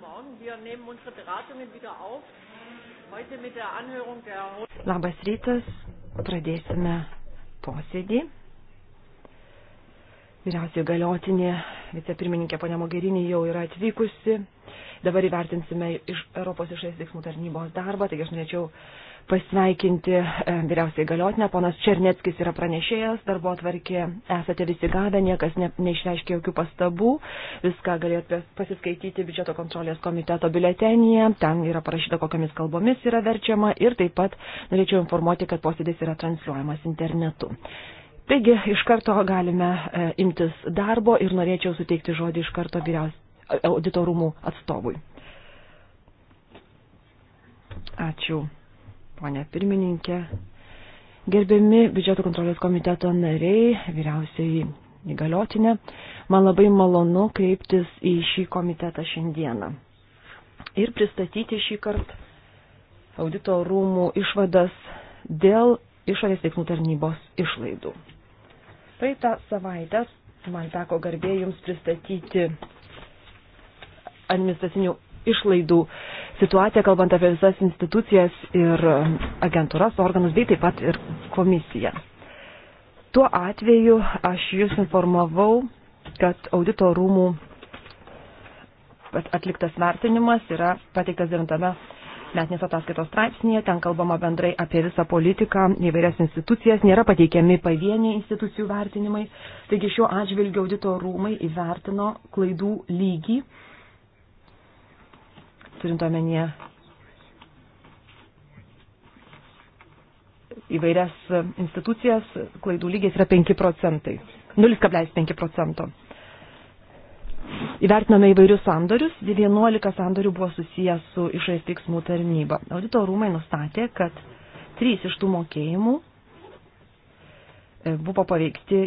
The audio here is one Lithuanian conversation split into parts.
guten Morgen. Wir nehmen unsere Beratungen wieder auf. Heute mit der Anhörung der Labas rytas. Pradėsime posėdį. Vyriausiai galiotinė vicepirmininkė ponia Mogerinė jau yra atvykusi. Dabar įvertinsime iš Europos išorės veiksmų tarnybos darbą, taigi aš norėčiau uh, pasveikinti e, vyriausiai galiotinę. Ponas Černeckis yra pranešėjas, darbo atvarkė esate visi gavę, niekas ne, neišreiškė jokių pastabų. Viską galėtumėte pasiskaityti biudžeto kontrolės komiteto biuletenyje. Ten yra parašyta, kokiamis kalbomis yra verčiama ir taip pat norėčiau informuoti, kad posėdis yra transliuojamas internetu. Taigi, iš karto galime e, imtis darbo ir norėčiau suteikti žodį iš karto vyriaus auditorumų atstovui. Ačiū ponė pirmininkė, gerbiami biudžeto kontrolės komiteto nariai, vyriausiai įgaliotinė, man labai malonu kreiptis į šį komitetą šiandieną ir pristatyti šį kartą audito rūmų išvadas dėl išorės veiksmų tarnybos išlaidų. Praeitą savaitę man teko garbė jums pristatyti administracinių išlaidų situaciją, kalbant apie visas institucijas ir agentūras, organus, bei taip pat ir komisiją. Tuo atveju aš jūs informavau, kad audito rūmų atliktas vertinimas yra pateiktas 9 metinės ataskaitos straipsnėje, ten kalbama bendrai apie visą politiką, įvairias institucijas, nėra pateikiami pavieniai institucijų vertinimai, taigi šiuo atžvilgiu audito rūmai įvertino klaidų lygį turint omenyje įvairias institucijas, klaidų lygis yra 5 procentai, 0,5 procento. Įvertinome įvairius sandorius, 11 sandorių buvo susijęs su išorės veiksmų tarnyba. Audito rūmai nustatė, kad 3 iš tų mokėjimų e, buvo paveikti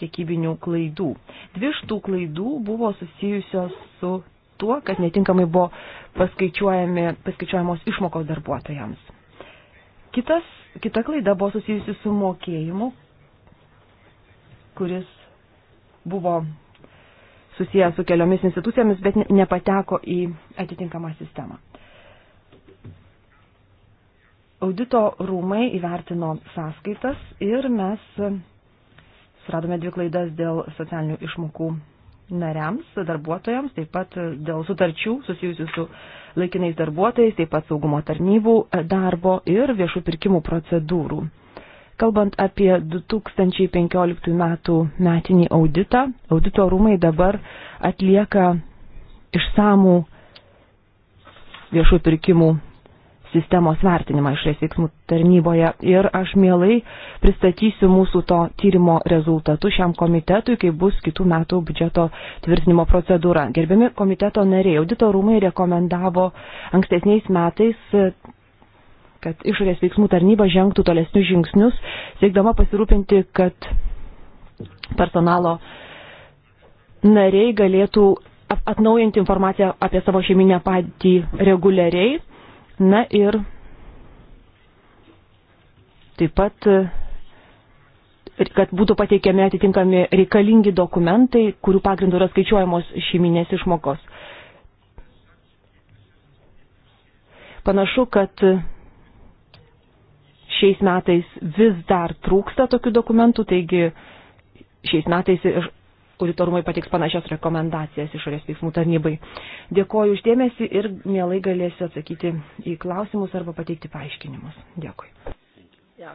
kiekybinių klaidų. Dvi iš tų klaidų buvo susijusios su tuo, kad netinkamai buvo paskaičiuojamos išmokos darbuotojams. Kitas, kita klaida buvo susijusi su mokėjimu, kuris buvo susijęs su keliomis institucijomis, bet nepateko į atitinkamą sistemą. Audito rūmai įvertino sąskaitas ir mes suradome dvi klaidas dėl socialinių išmokų nariams, darbuotojams, taip pat dėl sutarčių susijusių su laikinais darbuotojais, taip pat saugumo tarnybų e, darbo ir viešų pirkimų procedūrų. Kalbant apie 2015 metų metinį auditą, audito rūmai dabar atlieka išsamų viešų pirkimų sistemos vertinimą išorės veiksmų tarnyboje. Ir aš mielai pristatysiu mūsų to tyrimo rezultatus šiam komitetui, kai bus kitų metų biudžeto tvirtinimo procedūra. Gerbiami komiteto nariai, audito rūmai rekomendavo ankstesniais metais kad išorės veiksmų tarnyba žengtų tolesnius žingsnius, siekdama pasirūpinti, kad personalo nariai galėtų atnaujinti informaciją apie savo šeiminę patį reguliariai Na ir taip pat, kad būtų pateikiami atitinkami reikalingi dokumentai, kurių pagrindų yra skaičiuojamos šeiminės išmokos. Panašu, kad šiais metais vis dar trūksta tokių dokumentų, taigi šiais metais auditorumai patiks panašias rekomendacijas išorės veiksmų tarnybai. Dėkoju uždėmesi ir mielai galėsiu atsakyti į klausimus arba pateikti paaiškinimus. Dėkui. Ja,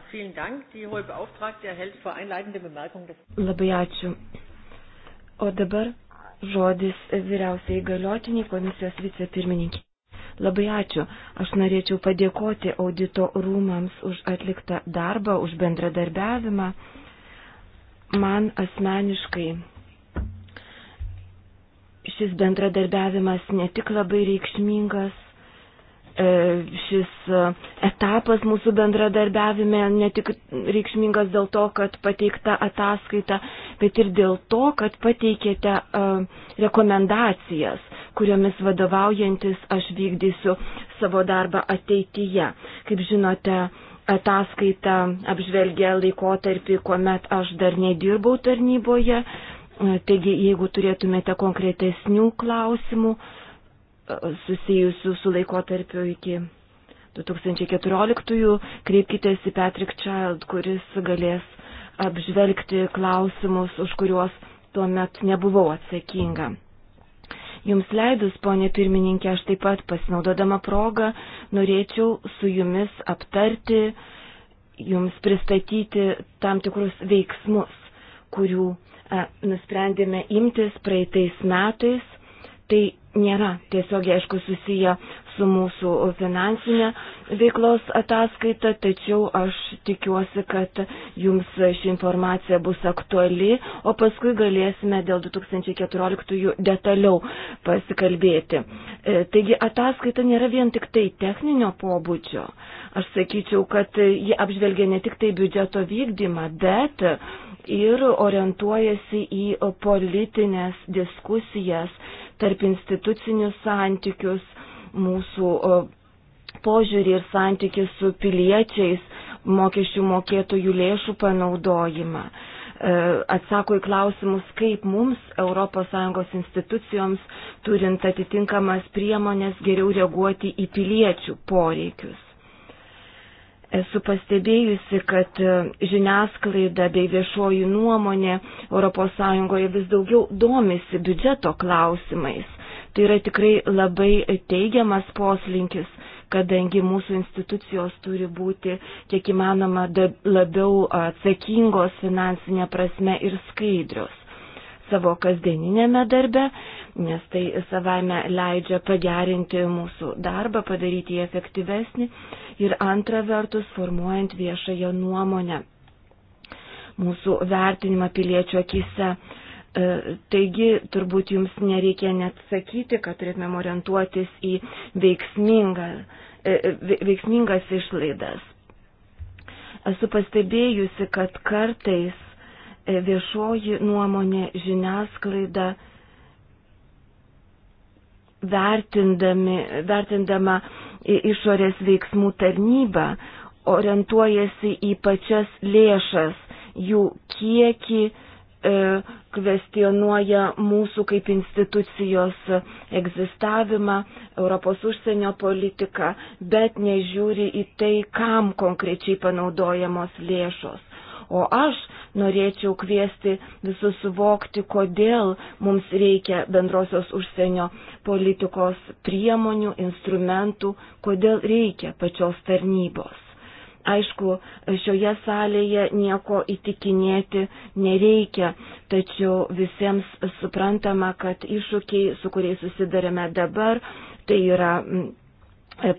Labai ačiū. O dabar žodis vyriausiai galiotiniai komisijos vicepirmininkė. Labai ačiū. Aš norėčiau padėkoti audito rūmams už atliktą darbą, už bendradarbiavimą. Man asmeniškai Šis bendradarbiavimas ne tik labai reikšmingas, e, šis e, etapas mūsų bendradarbiavime ne tik reikšmingas dėl to, kad pateikta ataskaita, bet ir dėl to, kad pateikėte e, rekomendacijas, kuriomis vadovaujantis aš vykdysiu savo darbą ateityje. Kaip žinote, ataskaita apžvelgia laikotarpį, kuomet aš dar nedirbau tarnyboje, Taigi, jeigu turėtumėte konkretesnių klausimų e, susijusių su laikotarpiu iki 2014, kreipkite į Patrick Child, kuris galės apžvelgti klausimus, už kuriuos tuomet nebuvau atsakinga. Jums leidus, ponė pirmininkė, aš taip pat pasinaudodama progą norėčiau su jumis aptarti, jums pristatyti tam tikrus veiksmus, kurių nusprendėme imtis praeitais metais, tai nėra tiesiog, aišku, susiję su mūsų finansinė veiklos ataskaita, tačiau aš tikiuosi, kad jums ši informacija bus aktuali, o paskui galėsime dėl 2014 detaliau pasikalbėti. E, taigi ataskaita nėra vien tik tai techninio pobūdžio. Aš sakyčiau, kad ji apžvelgia ne tik tai biudžeto vykdymą, bet ir orientuojasi į politinės diskusijas, tarp institucinius santykius, mūsų požiūrį ir santykius su piliečiais, mokesčių mokėtojų lėšų panaudojimą. E, atsako į klausimus, kaip mums, ES institucijoms, turint atitinkamas priemonės, geriau reaguoti į piliečių poreikius. Esu pastebėjusi, kad e, žiniasklaida bei viešoji nuomonė ES vis daugiau domisi biudžeto klausimais. Tai yra tikrai labai teigiamas poslinkis, kadangi mūsų institucijos turi būti kiek įmanoma labiau atsakingos finansinė prasme ir skaidrios savo kasdieninėme darbe, nes tai savaime leidžia pagerinti mūsų darbą, padaryti jį efektyvesnį ir antra vertus formuojant viešąją nuomonę, mūsų vertinimą piliečių akise. E, taigi turbūt jums nereikia net sakyti, kad turėtumėm orientuotis į veiksmingą, e, veiksmingas išlaidas. Esu pastebėjusi, kad kartais e, viešoji nuomonė žiniasklaida vertindama išorės veiksmų tarnybą orientuojasi į pačias lėšas, jų kiekį, e, kvestionuoja mūsų kaip institucijos egzistavimą, Europos užsienio politiką, bet nežiūri į tai, kam konkrečiai panaudojamos lėšos. O aš norėčiau kviesti visus suvokti, kodėl mums reikia bendrosios užsienio politikos priemonių, instrumentų, kodėl reikia pačios tarnybos aišku, šioje salėje nieko įtikinėti nereikia, tačiau visiems suprantama, kad iššūkiai, su kuriais susidarėme dabar, tai yra mm,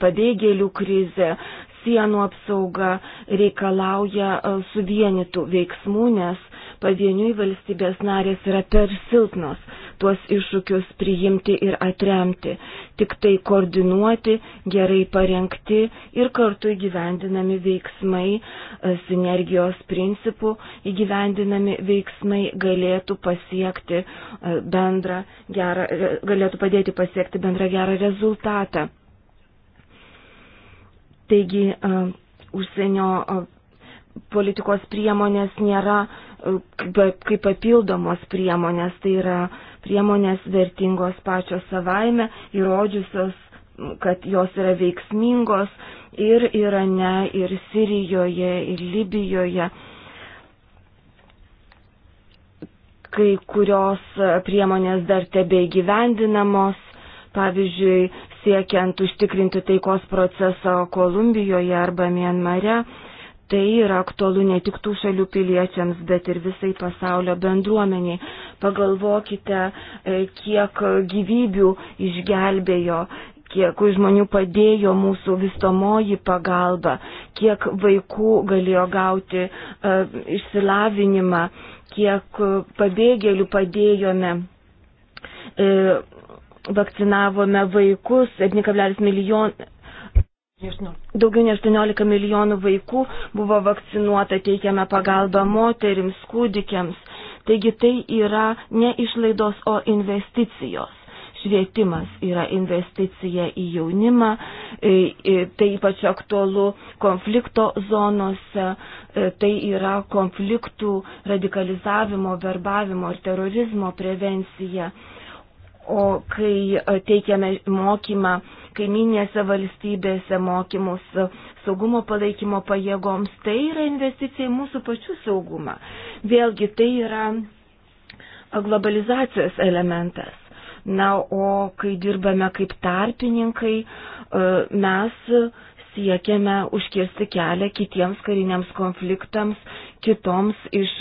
pabėgėlių krizė, sienų apsauga reikalauja e, suvienytų veiksmų, nes pavieniui valstybės narės yra per silpnos tuos iššūkius priimti ir atremti, tik tai koordinuoti, gerai parengti ir kartu įgyvendinami veiksmai, e, sinergijos principų įgyvendinami veiksmai galėtų pasiekti e, bendrą gerą, galėtų padėti pasiekti bendrą gerą rezultatą. Taigi užsienio politikos priemonės nėra kaip papildomos priemonės, tai yra priemonės vertingos pačios savaime, įrodžiusios, kad jos yra veiksmingos ir Irane, ir Sirijoje, ir Libijoje. Kai kurios priemonės dar tebe įgyvendinamos, pavyzdžiui, siekiant užtikrinti taikos procesą Kolumbijoje arba Mienmare. Tai yra aktualu ne tik tų šalių piliečiams, bet ir visai pasaulio bendruomeniai. Pagalvokite, e, kiek gyvybių išgelbėjo, kiek žmonių padėjo mūsų vystomoji pagalba, kiek vaikų galėjo gauti e, išsilavinimą, kiek pabėgėlių padėjome e, vakcinavome vaikus 7,1 milijonų. Daugiau nei 18 milijonų vaikų buvo vakcinuota, teikiame pagalbą moterims, kūdikiams. Taigi tai yra ne išlaidos, o investicijos. Švietimas yra investicija į jaunimą, tai ypač aktualu konflikto zonose, e, tai yra konfliktų radikalizavimo, verbavimo ir terorizmo prevencija. O kai e, teikiame mokymą kaiminėse valstybėse mokymus e, saugumo palaikymo pajėgoms, tai yra investicija į mūsų pačių saugumą. Vėlgi tai yra e, globalizacijos elementas. Na, o kai dirbame kaip tarpininkai, mes siekiame užkirsti kelią kitiems kariniams konfliktams kitoms iš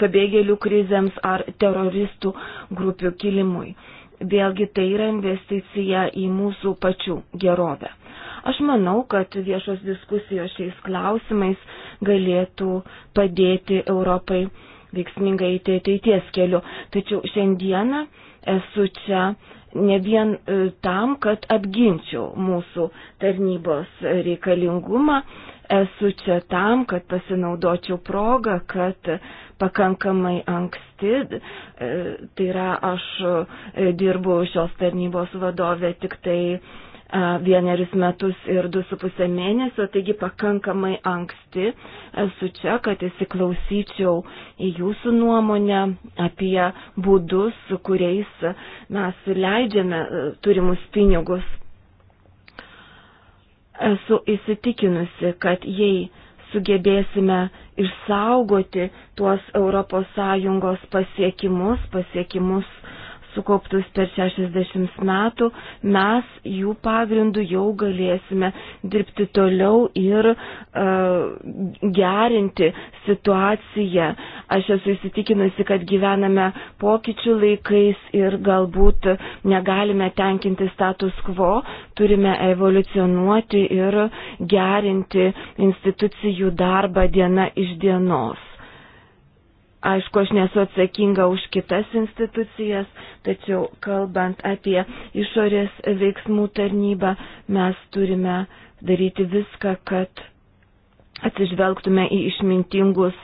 pabėgėlių krizėms ar teroristų grupių kilimui. Vėlgi tai yra investicija į mūsų pačių gerovę. Aš manau, kad viešos diskusijos šiais klausimais galėtų padėti Europai veiksmingai eiti ateities keliu. Tačiau šiandieną esu čia ne vien e, tam, kad apginčiau mūsų tarnybos reikalingumą esu čia tam, kad pasinaudočiau progą, kad pakankamai anksti, e, tai yra aš e, dirbu šios tarnybos vadovė tik tai e, vienerius metus ir du su pusę mėnesio, taigi pakankamai anksti esu čia, kad įsiklausyčiau į jūsų nuomonę apie būdus, kuriais mes leidžiame turimus pinigus Esu įsitikinusi, kad jei sugebėsime išsaugoti tuos ES pasiekimus, pasiekimus sukauptus per 60 metų, mes jų pagrindų jau galėsime dirbti toliau ir uh, gerinti situaciją. Aš esu įsitikinusi, kad gyvename pokyčių laikais ir galbūt negalime tenkinti status quo, turime evoliucionuoti ir gerinti institucijų darbą diena iš dienos. Aišku, aš nesu atsakinga už kitas institucijas, tačiau kalbant apie išorės veiksmų tarnybą, mes turime daryti viską, kad atsižvelgtume į išmintingus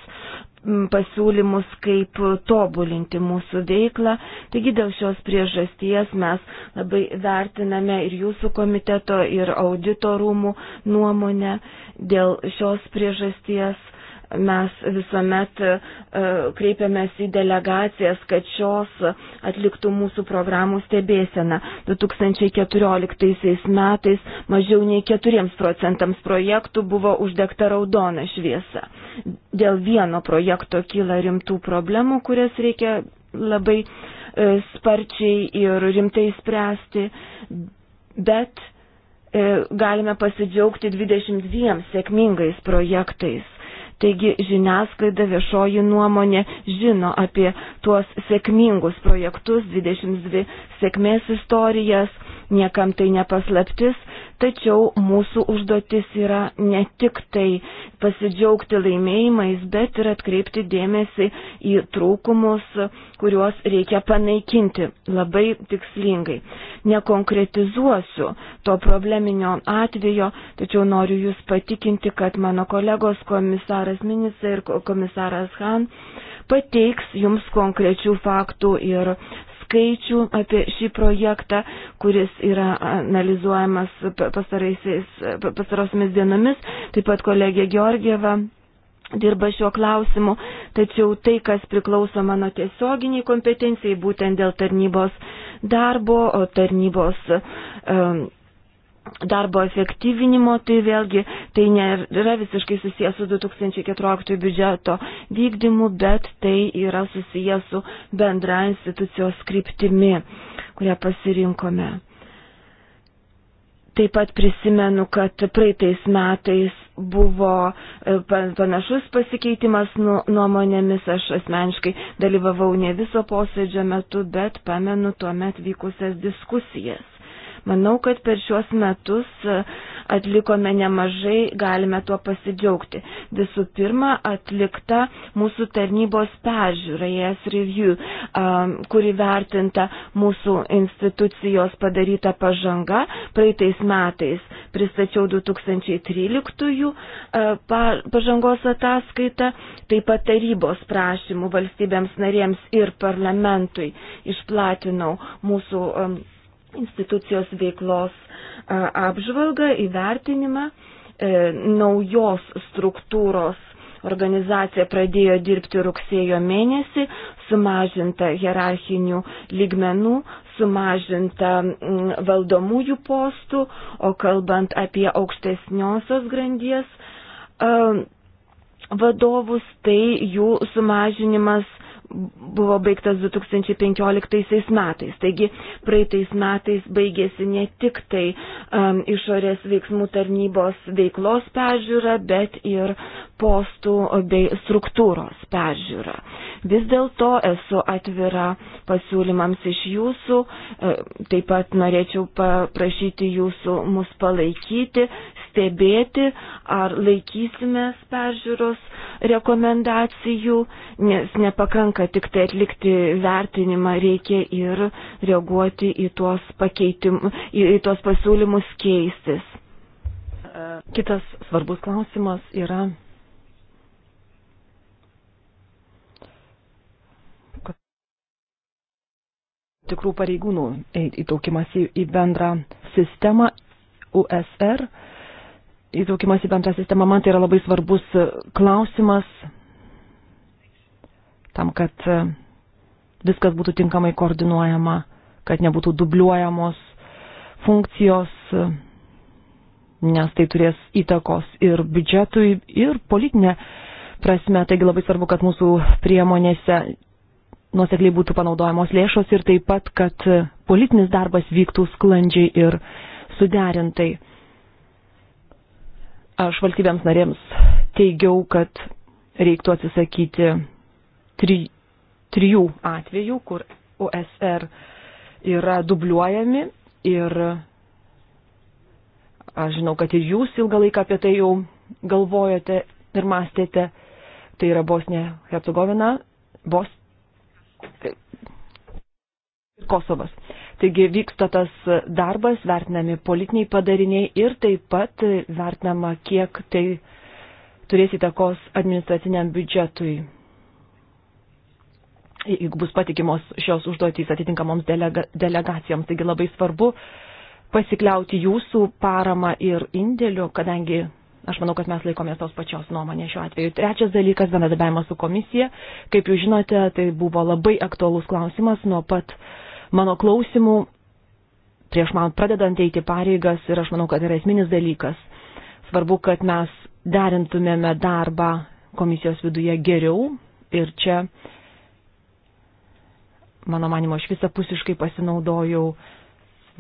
pasiūlymus, kaip tobulinti mūsų veiklą. Taigi dėl šios priežasties mes labai vertiname ir jūsų komiteto, ir auditorumų nuomonę. Dėl šios priežasties Mes visuomet e, kreipiamės į delegacijas, kad šios atliktų mūsų programų stebėseną. 2014 metais mažiau nei 4 procentams projektų buvo uždegta raudona šviesa. Dėl vieno projekto kyla rimtų problemų, kurias reikia labai e, sparčiai ir rimtai spręsti, bet e, galime pasidžiaugti 22 sėkmingais projektais. Taigi žiniasklaida viešoji nuomonė žino apie tuos sėkmingus projektus, 22 sėkmės istorijas, niekam tai nepaslaptis, Tačiau mūsų užduotis yra ne tik tai pasidžiaugti laimėjimais, bet ir atkreipti dėmesį į trūkumus, kuriuos reikia panaikinti labai tikslingai. Nekonkretizuosiu to probleminio atvejo, tačiau noriu Jūs patikinti, kad mano kolegos komisaras Minisa ir komisaras Han pateiks Jums konkrečių faktų ir skaičių apie šį projektą, kuris yra analizuojamas pastarosiamis dienomis. Taip pat kolegė Georgieva dirba šiuo klausimu, tačiau tai, kas priklauso mano tiesioginiai kompetencijai, būtent dėl tarnybos darbo, tarnybos um, darbo efektyvinimo, tai vėlgi tai nėra visiškai susijęs su 2014 biudžeto vykdymu, bet tai yra susijęs su bendra institucijos kryptimi, kurią pasirinkome. Taip pat prisimenu, kad praeitais metais buvo e, panašus pasikeitimas nu-, nuomonėmis, aš asmeniškai dalyvavau ne viso posėdžio metu, bet pamenu tuomet vykusias diskusijas. Manau, kad per šiuos metus e, atlikome nemažai, galime tuo pasidžiaugti. Visų pirma, atlikta mūsų tarnybos peržiūra, ES review, kuri vertinta mūsų institucijos padaryta pažanga praeitais metais. Pristačiau 2013 pažangos ataskaitą, taip pat tarybos prašymų valstybėms narėms ir parlamentui išplatinau mūsų institucijos veiklos apžvalgą, įvertinimą. E, naujos struktūros organizacija pradėjo dirbti rugsėjo mėnesį, sumažinta hierarchinių lygmenų, sumažinta valdomųjų postų, o kalbant apie aukštesniosios grandies vadovus, tai jų sumažinimas buvo baigtas 2015 metais. Taigi praeitais metais baigėsi ne tik tai um, išorės veiksmų tarnybos veiklos peržiūra, bet ir postų bei struktūros peržiūra. Vis dėlto esu atvira pasiūlymams iš jūsų, e, taip pat norėčiau paprašyti jūsų mus palaikyti, stebėti, ar laikysimės peržiūros rekomendacijų, nes nepakanka tik tai atlikti vertinimą, reikia ir reaguoti į tuos, į, į tuos pasiūlymus keistis. Kitas svarbus klausimas yra. tikrų pareigūnų įtraukimas į, į bendrą sistemą USR įtraukimas į bendrą sistemą, man tai yra labai svarbus e, klausimas, tam, kad e, viskas būtų tinkamai koordinuojama, kad nebūtų dubliuojamos funkcijos, e, nes tai turės įtakos ir biudžetui, ir politinė prasme. Taigi labai svarbu, kad mūsų priemonėse nuosekliai būtų panaudojamos lėšos ir taip pat, kad politinis darbas vyktų sklandžiai ir suderintai aš valstybėms narėms teigiau, kad reiktų atsisakyti tri, trijų atvejų, kur OSR yra dubliuojami ir aš žinau, kad ir jūs ilgą laiką apie tai jau galvojote ir mąstėte, tai yra Bosnija, Hercegovina, Bos ir Kosovas. Taigi vyksta tas darbas, vertinami politiniai padariniai ir taip pat vertinama, kiek tai turės įtakos administraciniam biudžetui. Jeigu bus patikimos šios užduotys atitinkamoms delega, delegacijoms, taigi labai svarbu pasikliauti jūsų parama ir indėliu, kadangi Aš manau, kad mes laikomės tos pačios nuomonės šiuo atveju. Trečias dalykas - bendradarbiavimas su komisija. Kaip jūs žinote, tai buvo labai aktualus klausimas nuo pat uh, mano klausimų prieš man pradedant eiti pareigas ir aš manau, kad yra esminis dalykas. Svarbu, kad mes derintumėme darbą komisijos viduje geriau ir čia, mano manimo, aš visapusiškai pasinaudojau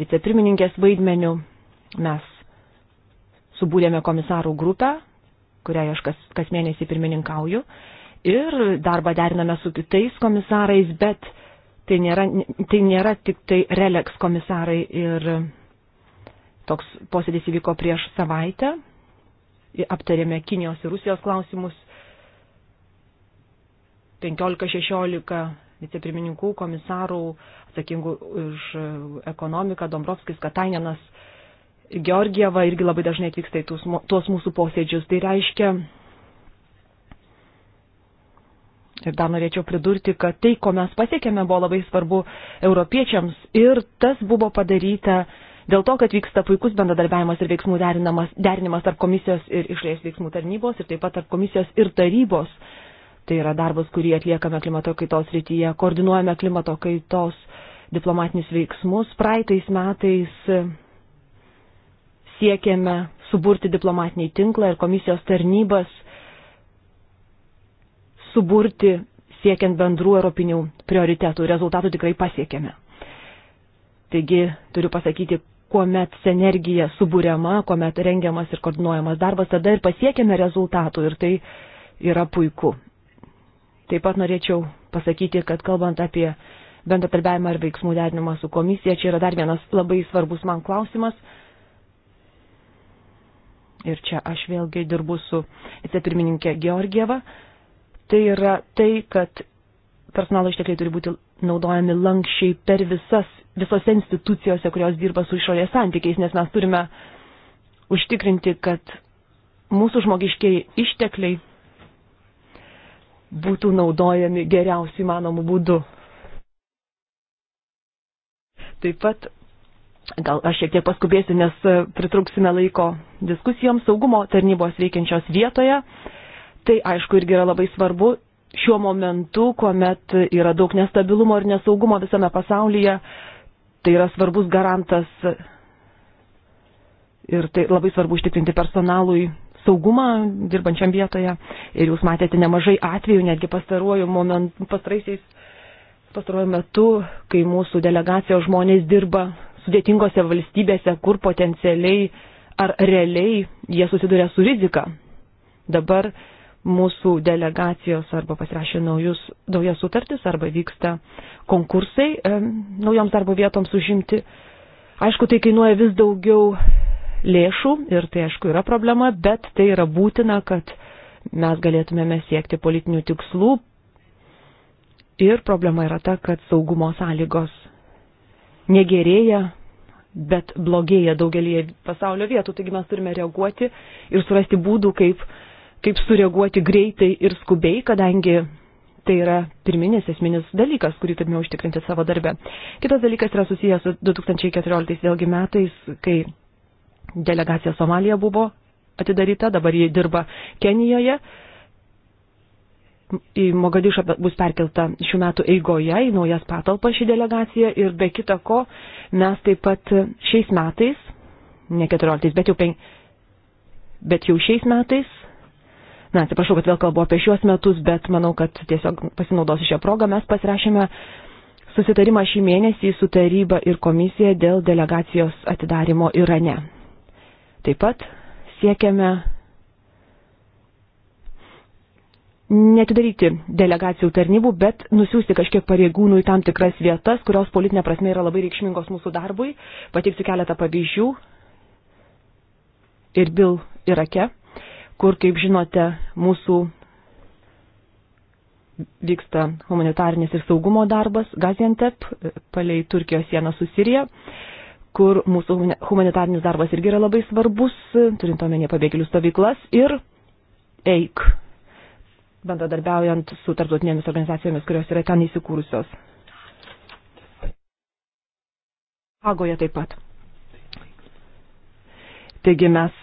vicepirmininkės vaidmeniu. Mes subūrėme komisarų grupę, kuriai aš kas, kas mėnesį pirmininkauju ir darbą deriname su kitais komisarais, bet Tai nėra, tai nėra tik tai releks komisarai ir toks posėdis įvyko prieš savaitę. Aptarėme Kinijos ir Rusijos klausimus. 15-16 vicepirmininkų, komisarų, atsakingų už ekonomiką, Dombrovskis, Katainenas, Georgieva irgi labai dažnai atvyksta į tuos, tuos mūsų posėdžius. Tai reiškia, Ir dar norėčiau pridurti, kad tai, ko mes pasiekėme, buvo labai svarbu europiečiams ir tas buvo padaryta dėl to, kad vyksta puikus bendradarbiavimas ir veiksmų derinimas, derinimas tarp komisijos ir išlės veiksmų tarnybos ir taip pat tarp komisijos ir tarybos. Tai yra darbas, kurį atliekame klimato kaitos rytyje, koordinuojame klimato kaitos diplomatinius veiksmus. Praeitais metais siekėme suburti diplomatinį tinklą ir komisijos tarnybas suburti siekiant bendrų europinių prioritetų. Rezultatų tikrai pasiekėme. Taigi turiu pasakyti, kuomet sinergija subūriama, kuomet rengiamas ir koordinuojamas darbas, tada ir pasiekėme rezultatų ir tai yra puiku. Taip pat norėčiau pasakyti, kad kalbant apie bendratarbiavimą ir veiksmų derinimą su komisija, čia yra dar vienas labai svarbus man klausimas. Ir čia aš vėlgi dirbu su vicepirmininkė Georgieva. pirmininkė tai yra tai, kad personalo ištekliai turi būti naudojami lankščiai per visas, visose institucijose, kurios dirba su išorės santykiais, nes mes turime užtikrinti, kad mūsų žmogiškiai ištekliai būtų naudojami geriausiai manomų būdu. Taip pat, gal aš šiek tiek paskubėsiu, nes pritruksime laiko diskusijoms saugumo tarnybos veikiančios vietoje. Tai aišku irgi yra labai svarbu šiuo momentu, kuomet yra daug nestabilumo ir nesaugumo visame pasaulyje. Tai yra svarbus garantas ir tai labai svarbu užtikrinti personalui saugumą dirbančiam vietoje. Ir jūs matėte nemažai atvejų, netgi pastaruoju momentu, pastaraisiais, pastaruoju metu, kai mūsų delegacijos žmonės dirba sudėtingose valstybėse, kur potencialiai ar realiai jie susiduria su rizika. Dabar mūsų delegacijos arba pasirašė naujus, naujas sutartis, arba vyksta konkursai e, naujoms darbo vietoms užimti. Aišku, tai kainuoja vis daugiau lėšų ir tai aišku yra problema, bet tai yra būtina, kad mes galėtumėme siekti politinių tikslų. Ir problema yra ta, kad saugumo sąlygos negerėja, bet blogėja daugelį pasaulio vietų, taigi mes turime reaguoti ir surasti būdų, kaip kaip sureaguoti greitai ir skubiai, kadangi tai yra pirminis esminis dalykas, kurį turime užtikrinti savo darbę. Kitas dalykas yra susijęs su 2014 vėlgi metais, kai delegacija Somalija buvo atidaryta, dabar jie dirba Kenijoje. Į Mogadišą bus perkelta šių metų eigoje į naujas patalpas ši delegacija ir be kita ko mes taip pat šiais metais, ne 14, bet jau, pen, bet jau šiais metais na, atsiprašau, kad vėl kalbu apie šiuos metus, bet manau, kad tiesiog pasinaudosiu šią progą, mes pasirašėme susitarimą šį mėnesį su taryba ir komisija dėl delegacijos atidarimo Irane. Taip pat siekiame netidaryti delegacijų tarnybų, bet nusiųsti kažkiek pareigūnų į tam tikras vietas, kurios politinė prasme yra labai reikšmingos mūsų darbui. Pateiksiu keletą pavyzdžių. Ir Bill Irake kur, kaip žinote, mūsų vyksta humanitarnis ir saugumo darbas Gaziantep, palei Turkijos sieną su Sirija, kur mūsų humanitarnis darbas irgi yra labai svarbus, turint omenyje pabėgėlių stovyklas ir EIK, bendradarbiaujant su tarptautinėmis organizacijomis, kurios yra ten įsikūrusios. Hagoje taip pat. Taigi mes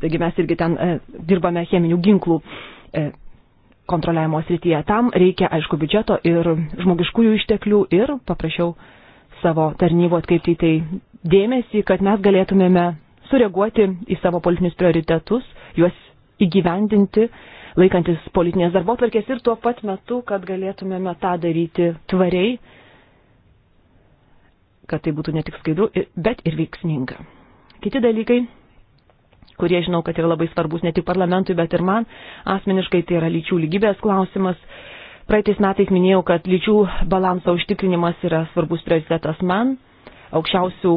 Taigi mes irgi ten e, dirbame cheminių ginklų e, kontroliavimo srityje. Tam reikia, aišku, biudžeto ir žmogiškųjų išteklių ir paprašiau savo tarnybų atkreipti į tai dėmesį, kad mes galėtumėme sureaguoti į savo politinius prioritetus, juos įgyvendinti, laikantis politinės darbotvarkės ir tuo pat metu, kad galėtumėme tą daryti tvariai, kad tai būtų ne tik skaidru, bet ir veiksminga. Kiti dalykai kurie žinau, kad yra labai svarbus ne tik parlamentui, bet ir man. Asmeniškai tai yra lyčių lygybės klausimas. Praeitais metais minėjau, kad lyčių balanso užtikrinimas yra svarbus prioritetas man. Aukščiausių,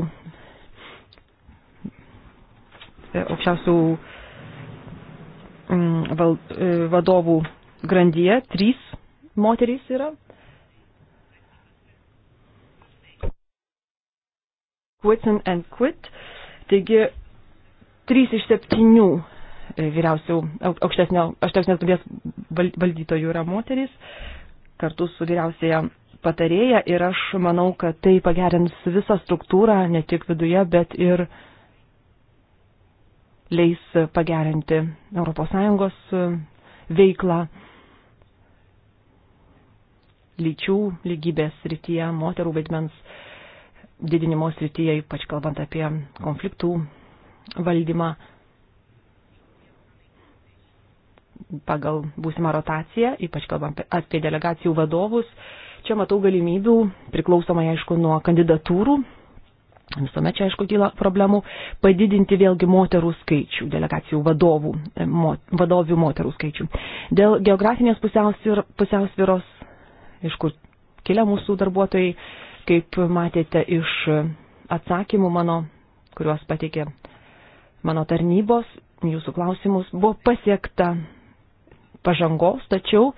e, aukščiausių mm, val, e, vadovų grandyje trys moterys yra. Quits and quit. Taigi Trys iš septynių e, vyriausių aukštesnio, aukštesnės dalies valdytojų yra moteris kartu su vyriausiaja patarėja ir aš manau, kad tai pagerins visą struktūrą ne tik viduje, bet ir leis pagerinti ES e, veiklą lyčių lygybės srityje, moterų vaidmens didinimo srityje, ypač kalbant apie konfliktų valdymą pagal būsimą rotaciją, ypač kalbant apie delegacijų vadovus. Čia matau galimybių, priklausomai aišku nuo kandidatūrų, visuomet čia aišku kyla problemų, padidinti vėlgi moterų skaičių, delegacijų vadovų, mo, vadovių moterų skaičių. Dėl geografinės pusiausvir, pusiausviros, iš kur kilia mūsų darbuotojai, kaip matėte iš atsakymų mano, kuriuos pateikė mano tarnybos, jūsų klausimus, buvo pasiekta pažangos, tačiau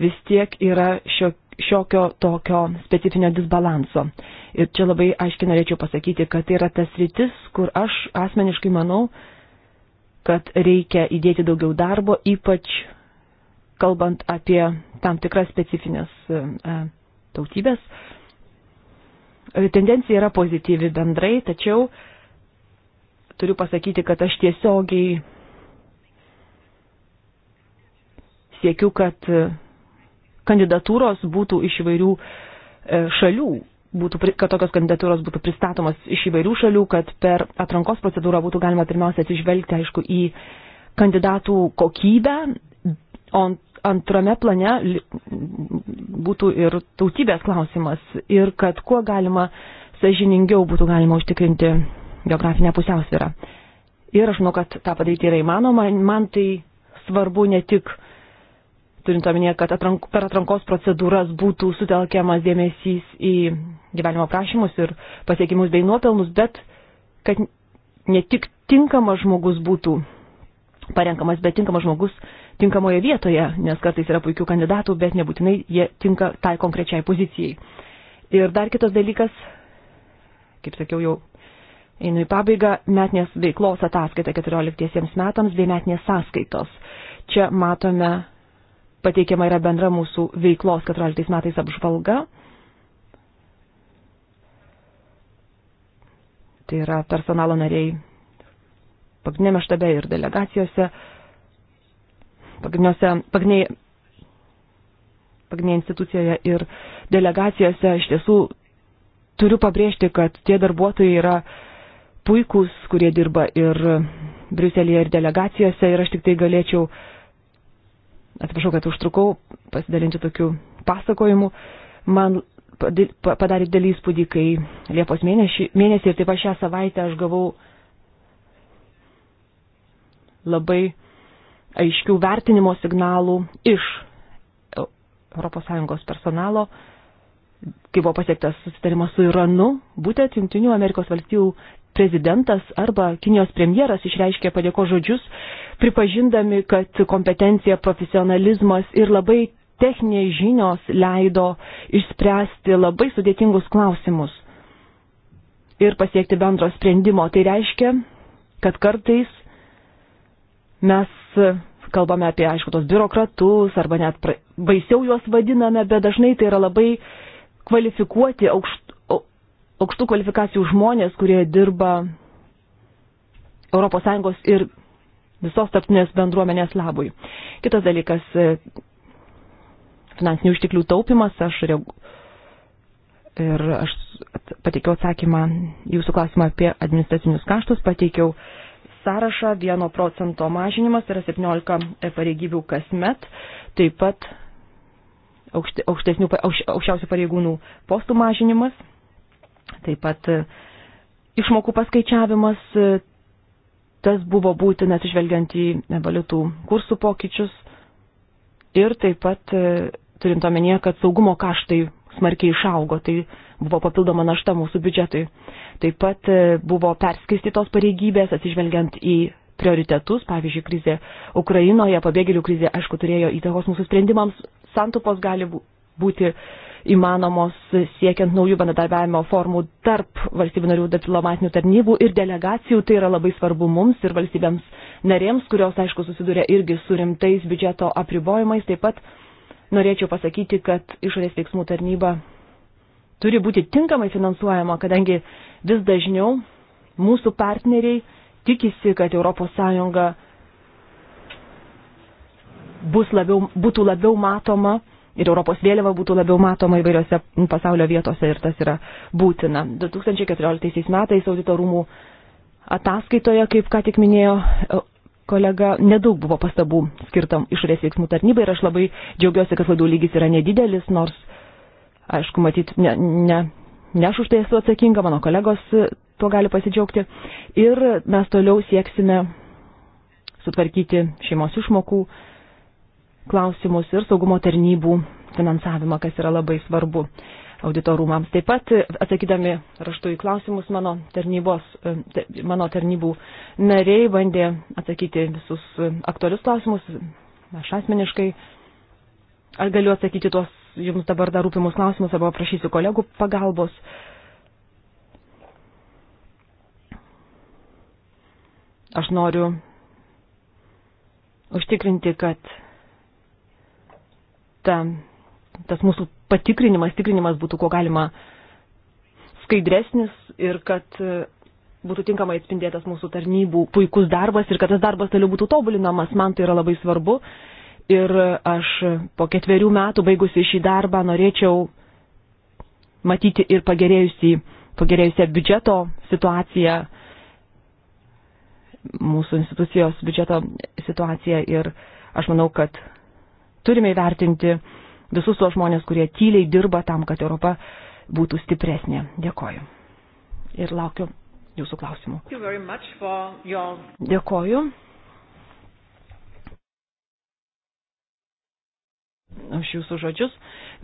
vis tiek yra šio, šiokio tokio specifinio disbalanso. Ir čia labai aiškiai norėčiau pasakyti, kad tai yra tas rytis, kur aš asmeniškai manau, kad reikia įdėti daugiau darbo, ypač kalbant apie tam tikras specifines e, e, tautybės. Tendencija yra pozityvi bendrai, tačiau uh, turiu pasakyti, kad aš tiesiogiai siekiu, kad kandidatūros būtų iš įvairių e, šalių, būtų, kad tokios kandidatūros būtų pristatomas iš įvairių šalių, kad per atrankos procedūrą būtų galima pirmiausia atsižvelgti, aišku, į kandidatų kokybę, o antrame plane būtų ir tautybės klausimas ir kad kuo galima sažiningiau būtų galima užtikrinti geografinę pusiausvyrą. Ir aš manau, kad tą padaryti yra įmanoma. Man tai svarbu ne tik, turint omenyje, kad atrank, per atrankos procedūras būtų sutelkiamas dėmesys į gyvenimo prašymus ir pasiekimus bei nuopelnus, bet kad ne tik tinkamas žmogus būtų parenkamas, bet tinkamas žmogus tinkamoje vietoje, nes kartais yra puikių kandidatų, bet nebūtinai jie tinka tai konkrečiai pozicijai. Ir dar kitas dalykas, kaip sakiau jau einu į pabaigą, metinės veiklos ataskaita 14 metams bei metinės sąskaitos. Čia matome, pateikiama yra bendra mūsų veiklos 14 metais apžvalga. Tai yra personalo nariai pagrindinėme štabe ir delegacijose, pagrindinėje pagrindinėje institucijoje ir delegacijose. Iš tiesų turiu pabrėžti, kad tie darbuotojai yra uh, puikūs, kurie dirba ir Briuselėje, ir delegacijose. Ir aš tik tai galėčiau, atsiprašau, kad užtrukau, pasidalinti tokiu pasakojimu. Man padarė dėlį įspūdį, kai Liepos mėnesį, mėnesį ir taip pat šią savaitę aš gavau labai aiškių vertinimo signalų iš ES personalo, kai buvo pasiektas susitarimas su Iranu, būtent Junktinių Amerikos valstybių prezidentas arba Kinijos premjeras išreiškė padėko žodžius, pripažindami, kad kompetencija, profesionalizmas ir labai techninės žinios leido išspręsti labai sudėtingus klausimus ir pasiekti bendro sprendimo. Tai reiškia, kad kartais mes kalbame apie, aišku, tos biurokratus arba net baisiau juos vadiname, bet dažnai tai yra labai kvalifikuoti, aukšt, aukštų kvalifikacijų žmonės, kurie dirba ES ir visos tarptinės bendruomenės labui. Kitas dalykas e, - finansinių išteklių taupimas. Aš reagu... Ir aš pateikiau atsakymą jūsų klausimą apie administracinius kaštus, pateikiau sąrašą 1 procento mažinimas, tai yra 17 pareigybių kasmet, taip pat aukštesnių, aukščiausių pareigūnų postų mažinimas Taip pat e, išmokų paskaičiavimas, e, tas buvo būtinas išvelgiant į e, valiutų kursų pokyčius ir taip pat turint omenyje, kad saugumo kaštai smarkiai išaugo, tai buvo papildoma našta mūsų biudžetui. Taip pat buvo perskaistytos pareigybės, atsižvelgiant į prioritetus, pavyzdžiui, krizė Ukrainoje, pabėgėlių krizė, aišku, turėjo įtakos mūsų sprendimams, santupos gali būti įmanomos siekiant naujų bendradarbiavimo formų tarp valstybių narių diplomatinių tarnybų ir delegacijų. Tai yra labai svarbu mums ir valstybėms narėms, kurios, aišku, susiduria irgi su rimtais biudžeto apribojimais. Taip pat norėčiau pasakyti, kad išorės veiksmų tarnyba turi būti tinkamai finansuojama, kadangi vis dažniau mūsų partneriai tikisi, kad ES bus labiau, būtų labiau matoma ir Europos vėliava būtų labiau matoma įvairiose pasaulio vietose ir tas yra būtina. 2014 metais audito rūmų ataskaitoje, kaip ką tik minėjo e, kolega, nedaug buvo pastabų skirtam išorės veiksmų tarnybai ir aš labai džiaugiuosi, kad klaidų lygis yra nedidelis, nors, aišku, matyt, ne, ne, ne aš už tai esu atsakinga, mano kolegos tuo gali pasidžiaugti. Ir mes toliau sieksime sutvarkyti šeimos išmokų klausimus ir saugumo tarnybų finansavimą, kas yra labai svarbu auditorumams. Taip pat e, atsakydami raštų į klausimus mano, tarnybos, e, mano tarnybų nariai bandė atsakyti visus e, aktualius klausimus, aš asmeniškai. Ar galiu atsakyti tuos jums dabar dar rūpimus klausimus arba prašysiu kolegų pagalbos? Aš noriu užtikrinti, kad ta, tas mūsų patikrinimas, tikrinimas būtų kuo galima skaidresnis ir kad e, būtų tinkamai atspindėtas mūsų tarnybų puikus darbas ir kad tas darbas toliau būtų tobulinamas, man tai yra labai svarbu. Ir aš po ketverių metų baigusi šį darbą norėčiau matyti ir pagerėjusį, pagerėjusią biudžeto situaciją, mūsų institucijos biudžeto situaciją ir aš manau, kad turime įvertinti visus tuos žmonės, kurie tyliai dirba tam, kad Europa būtų stipresnė. Dėkoju. Ir laukiu jūsų klausimų. Your... Dėkoju. Už jūsų žodžius.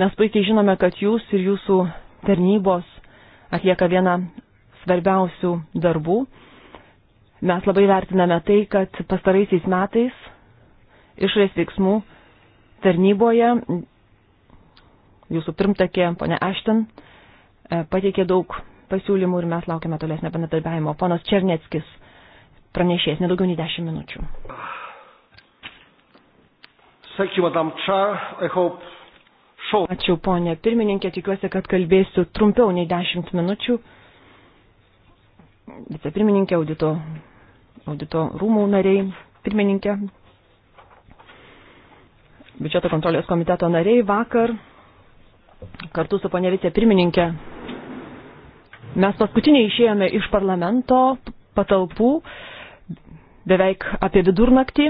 Mes puikiai žinome, kad jūs ir jūsų tarnybos atlieka vieną svarbiausių darbų. Mes labai vertiname tai, kad pastaraisiais metais išorės veiksmų tarnyboje jūsų pirmtakė, ponė Ashton, e, pateikė daug pasiūlymų ir mes laukiame tolesnio bendradarbiavimo. Ponas Černieckis pranešės nedaugiau nei 10 minučių. Ačiū, ponė pirmininkė, tikiuosi, kad kalbėsiu trumpiau nei 10 minučių. Vicepirmininkė, audito, audito rūmų nariai, pirmininkė, biudžeto kontrolės komiteto nariai vakar kartu su ponė vicepirmininkė. Mes paskutiniai išėjome iš parlamento patalpų beveik apie vidurnaktį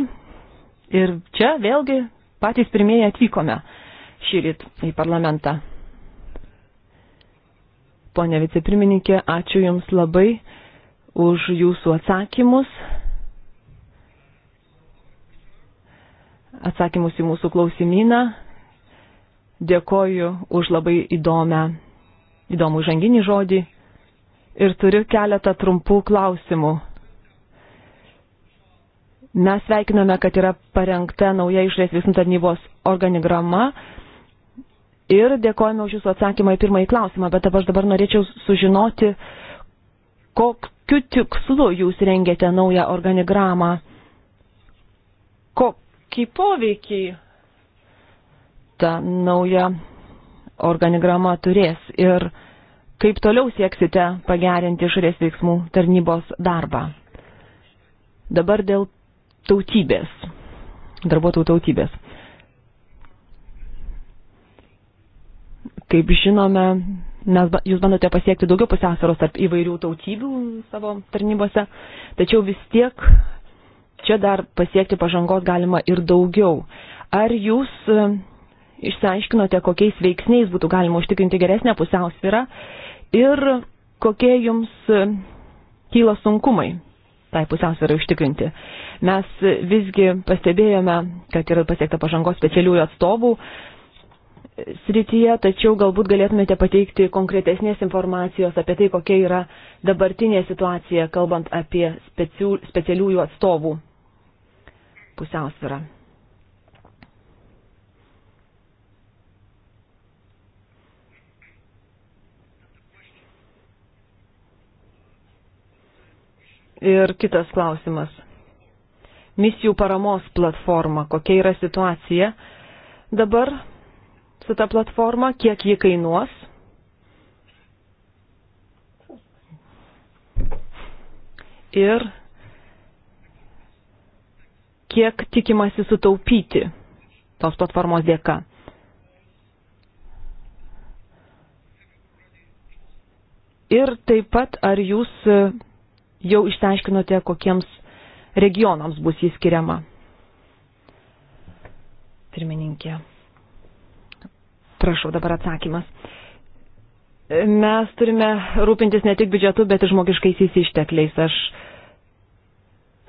ir čia vėlgi patys pirmieji atvykome šį ryt į parlamentą. Pone vicepirmininkė, ačiū Jums labai už Jūsų atsakymus. atsakymus į mūsų klausimyną. Dėkoju už labai įdomią, įdomų žanginį žodį ir turiu keletą trumpų klausimų. Mes sveikiname, kad yra parengta nauja išrės visų tarnybos organigrama ir dėkojame už Jūsų atsakymą į pirmąjį klausimą, bet aš dabar norėčiau sužinoti, kokiu tikslu Jūs rengėte naują organigramą kokį poveikį ta nauja organigrama turės ir kaip toliau sieksite pagerinti išorės veiksmų tarnybos darbą. Dabar dėl tautybės, darbuotojų tautybės. Kaip žinome, nes jūs bandote pasiekti daugiau pusiausvėros tarp įvairių tautybių savo tarnybose, tačiau vis tiek čia dar pasiekti pažangos galima ir daugiau. Ar jūs e, išsiaiškinote, kokiais veiksniais būtų galima užtikrinti geresnę pusiausvyrą ir kokie jums e, kyla sunkumai tai pusiausvėrai užtikrinti. Mes e, visgi pastebėjome, kad yra pasiekta pažangos specialiųjų atstovų srityje, tačiau galbūt galėtumėte pateikti konkretesnės informacijos apie tai, kokia yra dabartinė situacija, kalbant apie specialiųjų atstovų pusiausvyrą. Ir kitas klausimas. Misijų paramos platforma. Kokia yra situacija dabar su ta platforma? Kiek ji kainuos? Ir kiek tikimasi sutaupyti tos platformos dėka. Ir taip pat, ar jūs jau išteiškinote, kokiems regionams bus jis skiriama? Pirmininkė. Prašau dabar atsakymas. Mes turime rūpintis ne tik biudžetu, bet ir žmogiškaisiais ištekliais. Aš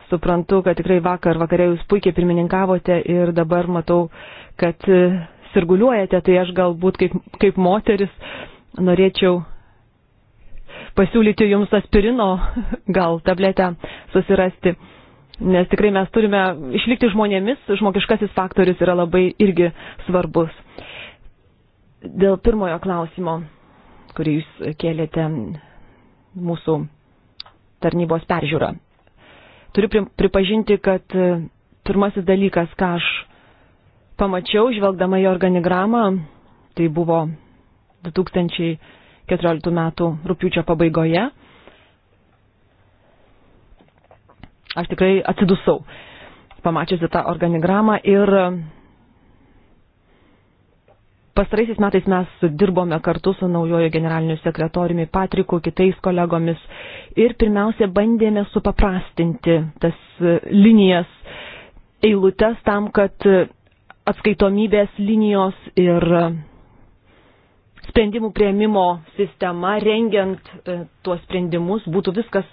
Suprantu, kad tikrai vakar vakare jūs puikiai pirmininkavote ir dabar matau, kad e, sirguliuojate, tai aš galbūt kaip, kaip moteris norėčiau pasiūlyti jums aspirino gal tabletę susirasti. Nes tikrai mes turime išlikti žmonėmis, žmogiškasis faktorius yra labai irgi svarbus. Dėl pirmojo klausimo, kurį jūs kėlėte mūsų tarnybos peržiūrą turiu pripažinti, kad e, pirmasis dalykas, ką aš pamačiau, žvelgdama į organigramą, tai buvo 2014 metų rūpiučio pabaigoje. Aš tikrai atsidusau, pamačiusi tą organigramą ir Pastaraisiais metais mes dirbome kartu su naujojo generaliniu sekretoriumi Patriku, kitais kolegomis ir pirmiausia bandėme supaprastinti tas e, linijas, eilutes tam, kad e, atskaitomybės linijos ir e, sprendimų prieimimo sistema, rengiant tuos sprendimus, būtų viskas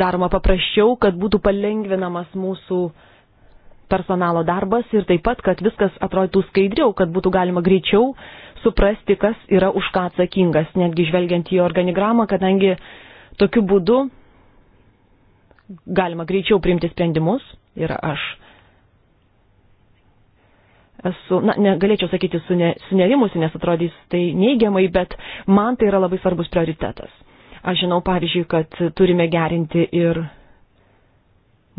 daroma paprasčiau, kad būtų palengvinamas mūsų uh, personalo darbas ir taip pat, kad viskas atrodytų skaidriau, kad būtų galima greičiau suprasti, kas yra už ką atsakingas, netgi žvelgiant į organigramą, kadangi tokiu būdu galima greičiau priimti sprendimus ir aš esu, na, negalėčiau sakyti sunerimusi, nes atrodys tai neigiamai, bet man tai yra labai svarbus prioritetas. Aš žinau, pavyzdžiui, kad turime gerinti ir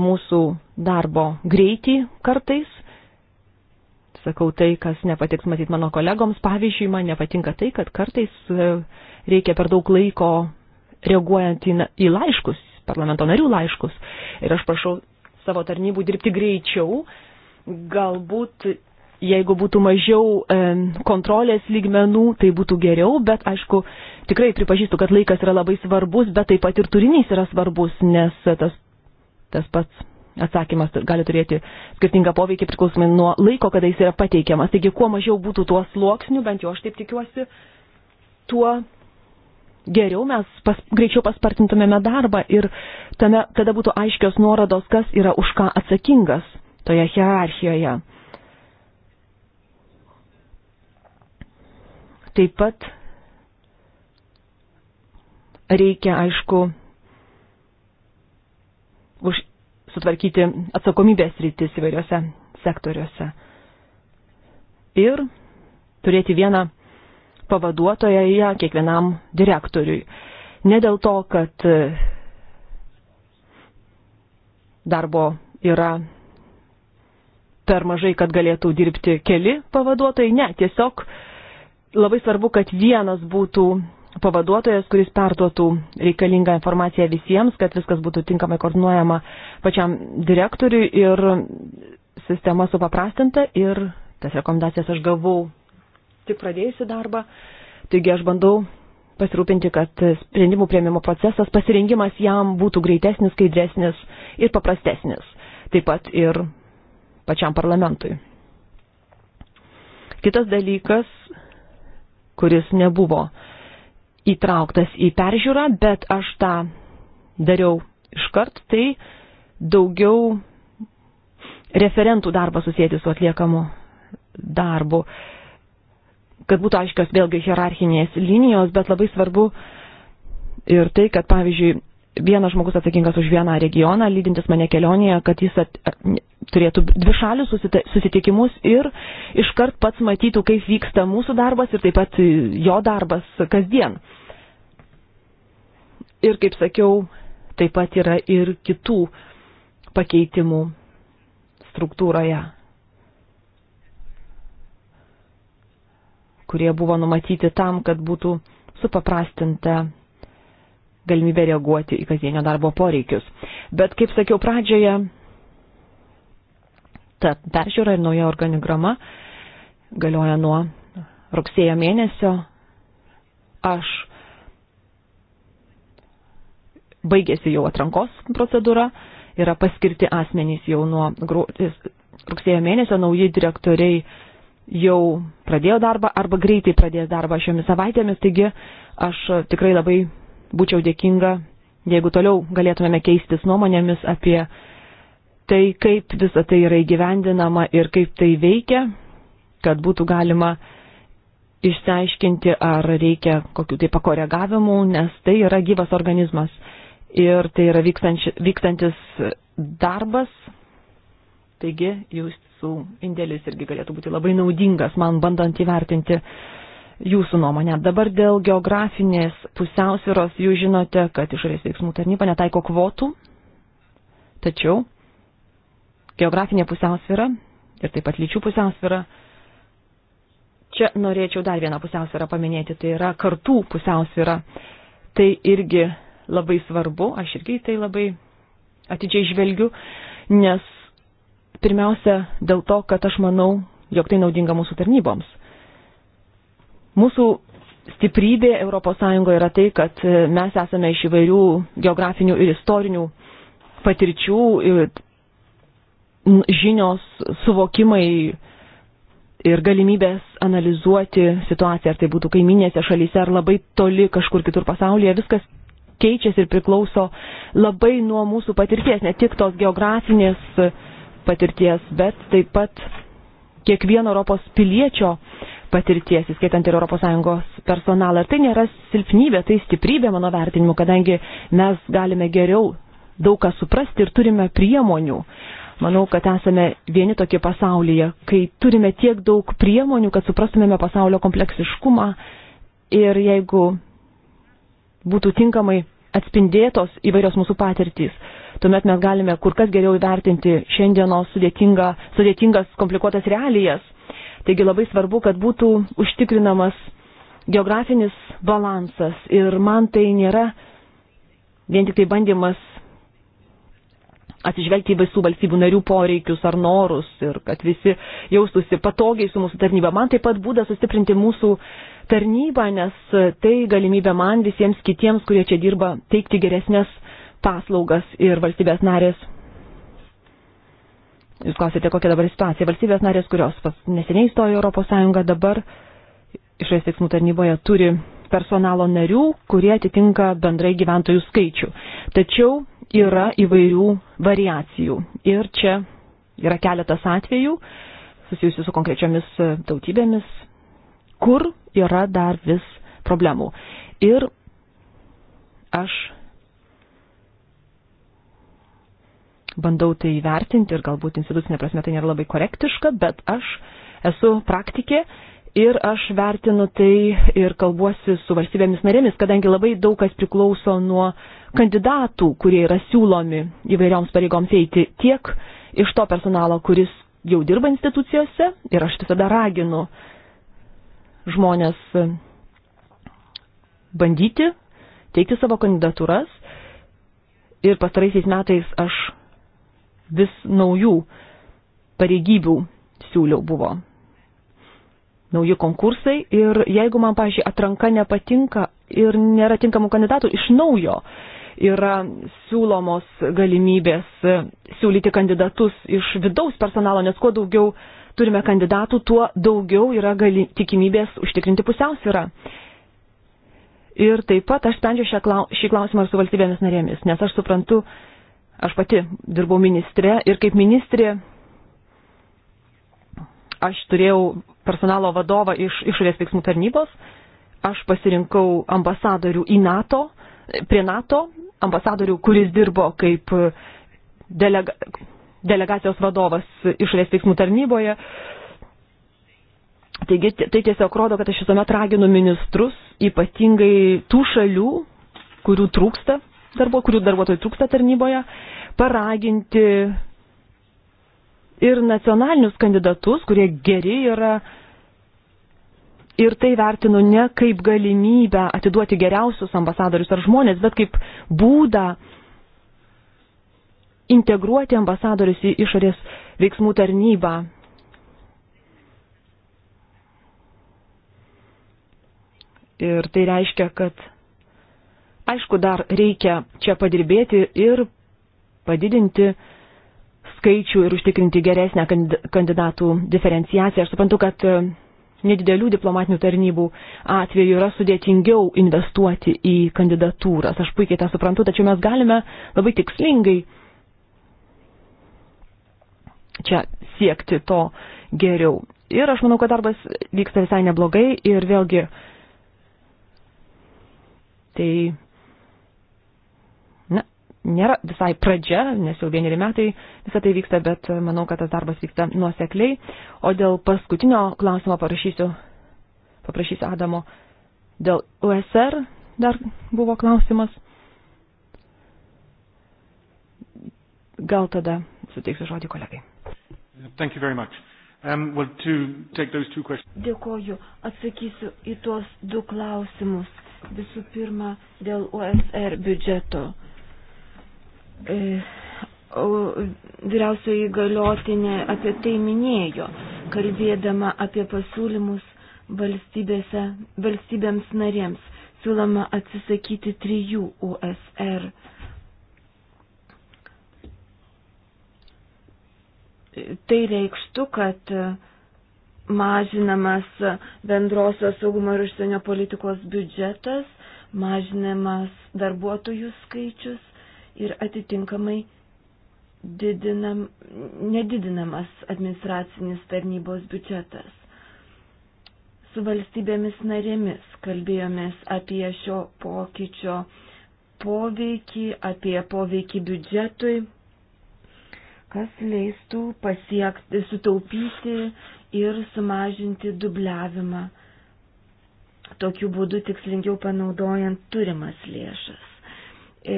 mūsų darbo greitį kartais. Sakau tai, kas nepatiks matyti mano kolegoms. Pavyzdžiui, man nepatinka tai, kad kartais e, reikia per daug laiko reaguojant į, į laiškus, parlamento narių laiškus. Ir aš prašau savo tarnybų dirbti greičiau. Galbūt jeigu būtų mažiau e, kontrolės lygmenų, tai būtų geriau, bet aišku, tikrai pripažįstu, kad laikas yra labai svarbus, bet taip pat ir turinys yra svarbus, nes tas tas pats atsakymas gali turėti skirtingą poveikį priklausomai nuo laiko, kada jis yra pateikiamas. Taigi, kuo mažiau būtų tuo sluoksniu, bent jau aš taip tikiuosi, tuo geriau mes pas, greičiau paspartintumėme darbą ir tame tada būtų aiškios nuorodos, kas yra už ką atsakingas toje hierarchijoje. Taip pat reikia, aišku, už sutvarkyti atsakomybės rytis įvairiose sektoriuose. Ir turėti vieną pavaduotoją ją kiekvienam direktoriui. Ne dėl to, kad darbo yra per mažai, kad galėtų dirbti keli pavaduotojai, ne, tiesiog labai svarbu, kad vienas būtų pavaduotojas, kuris perduotų reikalingą informaciją visiems, kad viskas būtų tinkamai koordinuojama pačiam direktoriui ir sistema supaprastinta ir tas rekomendacijas aš gavau tik pradėjusi darbą. Taigi aš bandau pasirūpinti, kad sprendimų prieimimo procesas, pasirengimas jam būtų greitesnis, skaidresnis ir paprastesnis. Taip pat ir pačiam parlamentui. Kitas dalykas, kuris nebuvo uh, įtrauktas į peržiūrą, bet aš tą dariau iškart, tai daugiau referentų darbą susijęti su atliekamu darbu, kad būtų aiškios vėlgi hierarchinės linijos, bet labai svarbu ir tai, kad pavyzdžiui vienas žmogus atsakingas už vieną regioną, lydintis mane kelionėje, kad jis at, turėtų dvi šalių susitikimus ir iškart pats matytų, kaip vyksta mūsų darbas ir taip pat jo darbas kasdien. Ir kaip sakiau, taip pat yra ir kitų pakeitimų struktūroje, kurie buvo numatyti tam, kad būtų supaprastinta galimybę reaguoti į kasdienio darbo poreikius. Bet, kaip sakiau pradžioje, ta peržiūra ir nauja organigrama galioja nuo rugsėjo mėnesio. Aš baigėsi jau atrankos procedūra, yra paskirti asmenys jau nuo rugsėjo mėnesio, nauji direktoriai jau pradėjo darbą arba greitai pradės darbą šiomis savaitėmis, taigi aš tikrai labai būčiau dėkinga, jeigu toliau galėtumėme keistis nuomonėmis apie tai, kaip visa tai yra įgyvendinama ir kaip tai veikia, kad būtų galima išsiaiškinti, ar reikia kokių tai pakoregavimų, nes tai yra gyvas organizmas ir tai yra vykstantis darbas. Taigi jūsų indėlis irgi galėtų būti labai naudingas man bandant įvertinti uh, jūsų nuomonę. Dabar dėl geografinės pusiausviros jūs žinote, kad išorės veiksmų tarnyba netaiko kvotų, tačiau geografinė pusiausvira ir taip pat lyčių pusiausvira. Čia norėčiau dar vieną pusiausvyrą paminėti, tai yra kartų pusiausvyra. Tai irgi labai svarbu, aš irgi tai labai atidžiai žvelgiu, nes pirmiausia dėl to, kad aš manau, jog tai naudinga mūsų tarnyboms Mūsų stiprybė ES yra tai, kad e, mes esame iš įvairių geografinių ir istorinių patirčių, ir žinios, suvokimai ir galimybės analizuoti situaciją, ar tai būtų kaiminėse šalyse, ar labai toli kažkur kitur pasaulyje, viskas keičiasi ir priklauso labai nuo mūsų patirties, ne tik tos geografinės patirties, bet taip pat kiekvieno Europos piliečio patirties, įskaitant ir ES personalą. Ir tai nėra silpnybė, tai stiprybė mano vertinimu, kadangi mes galime geriau daug ką suprasti ir turime priemonių. Manau, kad esame vieni tokie pasaulyje, kai turime tiek daug priemonių, kad suprastumėme pasaulio kompleksiškumą ir jeigu būtų tinkamai atspindėtos įvairios mūsų patirtys, tuomet mes galime kur kas geriau įvertinti šiandienos sudėtinga, sudėtingas, komplikuotas realijas Taigi labai svarbu, kad būtų užtikrinamas geografinis balansas ir man tai nėra vien tik tai bandymas atsižvelgti į visų valstybių narių poreikius ar norus ir kad visi jaustųsi patogiai su mūsų tarnyba. Man taip pat būdas sustiprinti mūsų tarnybą, nes tai galimybė man visiems kitiems, kurie čia dirba, teikti geresnės paslaugas ir valstybės narės Jūs klausite, kokia dabar situacija. Valstybės narės, kurios neseniai įstojo Europos Sąjungą, dabar išorės veiksmų tarnyboje turi personalo narių, kurie atitinka bendrai gyventojų skaičių. Tačiau yra įvairių variacijų. Ir čia yra keletas atvejų susijusių su konkrečiomis e, tautybėmis, kur yra dar vis problemų. Ir aš bandau tai įvertinti ir galbūt institucinė prasme tai nėra labai korektiška, bet aš esu praktikė ir aš vertinu tai ir kalbuosi su valstybėmis narėmis, kadangi labai daug kas priklauso nuo kandidatų, kurie yra siūlomi įvairioms pareigoms eiti, tiek iš to personalo, kuris jau dirba institucijose ir aš visada raginu žmonės bandyti teikti savo kandidatūras ir pastaraisiais metais aš vis naujų pareigybių siūliau buvo. Nauji konkursai ir jeigu man, pažiūrėjau, atranka nepatinka ir nėra tinkamų kandidatų, iš naujo yra siūlomos galimybės siūlyti kandidatus iš vidaus personalo, nes kuo daugiau turime kandidatų, tuo daugiau yra gali, tikimybės užtikrinti pusiausvyrą. Ir taip pat aš sprendžiu šį klausimą ir su valstybėmis narėmis, nes aš suprantu, Aš pati dirbau ministre ir kaip ministrė aš turėjau personalo vadovą iš išorės veiksmų tarnybos, aš pasirinkau ambasadorių į NATO, prie NATO, ambasadorių, kuris dirbo kaip delega, delegacijos vadovas išorės veiksmų tarnyboje. Taigi tai tiesiog rodo, kad aš visuomet raginu ministrus, ypatingai tų šalių, kurių trūksta darbo, kurių darbuotojų trūksta tarnyboje, paraginti ir nacionalinius kandidatus, kurie geri yra ir tai vertinu ne kaip galimybę atiduoti geriausius ambasadorius ar žmonės, bet kaip būdą integruoti ambasadorius į išorės veiksmų tarnybą. Ir tai reiškia, kad Aišku, dar reikia čia padirbėti ir padidinti skaičių ir užtikrinti geresnę kandidatų diferenciaciją. Aš suprantu, kad e, nedidelių diplomatinių tarnybų atveju yra sudėtingiau investuoti į kandidatūras. Aš puikiai tą suprantu, tačiau mes galime labai tikslingai čia siekti to geriau. Ir aš manau, kad darbas vyksta visai neblogai ir vėlgi tai nėra visai pradžia, nes jau vieneri metai visą tai vyksta, bet manau, kad tas darbas vyksta nuosekliai. O dėl paskutinio klausimo parašysiu, paprašysiu Adamo. Dėl USR dar buvo klausimas. Gal tada suteiksiu žodį kolegai. Thank you very much. Um, well, to take those two questions. Dėkoju. Atsakysiu į tuos du klausimus. Visų pirma, dėl OSR biudžeto E, vyriausioji galiotinė apie tai minėjo, kalbėdama apie pasiūlymus valstybėms narėms. Siūloma atsisakyti trijų USR. Tai reikštų, kad mažinamas bendrosios saugumo ir užsienio politikos biudžetas, mažinamas darbuotojų skaičius, ir atitinkamai didinam, nedidinamas administracinis tarnybos biudžetas. Su valstybėmis narėmis kalbėjomės apie šio pokyčio poveikį, apie poveikį biudžetui, kas leistų pasiekti, sutaupyti ir sumažinti dubliavimą tokiu būdu tikslingiau panaudojant turimas lėšas. E,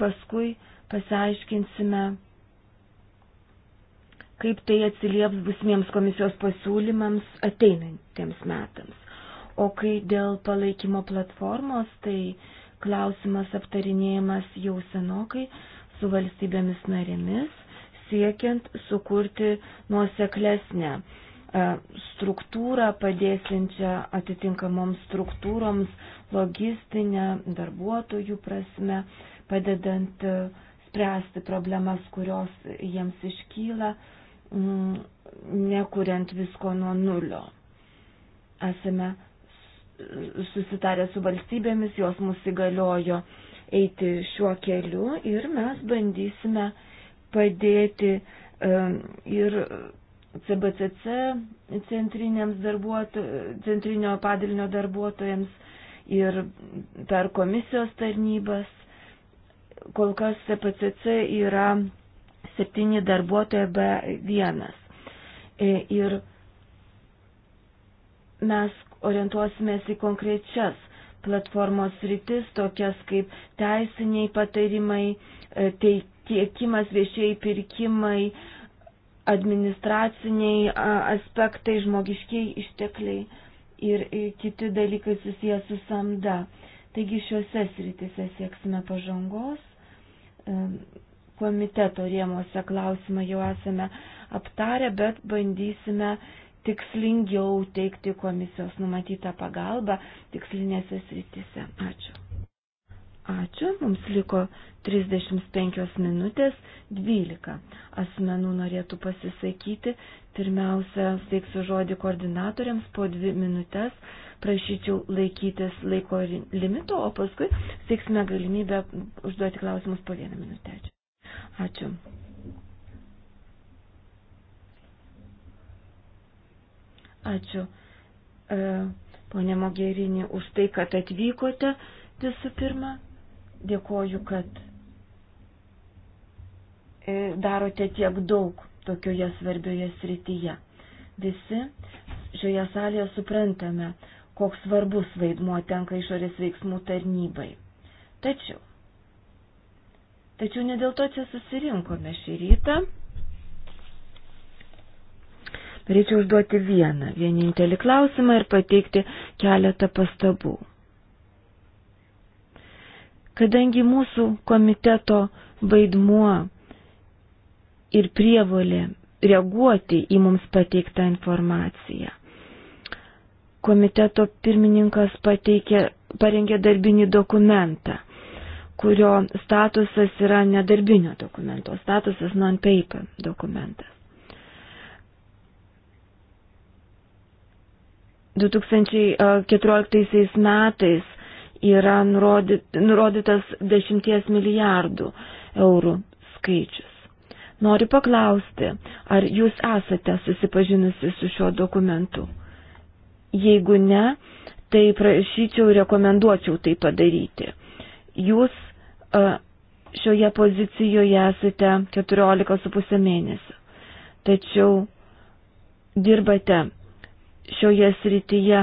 paskui pasiaiškinsime, kaip tai atsilieps busimiems komisijos pasiūlymams ateinantiems metams. O kai dėl palaikymo platformos, tai klausimas aptarinėjimas jau senokai su valstybėmis narėmis, siekiant sukurti nuoseklesnę e, struktūrą padėsinčią atitinkamoms struktūroms logistinę, darbuotojų prasme, padedant e, spręsti problemas, kurios jiems iškyla, mm, nekuriant visko nuo nulio. Esame susitarę su valstybėmis, jos mus įgaliojo eiti šiuo keliu ir mes bandysime padėti e, ir CBCC centrinio padalinio darbuotojams ir per komisijos tarnybas kol kas e PCC yra 7 darbuotojai B1. E, ir mes orientuosimės į konkrečias platformos rytis, tokias kaip teisiniai patarimai, e, tiekimas viešiai pirkimai, administraciniai aspektai, žmogiškiai ištekliai ir kiti dalykai susijęs su samda. Taigi šiuose sritise sieksime pažangos komiteto rėmose klausimą jau esame aptarę, bet bandysime tikslingiau teikti komisijos numatytą pagalbą tikslinėse srityse. Ačiū. Ačiū, mums liko 35 minutės, 12 asmenų norėtų pasisakyti. Pirmiausia, steiksiu žodį koordinatoriams po 2 minutės, prašyčiau laikytis laiko limito, o paskui sėksime galimybę užduoti klausimus po vieną minutę. Ačiū. Ačiū. Ačiū. E, Pone Mogerinė, už tai, kad atvykote visų pirma. Dėkoju, kad e, darote tiek daug tokioje svarbioje srityje. Visi šioje salėje suprantame, koks svarbus vaidmuo tenka išorės veiksmų tarnybai. Tačiau, tačiau ne dėl to čia susirinkome šį rytą. Norėčiau užduoti vieną, vienintelį klausimą ir pateikti keletą pastabų. Kadangi mūsų komiteto vaidmuo ir prievolė reaguoti į mums pateiktą informaciją komiteto pirmininkas pateikė, parengė darbinį dokumentą, kurio statusas yra nedarbinio dokumento, statusas non-paper dokumentas. 2014 metais yra nurodytas 10 milijardų eurų skaičius. Noriu paklausti, ar jūs esate susipažinusi su šiuo dokumentu? Jeigu ne, tai prašyčiau ir rekomenduočiau tai padaryti. Jūs šioje pozicijoje esate 14,5 mėnesių, tačiau dirbate šioje srityje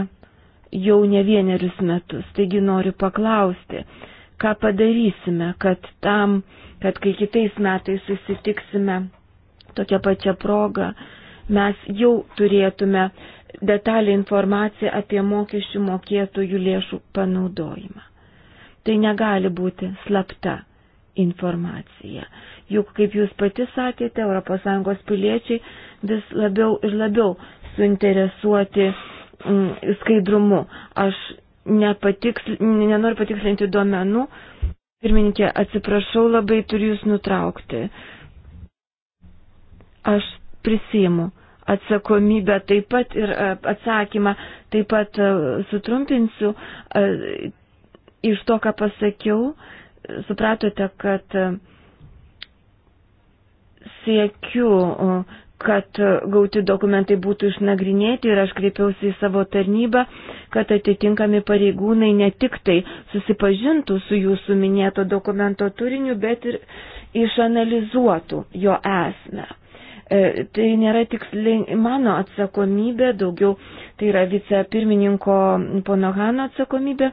jau ne vienerius metus, taigi noriu paklausti, ką padarysime, kad tam, kad kai kitais metais susitiksime tokią pačią progą, mes jau turėtume detalę informaciją apie mokesčių mokėtojų lėšų panaudojimą. Tai negali būti slapta informacija. Juk, kaip jūs pati sakėte, ES piliečiai vis labiau ir labiau suinteresuoti mm, skaidrumu. Aš nepatiksl... nenoriu patikslinti duomenų. Pirmininkė, atsiprašau, labai turiu jūs nutraukti. Aš prisimu atsakomybę taip pat ir e, atsakymą taip pat e, sutrumpinsiu. E, iš to, ką pasakiau, supratote, kad siekiu, kad gauti dokumentai būtų išnagrinėti ir aš kreipiausi į savo tarnybą, kad atitinkami pareigūnai ne tik tai susipažintų su jūsų minėto dokumento turiniu, bet ir išanalizuotų jo esmę. E, tai nėra tiksliai mano atsakomybė, daugiau tai yra vicepirmininko pono Hano atsakomybė.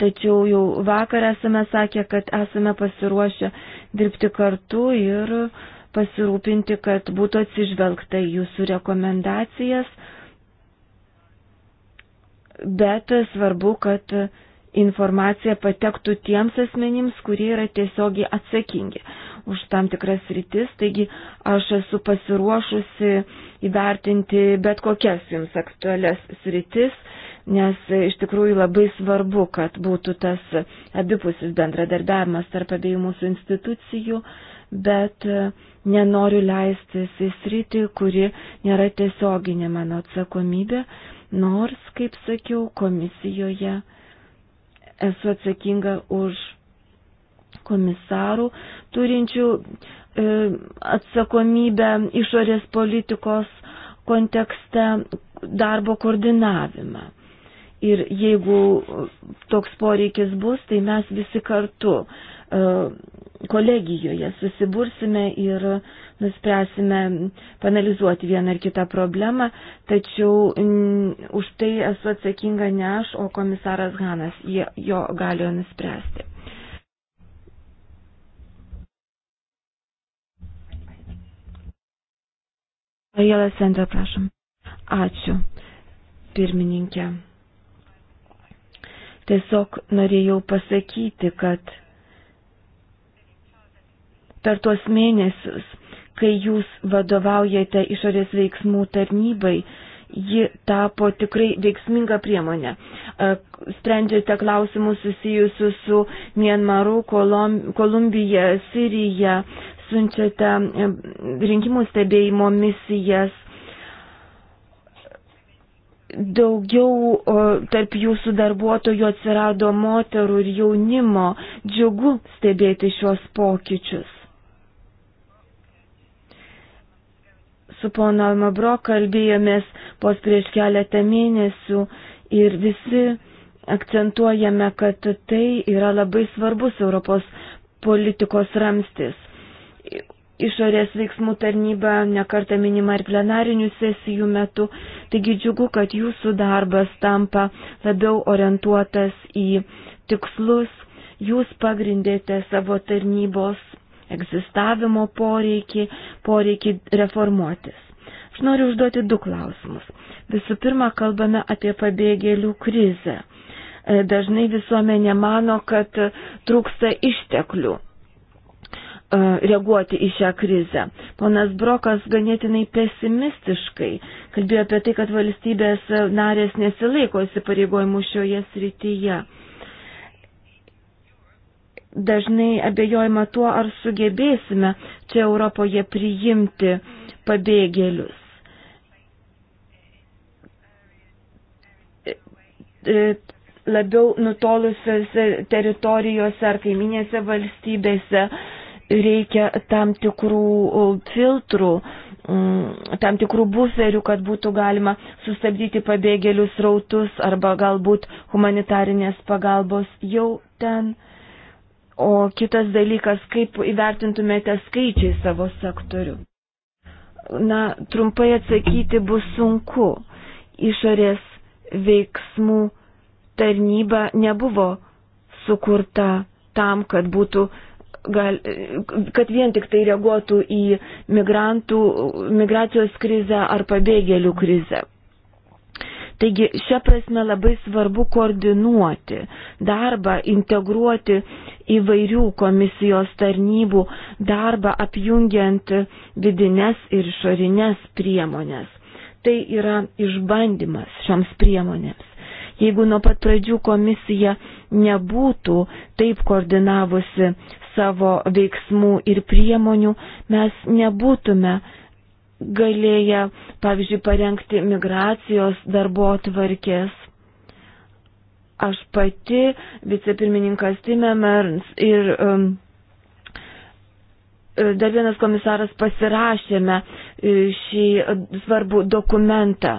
Tačiau jau vakar esame sakę, kad esame pasiruošę dirbti kartu ir pasirūpinti, kad būtų atsižvelgta jūsų rekomendacijas. Bet svarbu, kad informacija patektų tiems asmenims, kurie yra tiesiogiai atsakingi už tam tikras rytis, taigi aš esu pasiruošusi įvertinti bet kokias jums aktualias rytis, nes iš tikrųjų labai svarbu, kad būtų tas abipusis bendradarbiavimas tarp abiejų mūsų institucijų, bet nenoriu leistis į sritį, kuri nėra tiesioginė mano atsakomybė, nors, kaip sakiau, komisijoje esu atsakinga už komisarų turinčių e, atsakomybę išorės politikos kontekste darbo koordinavimą. Ir jeigu toks poreikis bus, tai mes visi kartu e, kolegijoje susibursime ir nuspręsime panalizuoti vieną ar kitą problemą, tačiau m, už tai esu atsakinga ne aš, o komisaras Hanas, jie, jo galėjo nuspręsti. Ajala Sender, prašom. Ačiū, pirmininkė. Tiesiog norėjau pasakyti, kad per tuos mėnesius, kai jūs vadovaujate išorės veiksmų tarnybai, ji tapo tikrai veiksminga priemonė. Sprendžiate klausimus susijusius su Mienmaru, Kolumbija, Sirija, siunčiate e, rinkimų stebėjimo misijas. Daugiau tarp jūsų darbuotojų atsirado moterų ir jaunimo. Džiugu stebėti šios pokyčius. Su pono Almabro kalbėjomės pos prieš keletą mėnesių ir visi akcentuojame, kad tai yra labai svarbus Europos politikos ramstis. Išorės veiksmų tarnyba nekarta minima ir plenarinių sesijų metu, taigi džiugu, kad jūsų darbas tampa labiau orientuotas į tikslus, jūs pagrindėte savo tarnybos egzistavimo poreikį, poreikį reformuotis. Aš noriu užduoti du klausimus. Visų pirma, kalbame apie pabėgėlių krizę. Dažnai visuomenė mano, kad trūksta išteklių E, reaguoti į šią krizę. Ponas Brokas ganėtinai pesimistiškai kalbėjo apie tai, kad valstybės narės nesilaiko įsipareigojimų šioje srityje. Dažnai abejojama tuo, ar sugebėsime čia Europoje priimti pabėgėlius. E, labiau nutolusiose teritorijose ar kaiminėse valstybėse uh, reikia tam tikrų filtrų, mm, tam tikrų buferių, kad būtų galima sustabdyti pabėgėlius rautus arba galbūt humanitarinės pagalbos jau ten. O kitas dalykas, kaip įvertintumėte skaičiai savo sektorių? Na, trumpai atsakyti bus sunku. Išorės veiksmų tarnyba nebuvo sukurta tam, kad būtų uh, gal, kad vien tik tai reaguotų į migrantų, migracijos krizę ar pabėgėlių krizę. Taigi šią prasme labai svarbu koordinuoti darbą, integruoti įvairių komisijos tarnybų darbą, apjungiant vidinės ir išorinės priemonės. Tai yra išbandymas šioms priemonėms. Jeigu nuo pat pradžių komisija nebūtų taip koordinavusi savo veiksmų ir priemonių, mes nebūtume galėję, pavyzdžiui, parengti migracijos darbo atvarkės. Aš pati, vicepirmininkas Timemers ir um, dar vienas komisaras pasirašėme e, šį svarbų dokumentą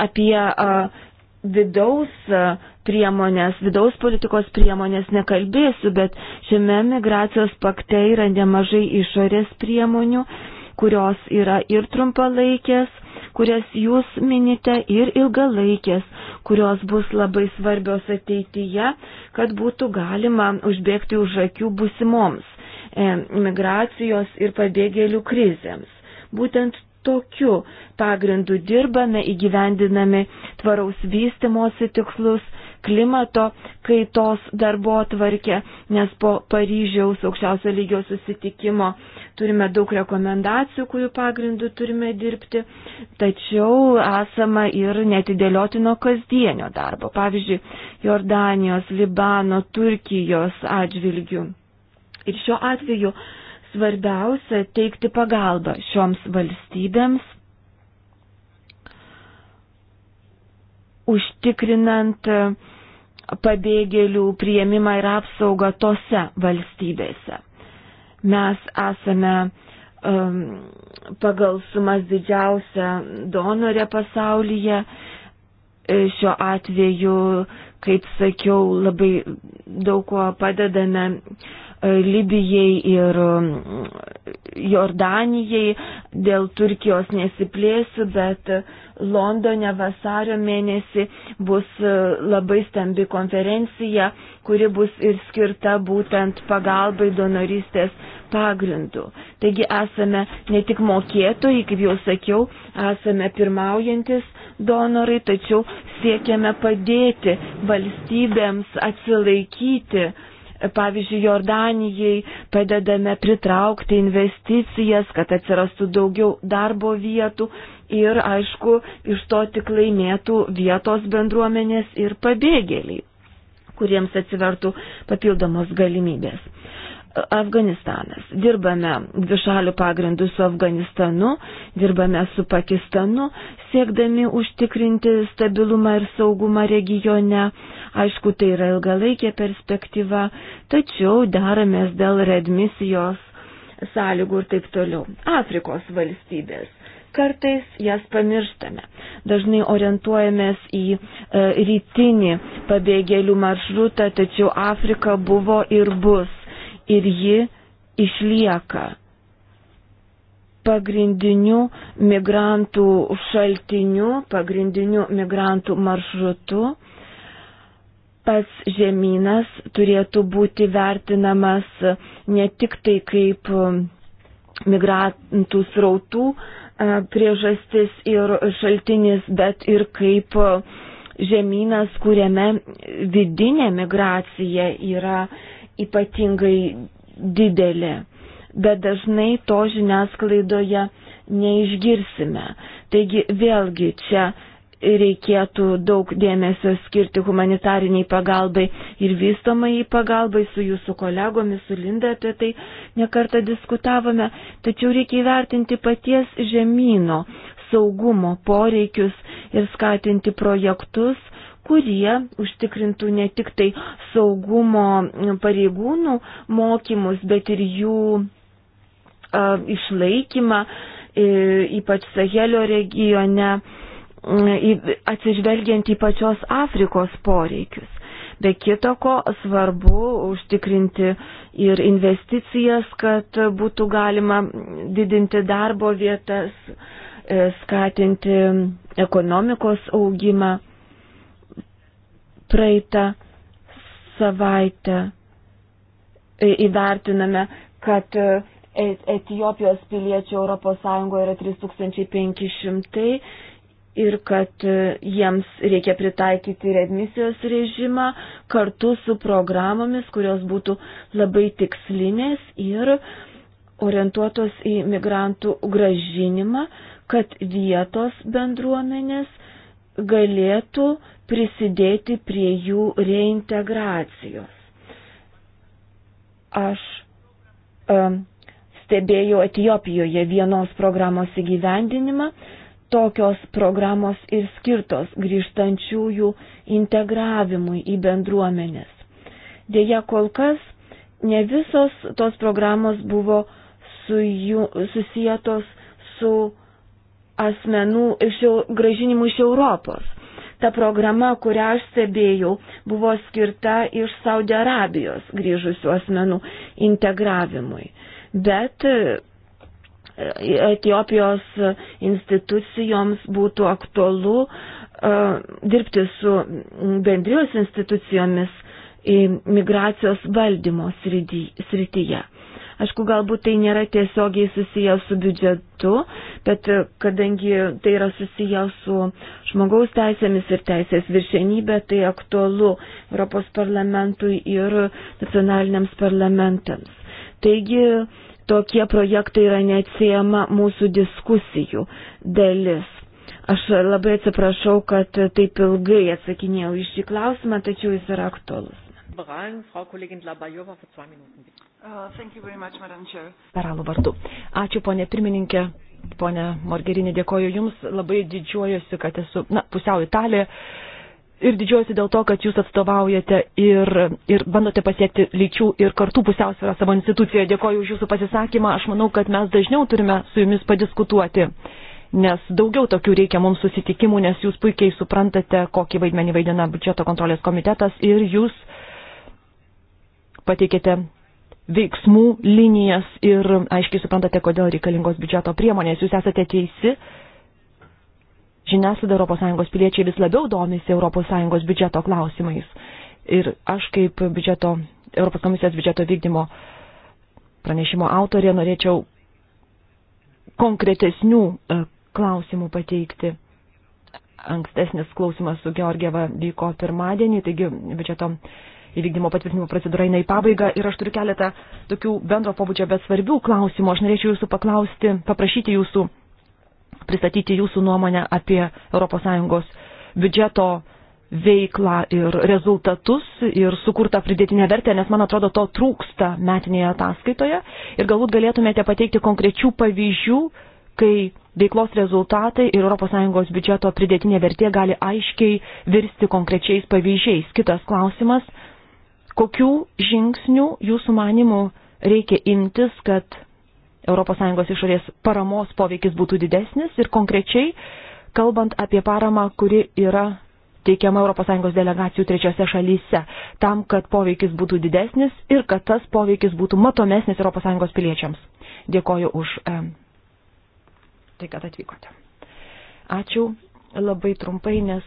apie a, vidaus a, priemonės, vidaus politikos priemonės nekalbėsiu, bet šiame migracijos pakte yra nemažai išorės priemonių, kurios yra ir trumpalaikės, kurias jūs minite, ir ilgalaikės, kurios bus labai svarbios ateityje, kad būtų galima užbėgti už akių busimoms e, migracijos ir pabėgėlių krizėms. Būtent tokiu pagrindu dirbame, įgyvendinami tvaraus vystimosi tikslus, klimato kaitos darbo atvarkę, nes po Paryžiaus aukščiausio lygio susitikimo turime daug rekomendacijų, kurių pagrindų turime dirbti, tačiau esama ir netidėliotino kasdienio darbo, pavyzdžiui, Jordanijos, Libano, Turkijos atžvilgių. Ir šiuo atveju svarbiausia teikti pagalbą šioms valstybėms, užtikrinant pabėgėlių prieimimą ir apsaugą tose valstybėse. Mes esame um, pagal sumas didžiausia donorė pasaulyje. E, šiuo atveju, kaip sakiau, labai daug ko padedame E, Libijai ir Jordanijai, dėl Turkijos nesiplėsiu, bet Londone vasario mėnesį bus e, labai stambi konferencija, kuri bus ir skirta būtent pagalbai donoristės pagrindų. Taigi esame ne tik mokėtojai, kaip jau sakiau, esame pirmaujantis donorai, tačiau siekiame padėti valstybėms atsilaikyti Pavyzdžiui, Jordanijai padedame pritraukti investicijas, kad atsirastų daugiau darbo vietų ir, aišku, iš to tik laimėtų vietos bendruomenės ir pabėgėliai kuriems atsivertų papildomos galimybės. Afganistanas. Dirbame dvišalių pagrindų su Afganistanu, dirbame su Pakistanu, siekdami užtikrinti stabilumą ir saugumą regione. Aišku, tai yra ilgalaikė perspektyva, tačiau deramės dėl redmisijos sąlygų ir taip toliau. Afrikos valstybės. Kartais jas pamirštame. Dažnai orientuojamės į e, rytinį pabėgėlių maršrutą, tačiau Afrika buvo ir bus ir ji išlieka pagrindiniu migrantų šaltiniu, pagrindiniu migrantų maršrutu. Pats žemynas turėtų būti vertinamas ne tik tai kaip migrantų srautų e, priežastis ir šaltinis, bet ir kaip žemynas, kuriame vidinė migracija yra ypatingai didelė, bet dažnai to žiniasklaidoje neišgirsime. Taigi vėlgi čia reikėtų daug dėmesio skirti humanitariniai pagalbai ir vystomai pagalbai su jūsų kolegomis, su Linda apie tai nekartą diskutavome, tačiau reikia įvertinti paties žemynų saugumo poreikius ir skatinti projektus, kurie užtikrintų ne tik tai saugumo pareigūnų mokymus, bet ir jų a, išlaikymą, i, e, ypač Sahelio regione, i, atsižvelgiant į pačios Afrikos poreikius. Be kito ko svarbu užtikrinti ir investicijas, kad būtų galima didinti darbo vietas, e, skatinti ekonomikos augimą. Praeitą savaitę e, įvertiname, kad e, Etijopijos piliečių ES yra 3500 ir kad e, jiems reikia pritaikyti readmisijos režimą kartu su programomis, kurios būtų labai tikslinės ir orientuotos į migrantų gražinimą, kad vietos bendruomenės galėtų prisidėti prie jų reintegracijos. Aš um, stebėjau Etijopijoje vienos programos įgyvendinimą, tokios programos ir skirtos grįžtančiųjų integravimui į bendruomenės. Deja, kol kas ne visos tos programos buvo su jų, susijėtos su asmenų iš, gražinimų iš Europos. Ta programa, kurią aš stebėjau, buvo skirta iš Saudio Arabijos grįžusių asmenų integravimui. Bet e, Etijopijos institucijoms būtų aktualu uh, dirbti su bendrijos institucijomis migracijos valdymo srityje. Aišku, galbūt tai nėra tiesiogiai susiję su biudžetu, bet e, kadangi tai yra susiję su žmogaus teisėmis ir teisės viršenybė, tai aktualu Europos parlamentui ir nacionaliniams parlamentams. Taigi, tokie projektai yra neatsiejama mūsų diskusijų dalis. Aš labai atsiprašau, kad taip ilgai atsakinėjau iš šį klausimą, tačiau jis yra aktuolus. Uh, Peralų vardu. Ačiū, ponė pirmininkė. Pone Morgerinė, dėkoju Jums. Labai didžiuojuosi, kad esu, na, pusiau italė. Ir didžiuojuosi dėl to, kad Jūs atstovaujate ir, ir bandote pasiekti lyčių ir kartų pusiausvyrą savo institucijoje. Dėkoju už Jūsų pasisakymą. Aš manau, kad mes dažniau turime su Jumis padiskutuoti nes daugiau tokių reikia mums susitikimų, nes jūs puikiai suprantate, kokį vaidmenį vaidina biudžeto kontrolės komitetas ir jūs pateikėte veiksmų linijas ir aiškiai suprantate, kodėl reikalingos biudžeto priemonės. Jūs esate teisi. Žiniasklaida ES piliečiai vis labiau domisi ES biudžeto klausimais. Ir aš kaip biudžeto, Europos komisijos biudžeto vykdymo pranešimo autorė norėčiau konkretesnių e, klausimų pateikti. Ankstesnis klausimas su Georgieva vyko pirmadienį, taigi biudžeto įvykdymo patvirtinimo procedūra eina į pabaigą ir aš turiu keletą tokių bendro pobūdžio, bet svarbių klausimų. Aš norėčiau jūsų paklausti, paprašyti jūsų, pristatyti jūsų nuomonę apie ES biudžeto veiklą ir rezultatus ir sukurtą pridėtinę vertę, nes man atrodo to trūksta metinėje ataskaitoje ir galbūt galėtumėte pateikti konkrečių pavyzdžių, kai veiklos rezultatai ir ES biudžeto pridėtinė vertė gali aiškiai virsti konkrečiais pavyzdžiais. Kitas klausimas Kokių žingsnių jūsų manimų reikia imtis, kad ES išorės paramos poveikis būtų didesnis ir konkrečiai, kalbant apie paramą, kuri yra teikiama ES delegacijų trečiose šalyse, tam, kad poveikis būtų didesnis ir kad tas poveikis būtų matomesnis ES piliečiams. Dėkoju už e, tai, kad atvykote. Ačiū labai trumpai, nes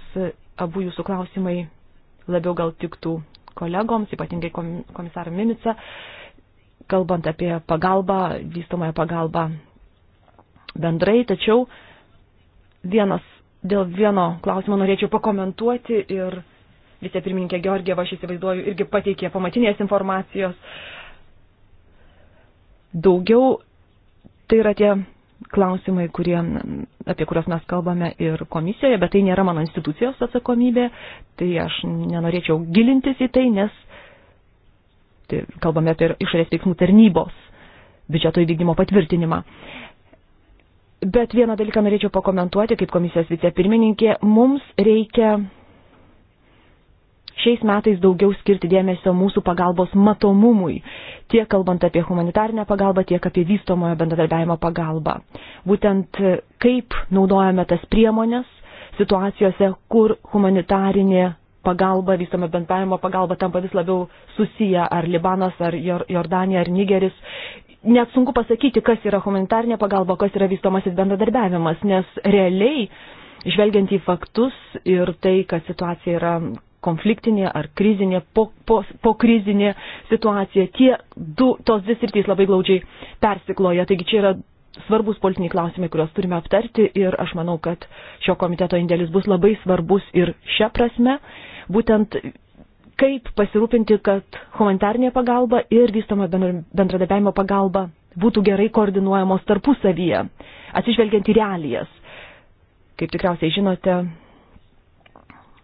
abu jūsų klausimai labiau gal tiktų kolegoms, ypatingai komisarą Mimica, kalbant apie pagalbą, vystomąją pagalbą bendrai. Tačiau vienas, dėl vieno klausimo norėčiau pakomentuoti ir vicepirmininkė Georgieva, aš įsivaizduoju, irgi pateikė pamatinės informacijos. Daugiau tai yra tie klausimai, kurie, apie kuriuos mes kalbame ir komisijoje, bet tai nėra mano institucijos atsakomybė, tai aš nenorėčiau gilintis į tai, nes tai, kalbame apie išorės veiksmų tarnybos biudžeto įvykdymo patvirtinimą. Bet vieną dalyką norėčiau pakomentuoti, kaip komisijos vicepirmininkė, mums reikia šiais metais daugiau skirti dėmesio mūsų pagalbos matomumui, tiek kalbant apie humanitarinę pagalbą, tiek apie vystomojo bendradarbiavimo pagalbą. Būtent e, kaip naudojame tas priemonės situacijose, kur humanitarinė pagalba, vystome bendravimo pagalba tampa vis labiau susiję, ar Libanas, ar Jordanija, ar Nigeris. Net sunku pasakyti, kas yra humanitarinė pagalba, kas yra vystomasis bendradarbiavimas, nes realiai, žvelgiant į faktus ir tai, kad situacija yra konfliktinė ar krizinė, po, po, po krizinė situacija. Tie du, tos dvi sritys labai glaudžiai persikloja. Taigi čia yra svarbus politiniai klausimai, kuriuos turime aptarti ir aš manau, kad šio komiteto indėlis bus labai svarbus ir šią prasme. Būtent kaip pasirūpinti, kad humanitarnė pagalba ir vystoma bendradarbiavimo pagalba būtų gerai koordinuojamos tarpusavyje, atsižvelgiant į realijas. Kaip tikriausiai žinote,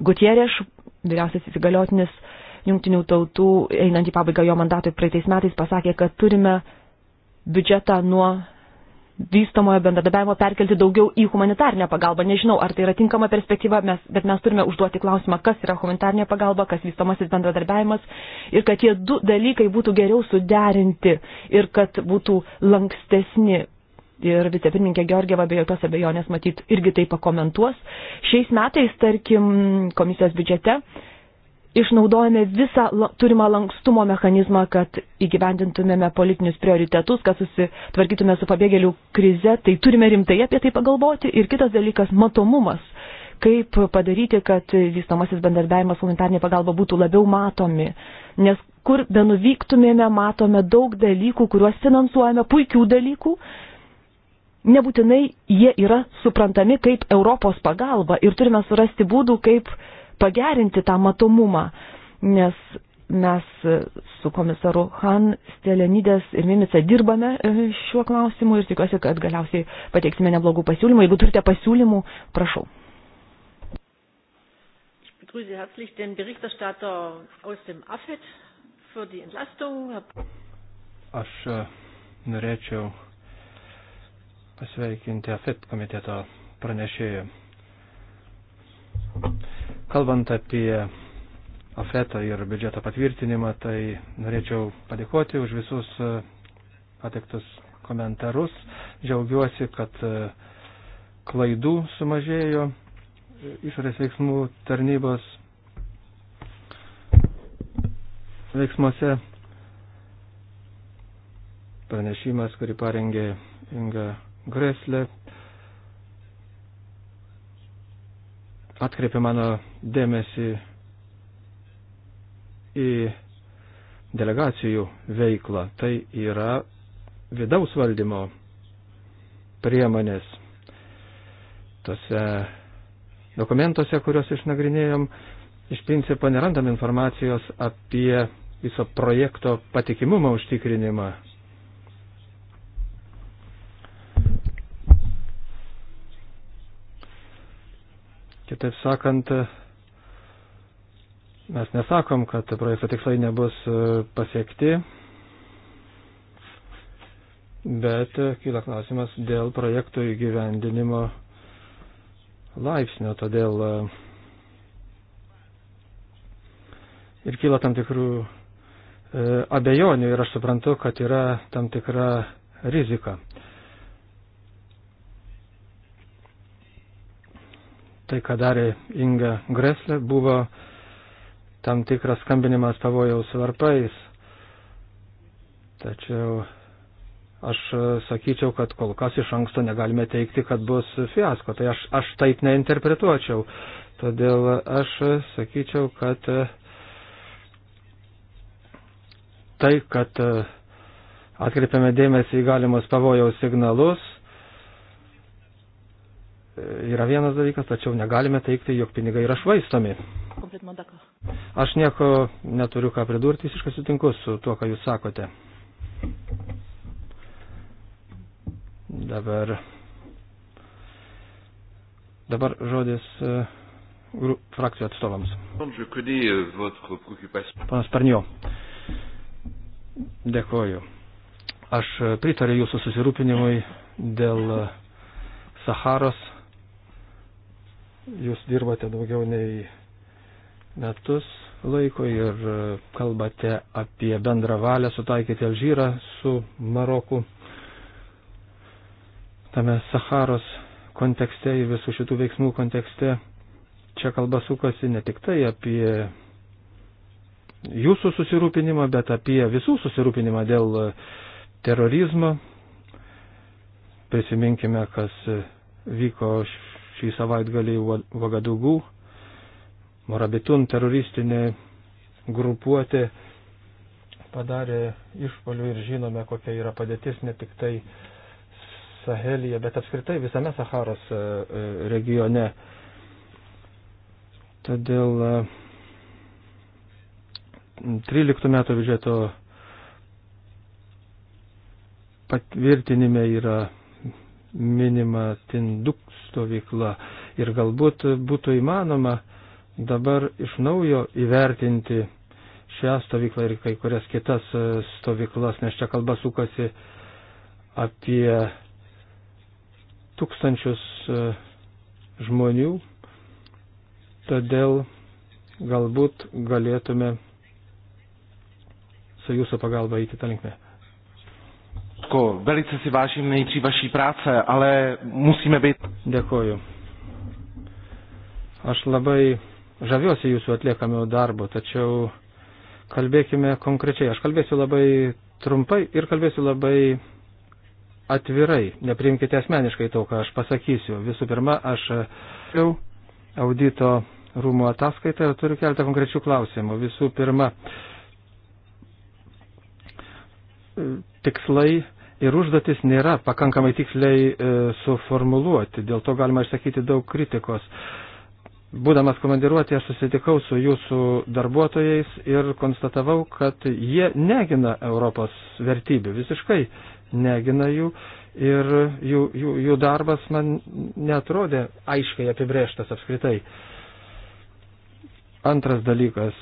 Gutierėš vyriausias įsigaliotinis jungtinių tautų, einant į pabaigą jo mandatui praeitais metais, pasakė, kad turime biudžetą nuo vystomojo bendradarbiavimo perkelti daugiau į humanitarnę pagalbą. Nežinau, ar tai yra tinkama perspektyva, mes, bet mes turime užduoti klausimą, kas yra humanitarnė pagalba, kas vystomasis bendradarbiavimas ir kad tie du dalykai būtų geriau suderinti ir kad būtų lankstesni ir vicepirmininkė Georgieva be jokios abejonės matyt irgi tai pakomentuos. Šiais metais, tarkim, komisijos biudžete išnaudojame visą turimą lankstumo mechanizmą, kad įgyvendintumėme politinius prioritetus, kad susitvarkytume su pabėgėlių krize, tai turime rimtai apie tai pagalvoti. Ir kitas dalykas - matomumas. Kaip padaryti, kad vystomasis bendarbiavimas humanitarnė pagalba būtų labiau matomi. Nes kur benuvyktumėme, matome daug dalykų, kuriuos finansuojame, puikių dalykų, nebūtinai jie yra suprantami kaip Europos pagalba ir turime surasti būdų, kaip pagerinti tą matomumą, nes mes su komisaru Han Stelenydės ir Mimica dirbame e, šiuo klausimu ir tikiuosi, kad galiausiai pateiksime neblogų pasiūlymų. Jeigu turite pasiūlymų, prašau. Grüße herzlich den Berichterstatter aus dem AFET für die Entlastung. Aš e, norėčiau pasveikinti AFIT komiteto pranešėjų. Kalbant apie AFETą ir biudžeto patvirtinimą, tai norėčiau padėkoti už visus e, patiktus komentarus. Džiaugiuosi, kad e, klaidų sumažėjo išorės veiksmų tarnybos veiksmuose. Pranešimas, kurį parengė Inga Greslė atkreipė mano dėmesį į delegacijų veiklą. Tai yra vidaus valdymo priemonės. Tose dokumentuose, kuriuos išnagrinėjom, iš principo nerandam informacijos apie viso projekto patikimumą užtikrinimą Taip sakant, mes nesakom, kad projekto tikslai nebus e, pasiekti, bet e, kyla klausimas dėl projektų įgyvendinimo laipsnio, todėl e, ir kyla tam tikrų abejonių ir aš suprantu, kad yra tam tikra rizika. tai, ką darė Inga Greslė, buvo tam tikras skambinimas pavojaus varpais. Tačiau aš sakyčiau, kad kol kas iš anksto negalime teikti, kad bus fiasko. Tai aš, aš taip neinterpretuočiau. Todėl aš sakyčiau, kad tai, kad atkreipiame dėmesį į galimus pavojaus signalus, yra vienas dalykas, tačiau negalime teikti, jog pinigai yra švaistomi. Aš nieko neturiu ką pridurti, visiškai sutinku su tuo, ką jūs sakote. Dabar, dabar žodis e, frakcijų atstovams. Euh, Panas Parnio, dėkoju. Aš pritariu jūsų susirūpinimui dėl Saharos jūs dirbate daugiau nei metus laiko ir e, kalbate apie bendrą valią sutaikyti Alžyrą su Maroku. Tame Saharos kontekste ir visų šitų veiksmų kontekste čia kalba sukasi ne tik tai apie jūsų susirūpinimą, bet apie visų susirūpinimą dėl e, terorizmo. Prisiminkime, kas e, vyko šį savaitgalį Vagadugų. Morabitun teroristinė grupuotė padarė išpolių ir žinome, kokia yra padėtis ne tik tai Sahelija, bet apskritai visame Saharos e, e, regione. Todėl 13 e, metų biudžeto patvirtinime yra minima Tinduk stovykla ir galbūt būtų įmanoma dabar iš naujo įvertinti šią stovyklą ir kai kurias kitas e, stovyklas, nes čia kalba sukasi apie tūkstančius e, žmonių, todėl galbūt galėtume su jūsų pagalba įti tą linkmę. Basko, velice si vážím nejdřív vaší práce, ale musíme být. Dėkoju. Aš labai žaviuosi jūsų atliekamiu darbu, tačiau kalbėkime konkrečiai. Aš kalbėsiu labai trumpai ir kalbėsiu labai atvirai. Nepriimkite asmeniškai to, ką aš pasakysiu. Visų pirma, aš e, jau audito rūmų ataskaitą ir turiu keletą konkrečių klausimų. Visų pirma, e, tikslai ir užduotis nėra pakankamai tiksliai e, suformuluoti, dėl to galima išsakyti daug kritikos. Būdamas komandiruotėje susitikau su jūsų darbuotojais ir konstatavau, kad jie negina Europos vertybių, visiškai negina jų ir jų, jų, jų darbas man netrodė aiškiai apibrėžtas apskritai. Antras dalykas.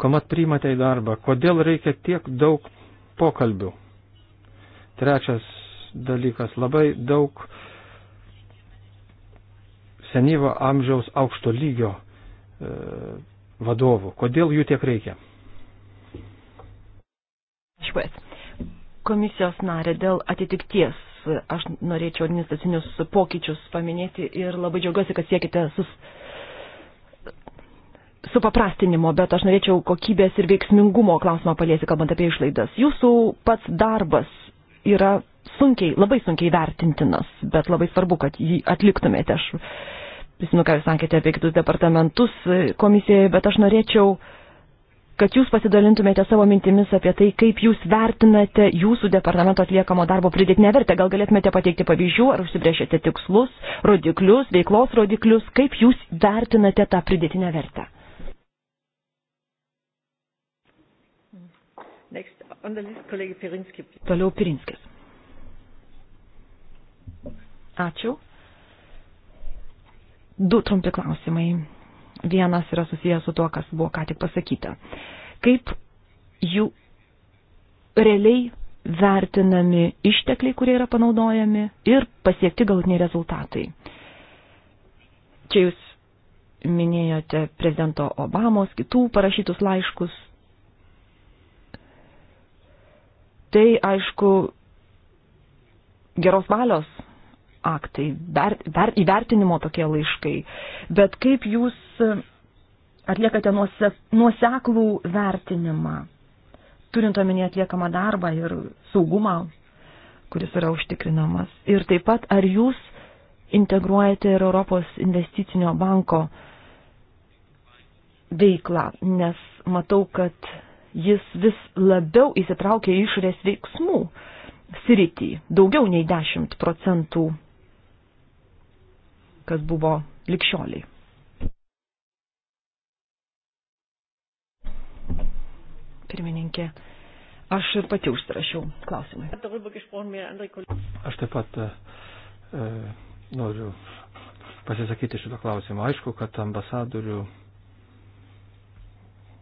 Komat priimate į darbą, kodėl reikia tiek daug pokalbių? Trečias dalykas, labai daug senyvo amžiaus aukšto lygio e, vadovų. Kodėl jų tiek reikia? Švės. Komisijos narė dėl atitikties. Aš norėčiau administracinius pokyčius paminėti ir labai džiaugiuosi, kad siekite sus, supaprastinimo, bet aš norėčiau kokybės ir veiksmingumo klausimą paliesi, kalbant apie išlaidas. Jūsų pats darbas yra sunkiai, labai sunkiai vertintinas, bet labai svarbu, kad jį atliktumėte. Aš prisimenu, ką jūs sakėte apie kitus departamentus komisijoje, bet aš norėčiau, kad jūs pasidalintumėte savo mintimis apie tai, kaip jūs vertinate jūsų departamento atliekamo darbo pridėtinę vertę. Gal galėtumėte pateikti pavyzdžių, ar užsibrėžėte tikslus, rodiklius, veiklos rodiklius, kaip jūs vertinate tą pridėtinę vertę. Toliau Pirinskis. Ačiū. Du trumpi klausimai. Vienas yra susijęs su tuo, kas buvo ką tik pasakyta. Kaip jų realiai vertinami ištekliai, kurie yra panaudojami ir pasiekti galutiniai rezultatai. Čia jūs minėjote prezidento Obamos kitų parašytus laiškus, Tai aišku, geros valios aktai, ver, ver, įvertinimo tokie laiškai. Bet kaip jūs e, atliekate nuose, nuoseklų vertinimą, turint omenyje atliekamą darbą ir saugumą, kuris yra užtikrinamas. Ir taip pat, ar jūs integruojate ir Europos investicinio banko veiklą, nes matau, kad jis vis labiau įsitraukia į išorės veiksmų sritį, daugiau nei 10 procentų, kas buvo likščioliai. Pirmininkė, aš ir pati užsirašiau klausimai. Aš taip pat e, e, noriu pasisakyti šito klausimo. Aišku, kad ambasadorių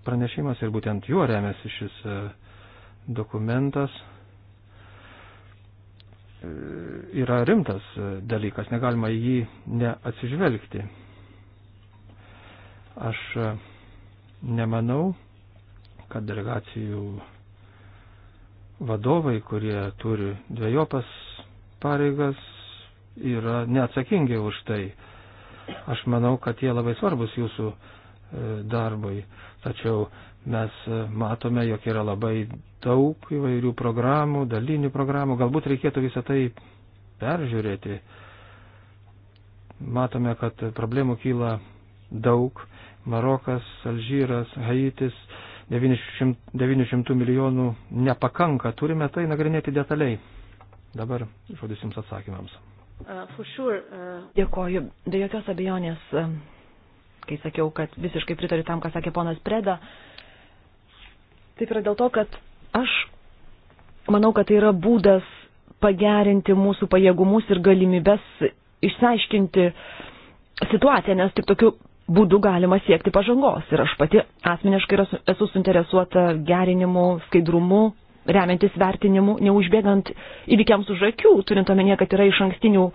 pranešimas ir būtent juo remiasi šis e, dokumentas e, yra rimtas e, dalykas, negalima į jį neatsižvelgti. Aš nemanau, kad delegacijų vadovai, kurie turi dviejopas pareigas, yra neatsakingi už tai. Aš manau, kad jie labai svarbus jūsų darbui. Tačiau mes e, matome, jog yra labai daug įvairių programų, dalinių programų. Galbūt reikėtų visą tai peržiūrėti. Matome, kad problemų kyla daug. Marokas, Alžyras, Haitis, 900, 900 milijonų nepakanka. Turime tai nagrinėti detaliai. Dabar žodis jums atsakymams. Uh, sure, uh... Dėkoju. Be jokios abejonės. Uh kai sakiau, kad visiškai pritariu tam, ką sakė ponas Preda. Taip yra dėl to, kad aš manau, kad tai yra būdas pagerinti mūsų pajėgumus ir galimybės išsiaiškinti situaciją, nes tik tokiu būdu galima siekti pažangos. Ir aš pati asmeniškai esu suinteresuota gerinimu, skaidrumu, remiantis vertinimu, neužbėgant įvykiams už akių, turint omenyje, kad yra iš ankstinių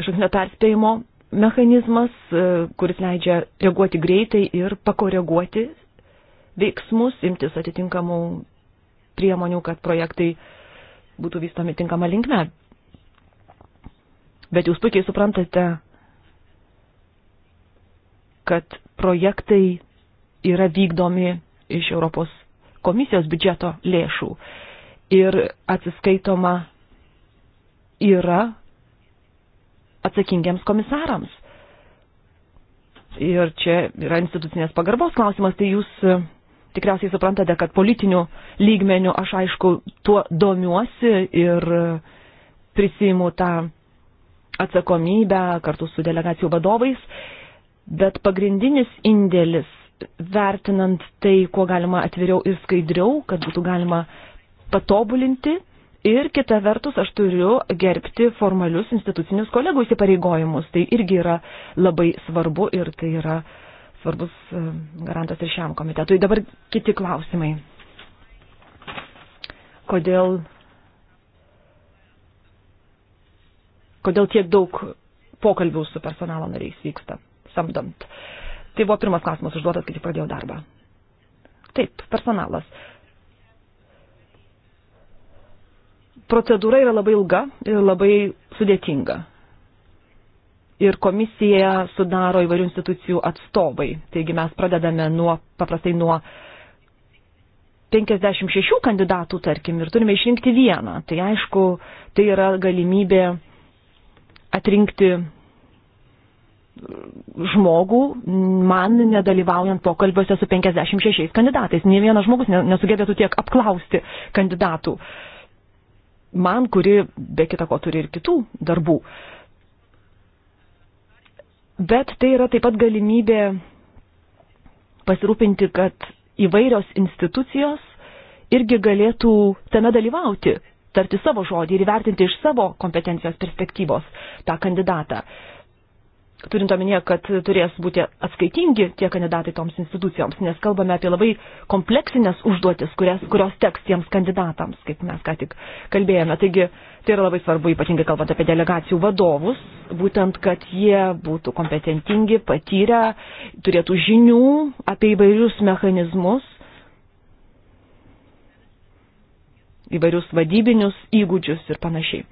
iš ankstinio perspėjimo mechanizmas, e, kuris leidžia reaguoti greitai ir pakoreguoti veiksmus, imtis atitinkamų priemonių, kad projektai būtų vystomi tinkama linkme. Bet jūs puikiai suprantate, kad projektai yra vykdomi iš Europos komisijos biudžeto lėšų ir atsiskaitoma yra atsakingiams komisarams. Ir čia yra institucinės pagarbos klausimas, tai jūs e, tikriausiai suprantate, kad politinių lygmenių aš aišku tuo domiuosi ir e, prisimu tą atsakomybę kartu su delegacijų vadovais, bet pagrindinis indėlis vertinant tai, kuo galima atviriau ir skaidriau, kad būtų galima patobulinti Ir kita vertus, aš turiu gerbti formalius institucinius kolegų įsipareigojimus. Tai irgi yra labai svarbu ir tai yra svarbus e, garantas ir šiam komitetui. Dabar kiti klausimai. Kodėl, kodėl tiek daug pokalbių su personalo nariais vyksta, samdant? Tai buvo pirmas klausimas užduotas, kai tik pradėjau darbą. Taip, personalas. procedūra yra labai ilga ir labai sudėtinga. Ir komisiją sudaro įvairių institucijų atstovai. Taigi mes pradedame nuo, paprastai nuo 56 kandidatų, tarkim, ir turime išrinkti vieną. Tai aišku, tai yra galimybė atrinkti žmogų, man nedalyvaujant pokalbiuose su 56 kandidatais. Nė vienas žmogus nesugebėtų tiek apklausti kandidatų man, kuri be kita ko turi ir kitų darbų. Bet tai yra taip pat galimybė pasirūpinti, kad įvairios institucijos irgi galėtų tame dalyvauti, tarti savo žodį ir įvertinti iš savo kompetencijos perspektyvos tą kandidatą turint omenyje, kad turės būti atskaitingi tie kandidatai toms institucijoms, nes kalbame apie labai kompleksinės užduotis, kurias, kurios teks tiems kandidatams, kaip mes ką tik kalbėjome. Taigi tai yra labai svarbu, ypatingai kalbant apie delegacijų vadovus, būtent, kad jie būtų kompetentingi, patyrę, turėtų žinių apie įvairius mechanizmus, įvairius vadybinius įgūdžius ir panašiai.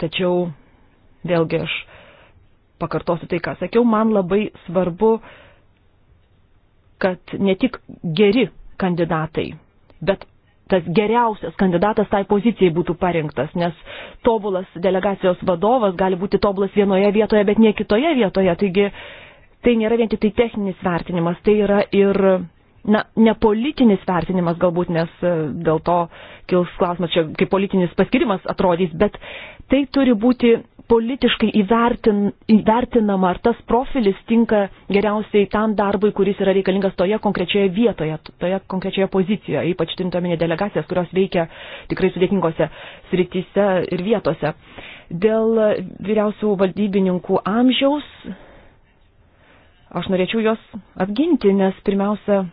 Tačiau vėlgi aš pakartosiu tai, ką sakiau, man labai svarbu, kad ne tik geri kandidatai, bet tas geriausias kandidatas tai pozicijai būtų parinktas, nes tobulas delegacijos vadovas gali būti tobulas vienoje vietoje, bet ne kitoje vietoje. Taigi tai nėra vien tik tai techninis vertinimas, tai yra ir na, ne politinis vertinimas galbūt, nes e, dėl to kils klausimas čia, kaip politinis paskirimas atrodys, bet tai turi būti politiškai įvertin, įvertinama, ar tas profilis tinka geriausiai tam darbui, kuris yra reikalingas toje konkrečioje vietoje, toje konkrečioje pozicijoje, ypač turintuomenė delegacijas, kurios veikia tikrai sudėtingose srityse ir vietose. Dėl vyriausių valdybininkų amžiaus aš norėčiau juos apginti, nes pirmiausia,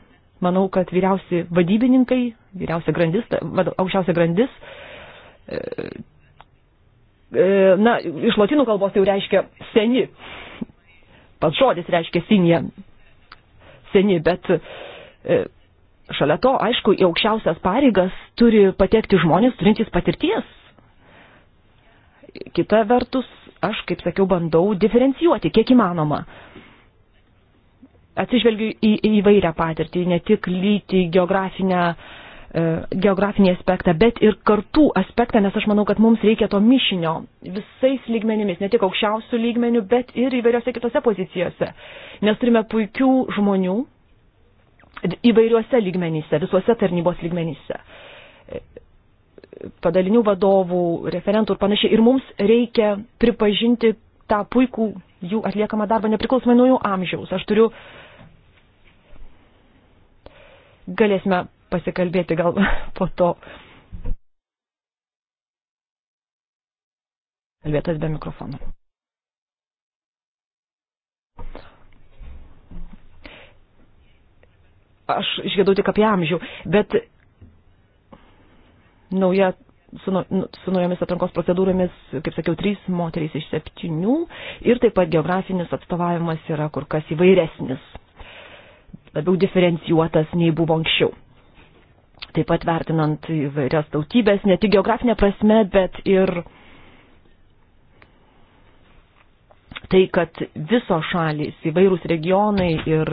manau, kad vyriausi vadybininkai, vyriausia grandis, aukščiausia grandis, e, e, na, iš latinų kalbos tai jau reiškia seni, pats žodis reiškia sinė, seni, bet e, šalia to, aišku, į aukščiausias pareigas turi patekti žmonės turintys patirties. Kita vertus, aš, kaip sakiau, bandau diferencijuoti, kiek įmanoma atsižvelgiu į, į įvairią patirtį, ne tik lytį, geografinę, e, geografinį aspektą, bet ir kartų aspektą, nes aš manau, kad mums reikia to mišinio visais lygmenimis, ne tik aukščiausių lygmenių, bet ir įvairiose kitose pozicijose, nes turime puikių žmonių įvairiuose lygmenyse, visuose tarnybos lygmenyse e, padalinių vadovų, referentų ir panašiai. Ir mums reikia pripažinti tą puikų jų atliekamą darbą nepriklausomai nuo jų amžiaus. Aš turiu uh, Galėsime pasikalbėti gal po to. Kalbėtas be mikrofono. Aš išgėdau tik apie amžių, bet nauja, su, nu, nu, su naujomis atrankos procedūromis, kaip sakiau, trys moterys iš septynių ir taip pat geografinis atstovavimas yra kur kas įvairesnis labiau diferencijuotas nei buvo anksčiau. Taip pat vertinant įvairias tautybės, ne tik geografinė prasme, bet ir tai, kad visos šalys, įvairūs regionai ir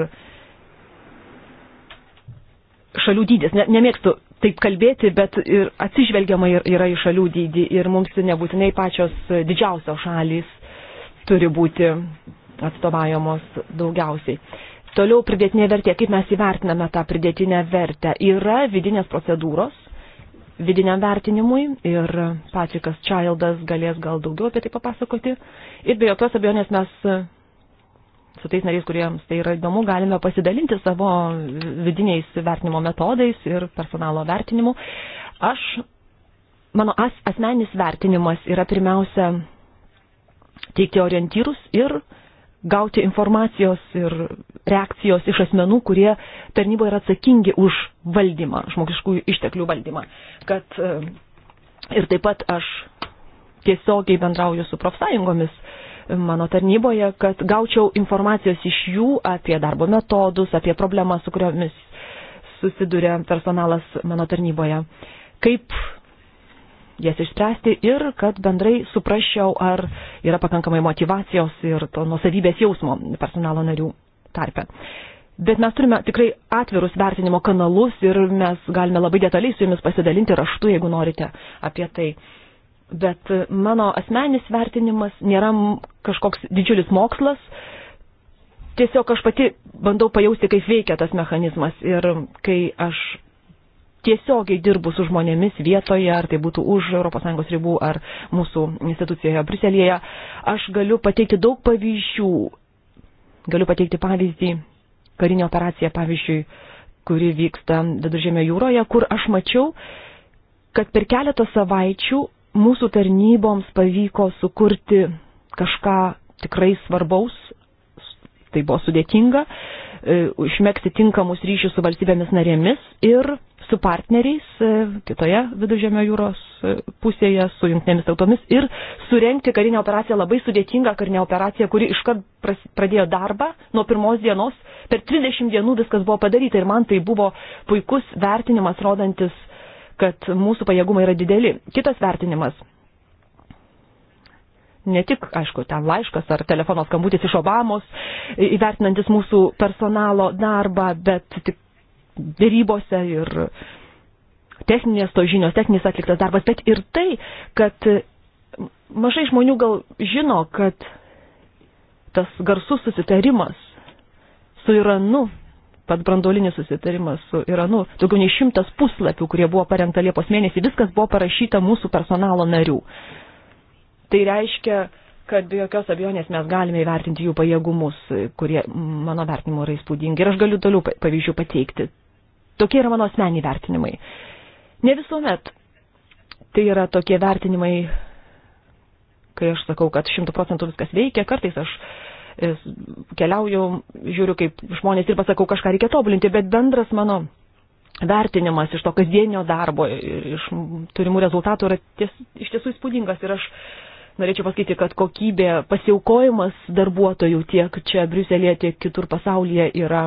šalių dydis, ne, nemėgstu taip kalbėti, bet ir atsižvelgiama yra į šalių dydį ir mums nebūtinai pačios didžiausios šalys turi būti atstovaujamos daugiausiai. Toliau pridėtinė vertė, kaip mes įvertiname tą pridėtinę vertę. Yra vidinės procedūros vidiniam vertinimui ir Patrikas Childas galės gal daugiau apie tai papasakoti. Ir be jokios abejonės mes su tais nariais, kuriems tai yra įdomu, galime pasidalinti savo vidiniais vertinimo metodais ir personalo vertinimu. Aš, mano as, asmeninis vertinimas yra pirmiausia teikti orientyrus ir uh, gauti informacijos ir reakcijos iš asmenų, kurie tarnyboje yra atsakingi už valdymą, žmogiškųjų išteklių valdymą. Kad, e, ir taip pat aš tiesiogiai bendrauju su profsąjungomis e, mano tarnyboje, kad gaučiau informacijos iš jų apie darbo metodus, apie problemas, su kuriomis susiduria personalas mano tarnyboje. Kaip jas išspręsti ir kad bendrai suprasčiau, ar yra pakankamai motivacijos ir to nusavybės jausmo personalo narių tarpe. Bet mes turime tikrai atvirus vertinimo kanalus ir mes galime labai detaliai su jumis pasidalinti raštu, jeigu norite apie tai. Bet mano asmeninis vertinimas nėra kažkoks didžiulis mokslas. Tiesiog aš pati bandau pajausti, kaip veikia tas mechanizmas ir kai aš tiesiogiai dirbu su žmonėmis vietoje, ar tai būtų už ES ribų, ar mūsų institucijoje Briselėje, aš galiu pateikti daug pavyzdžių. Galiu pateikti pavyzdį, karinė operacija, pavyzdžiui, kuri vyksta Viduržėmio jūroje, kur aš mačiau, kad per keletą savaičių mūsų tarnyboms pavyko sukurti kažką tikrai svarbaus, tai buvo sudėtinga, e, užmėgsti tinkamus ryšius su valstybėmis narėmis ir su partneriais e, kitoje viduržėmio jūros e, pusėje, su jungtinėmis tautomis ir surenkti karinę operaciją, labai sudėtingą karinę operaciją, kuri iškart pradėjo darbą nuo pirmos dienos, per 30 dienų viskas buvo padaryta ir man tai buvo puikus vertinimas, rodantis, kad mūsų pajėgumai yra dideli. Kitas vertinimas ne tik, aišku, ten laiškas ar telefonos skambutis iš Obamos, įvertinantis mūsų personalo darbą, bet tik dėrybose ir techninės to žinios, techninis atliktas darbas, bet ir tai, kad mažai žmonių gal žino, kad tas garsus susitarimas su Iranu, pat brandolinis susitarimas su Iranu, daugiau nei šimtas puslapių, kurie buvo parengta Liepos mėnesį, viskas buvo parašyta mūsų personalo narių. Tai reiškia, kad be jokios abejonės mes galime įvertinti jų pajėgumus, kurie mano vertinimu yra įspūdingi. Ir aš galiu toliau pavyzdžių pateikti. Tokie yra mano asmeniai vertinimai. Ne visuomet tai yra tokie vertinimai, kai aš sakau, kad šimtų procentų viskas veikia, kartais aš e, keliauju, žiūriu, kaip žmonės ir pasakau, kažką reikia tobulinti, bet bendras mano vertinimas iš to kasdienio darbo ir iš turimų rezultatų yra ties, iš tiesų įspūdingas. Ir aš norėčiau pasakyti, kad kokybė, pasiaukojimas darbuotojų tiek čia Briuselėje, tiek kitur pasaulyje yra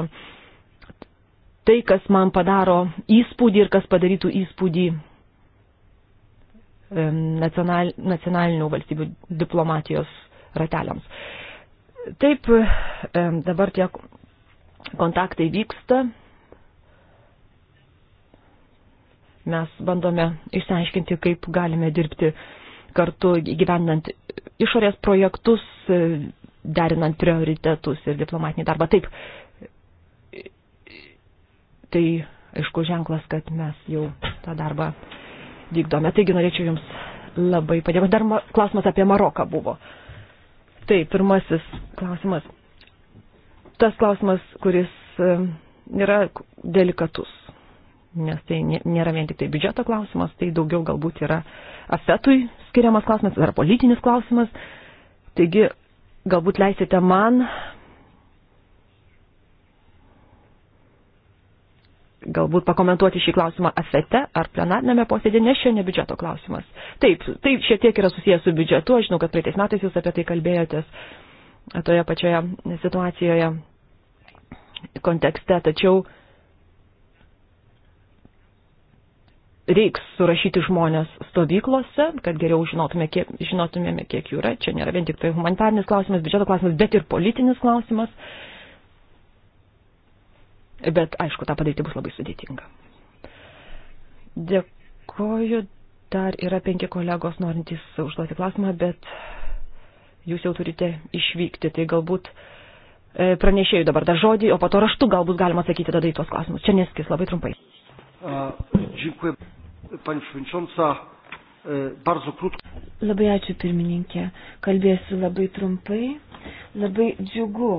tai, kas man padaro įspūdį ir kas padarytų įspūdį nacional, nacionalinių valstybių diplomatijos rateliams. Taip, dabar tie kontaktai vyksta. Mes bandome išsiaiškinti, kaip galime dirbti uh, kartu gyvenant išorės projektus, derinant prioritetus ir diplomatinį darbą. Taip, tai aišku ženklas, kad mes jau tą darbą vykdome. Taigi norėčiau Jums labai padėkoti. Dar klausimas apie Maroką buvo. Taip, pirmasis klausimas. Tas klausimas, kuris e, yra delikatus nes tai nėra vien tik tai biudžeto klausimas, tai daugiau galbūt yra afetui skiriamas klausimas, ar politinis klausimas. Taigi, galbūt leisite man galbūt pakomentuoti šį klausimą afete ar plenarnėme posėdė, nes čia ne biudžeto klausimas. Taip, tai šiek tiek yra susijęs su biudžetu, aš žinau, kad praeitais metais jūs apie tai kalbėjotės toje pačioje situacijoje kontekste, tačiau uh, reiks surašyti žmonės stovyklose, kad geriau žinotume, kiek, žinotumėme, kiek jų yra. Čia nėra vien tik tai humanitarnis klausimas, biudžeto klausimas, bet ir politinis klausimas. Bet, aišku, tą padaryti bus labai sudėtinga. Dėkoju. Dar yra penki kolegos norintys užduoti klausimą, bet jūs jau turite išvykti. Tai galbūt e, pranešėjų dabar dar žodį, o po to raštu galbūt galima atsakyti tada į tuos klausimus. Čia neskis labai trumpai. Dziękuję. Pani Švinčiansa, e, bardzo krótko. Labai ačiū pirmininkė. Kalbėsiu labai trumpai. Labai džiugu,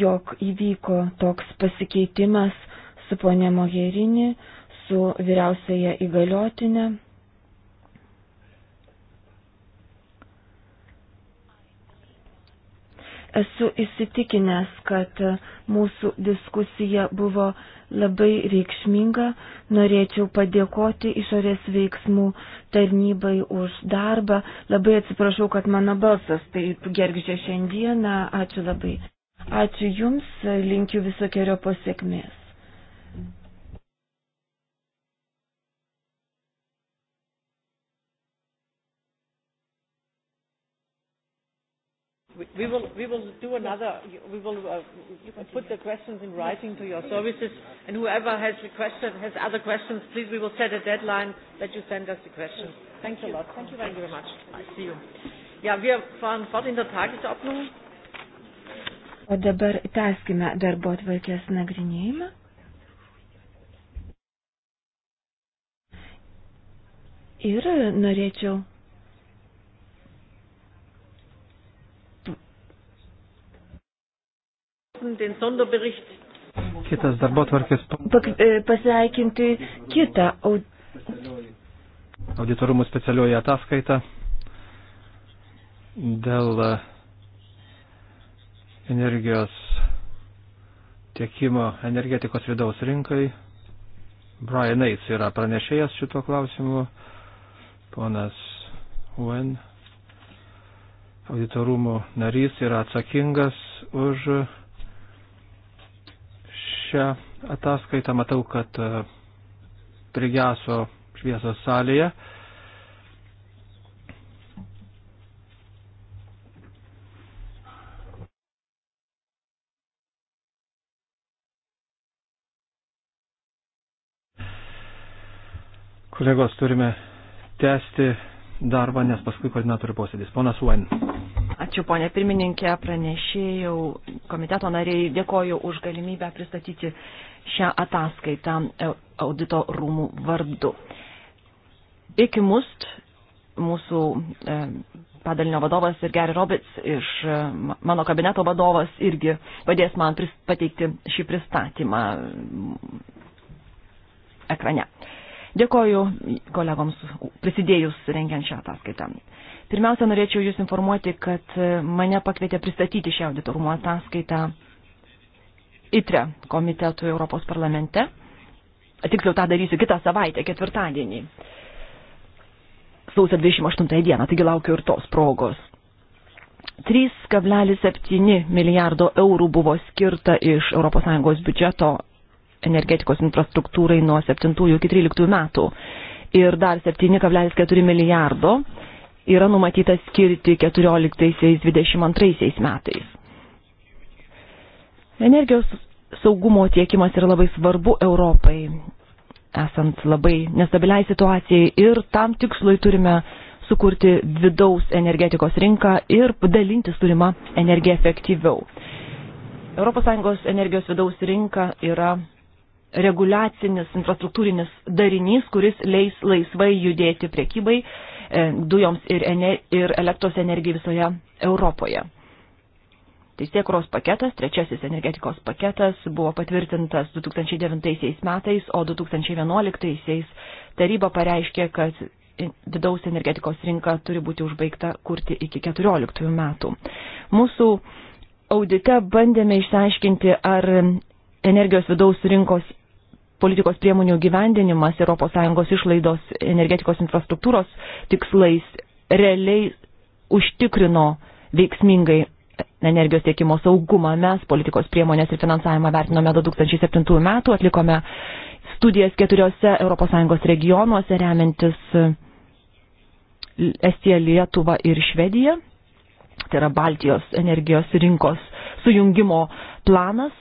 jog įvyko toks pasikeitimas su ponė Mogherini, su vyriausiaja įgaliotinė. Esu įsitikinęs, kad mūsų diskusija buvo labai reikšminga. Norėčiau padėkoti išorės veiksmų tarnybai už darbą. Labai atsiprašau, kad mano balsas taip gergžė šiandieną. Ačiū labai. Ačiū Jums, linkiu visokiojo pasiekmės. We will, we will do another, we will uh, put the questions in writing to your services, and whoever has, requested, has other questions, please, we will set a deadline that you send us the questions. Thanks a lot. Thank you very, Thank you very much. I see you. Ja, wir fahren fort in der Tagesordnung. O dabar tęskime darbo atvarkės nagrinėjimą. Ir norėčiau Kitas darbo tvarkės. E, pasveikinti kitą auditorumų specialioje ataskaita dėl e, energijos tiekimo energetikos vidaus rinkai. Brian Eits yra pranešėjas šito klausimu, ponas Wen, auditorumų narys yra atsakingas už šią ataskaitą. Matau, kad e, prigeso šviesos salėje. Kolegos, turime tęsti darbą, nes paskui koordinatorių posėdis. Ponas Uen. Ačiū, ponė pirmininkė, pranešėjau komiteto nariai, dėkoju už galimybę pristatyti šią ataskaitą audito rūmų vardu. Iki must mūsų e, padalinio vadovas ir Gary Roberts iš e, mano kabineto vadovas irgi padės man pateikti šį pristatymą ekrane. Uh, Dėkoju kolegoms prisidėjus rengiant šią ataskaitą. Pirmiausia, norėčiau Jūs informuoti, kad mane pakvietė pristatyti šią auditorumo ataskaitą ITRE komitetų Europos parlamente. Tiksliau tą darysiu kitą savaitę, ketvirtadienį, sausio 28 dieną, taigi laukiu ir tos progos. 3,7 milijardo eurų buvo skirta iš ES biudžeto energetikos infrastruktūrai nuo 7 iki 13 metų. Ir dar 7,4 milijardo yra numatyta skirti 14-22 metais. Energijos saugumo tiekimas yra labai svarbu Europai, esant labai nestabiliai situacijai ir tam tikslui turime sukurti vidaus energetikos rinką ir dalintis turimą energiją efektyviau. ES energijos vidaus rinka yra reguliacinis infrastruktūrinis darinys, kuris leis laisvai judėti priekybai e, dujoms ir, ener ir elektros energijai visoje Europoje. Tai Teisėkuros paketas, trečiasis energetikos paketas buvo patvirtintas 2009 metais, o 2011 taryba pareiškė, kad vidaus energetikos rinka turi būti užbaigta kurti iki 2014 metų. Mūsų audite bandėme išsiaiškinti, ar energijos vidaus rinkos politikos priemonių gyvendinimas ES išlaidos energetikos infrastruktūros tikslais realiai užtikrino veiksmingai energijos tiekimo saugumą. Mes politikos priemonės ir finansavimą vertinome 2007 metų, atlikome studijas keturiose ES regionuose remiantis Estija, Lietuva ir Švedija. Tai yra Baltijos energijos rinkos sujungimo planas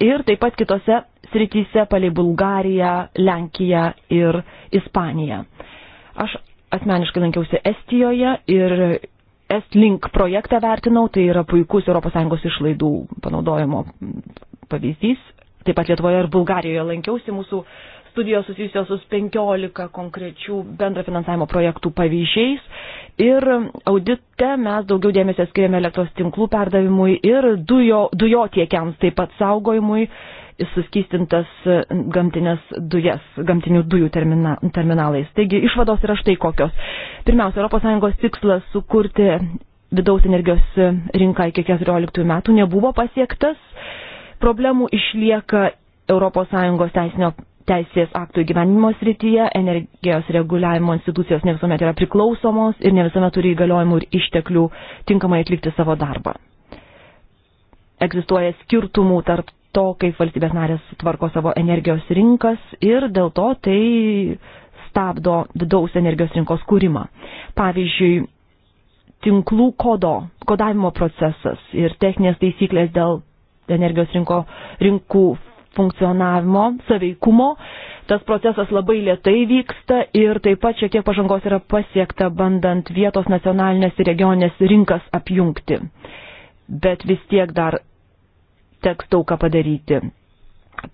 ir taip pat kitose strityse palei Bulgariją, Lenkiją ir Ispaniją. Aš asmeniškai lankiausi Estijoje ir Estlink projektą vertinau, tai yra puikus ES išlaidų panaudojimo pavyzdys. Taip pat Lietuvoje ir Bulgarijoje lankiausi mūsų studijos susijusios su 15 konkrečių bendrafinansavimo projektų pavyzdžiais. Ir audite mes daugiau dėmesio skiriame elektros tinklų perdavimui ir dujo, dujotiekiams, taip pat saugojimui, suskystintas e, gamtinės dujas, gamtinių dujų termina, terminalais. Taigi išvados yra štai kokios. Pirmiausia, ES tikslas sukurti vidaus energijos rinką iki 2014 metų nebuvo pasiektas. Problemų išlieka ES teisinio teisės aktų įgyvenimo srityje, energijos reguliavimo institucijos ne visuomet yra priklausomos ir ne visuomet turi įgaliojimų ir išteklių tinkamai atlikti savo darbą. Egzistuoja skirtumų tarp to, kaip valstybės narės tvarko savo energijos rinkas ir dėl to tai stabdo vidaus energijos rinkos kūrimą. Pavyzdžiui, tinklų kodo, kodavimo procesas ir techninės taisyklės dėl energijos rinko, rinkų funkcionavimo, saveikumo. Tas procesas labai lietai vyksta ir taip pat šiek tiek pažangos yra pasiekta bandant vietos nacionalinės ir regioninės rinkas apjungti. Bet vis tiek dar teks daug ką padaryti.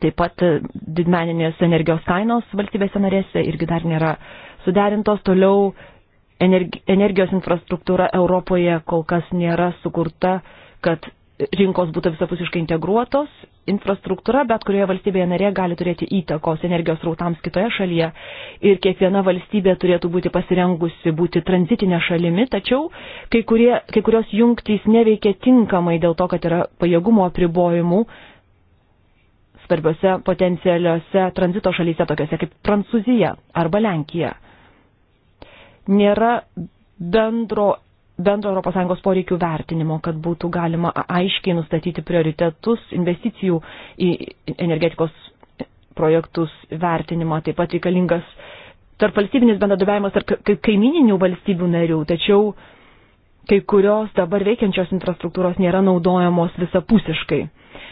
Taip pat e, didmeninės energijos kainos valstybėse narėse irgi dar nėra suderintos. Toliau energijos infrastruktūra Europoje kol kas nėra sukurta, kad rinkos būtų visapusiškai integruotos, infrastruktūra bet kurioje valstybėje narėje gali turėti įtakos energijos rautams kitoje šalyje ir kiekviena valstybė turėtų būti pasirengusi būti tranzitinė šalimi, tačiau kai, kurie, kai kurios jungtys neveikia tinkamai dėl to, kad yra pajėgumo apribojimų svarbiose potencialiuose tranzito šalyse, tokiuose kaip Prancūzija arba Lenkija. Nėra bendro bendro ES poreikių vertinimo, kad būtų galima aiškiai nustatyti prioritetus investicijų į energetikos projektus vertinimą, taip pat reikalingas tarp valstybinis bendradarbiavimas tarp kaimininių valstybių narių, tačiau kai kurios dabar veikiančios infrastruktūros nėra naudojamos visapusiškai.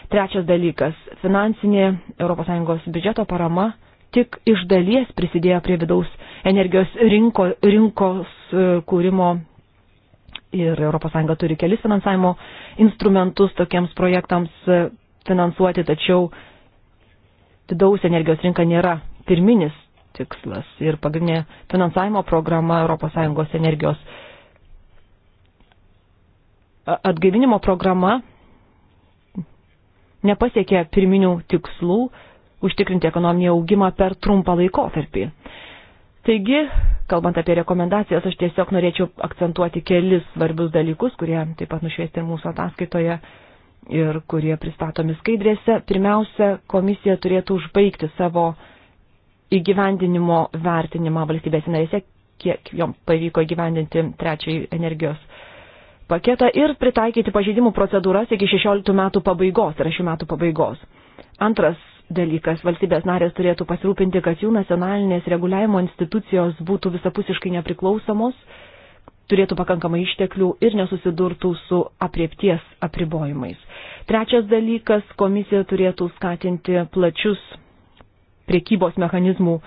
Trečias dalykas - finansinė ES biudžeto parama tik iš dalies prisidėjo prie vidaus energijos rinko, rinkos e, kūrimo ir ES turi kelis finansavimo instrumentus tokiems projektams e, finansuoti, tačiau vidaus energijos rinka nėra pirminis tikslas ir pagrindinė finansavimo programa ES energijos atgaivinimo programa nepasiekė pirminių tikslų užtikrinti ekonominį augimą per trumpą laikotarpį. Taigi, kalbant apie rekomendacijas, aš tiesiog norėčiau akcentuoti kelis svarbius dalykus, kurie taip pat nušviesti ir mūsų ataskaitoje ir kurie pristatomi skaidrėse. Pirmiausia, komisija turėtų užbaigti savo įgyvendinimo vertinimą valstybės narėse, kiek jom pavyko įgyvendinti trečiąjį energijos paketą ir pritaikyti pažeidimų procedūras iki 16 metų pabaigos, tai yra šių metų pabaigos. Antras dalykas. Valstybės narės turėtų pasirūpinti, kad jų nacionalinės reguliavimo institucijos būtų visapusiškai nepriklausomos, turėtų pakankamai išteklių ir nesusidurtų su apriepties apribojimais. Trečias dalykas - komisija turėtų skatinti plačius priekybos mechanizmų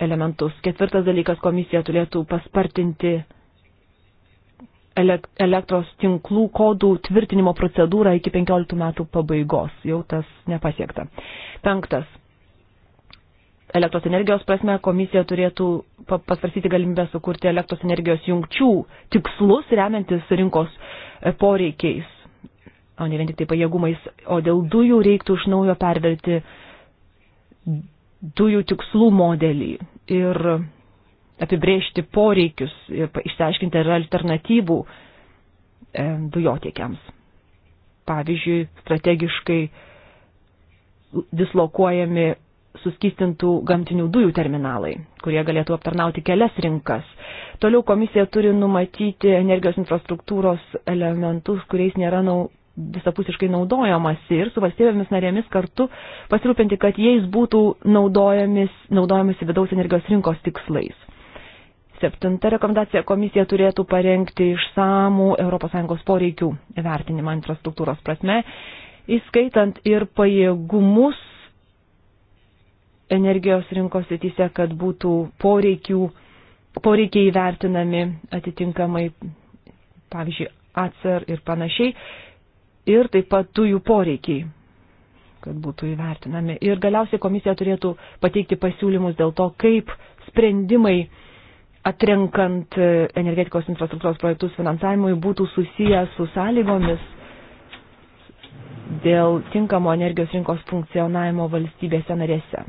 elementus. Ketvirtas dalykas - komisija turėtų paspartinti elektros tinklų kodų tvirtinimo procedūrą iki 15 metų pabaigos. Jau tas nepasiekta. Penktas. Elektros energijos prasme komisija turėtų pasvarsyti galimybę sukurti elektros energijos jungčių tikslus remiantis rinkos e, poreikiais, o ne vien tik tai pajėgumais, o dėl dujų reiktų iš naujo perverti dujų tikslų modelį ir apibrėžti poreikius ir išsiaiškinti, ar yra alternatyvų e, dujotiekiams. Pavyzdžiui, strategiškai dislokuojami suskistintų gamtinių dujų terminalai, kurie galėtų aptarnauti kelias rinkas. Toliau komisija turi numatyti energijos infrastruktūros elementus, kuriais nėra nau, visapusiškai naudojamasi ir su valstybėmis narėmis kartu pasirūpinti, kad jais būtų naudojamis, naudojamis vidaus energijos rinkos tikslais. Septinta rekomendacija komisija turėtų parengti išsamų ES poreikių vertinimą infrastruktūros prasme, įskaitant ir pajėgumus energijos rinkos sėtyse, kad būtų poreikių, poreikiai įvertinami atitinkamai, pavyzdžiui, atsar e ir panašiai, ir taip pat dujų poreikiai kad būtų įvertinami. Ir galiausiai komisija turėtų pateikti pasiūlymus dėl to, kaip sprendimai uh, atrenkant e, energetikos infrastruktūros projektus finansavimui būtų susiję su sąlygomis dėl tinkamo energijos rinkos funkcionavimo valstybėse narėse.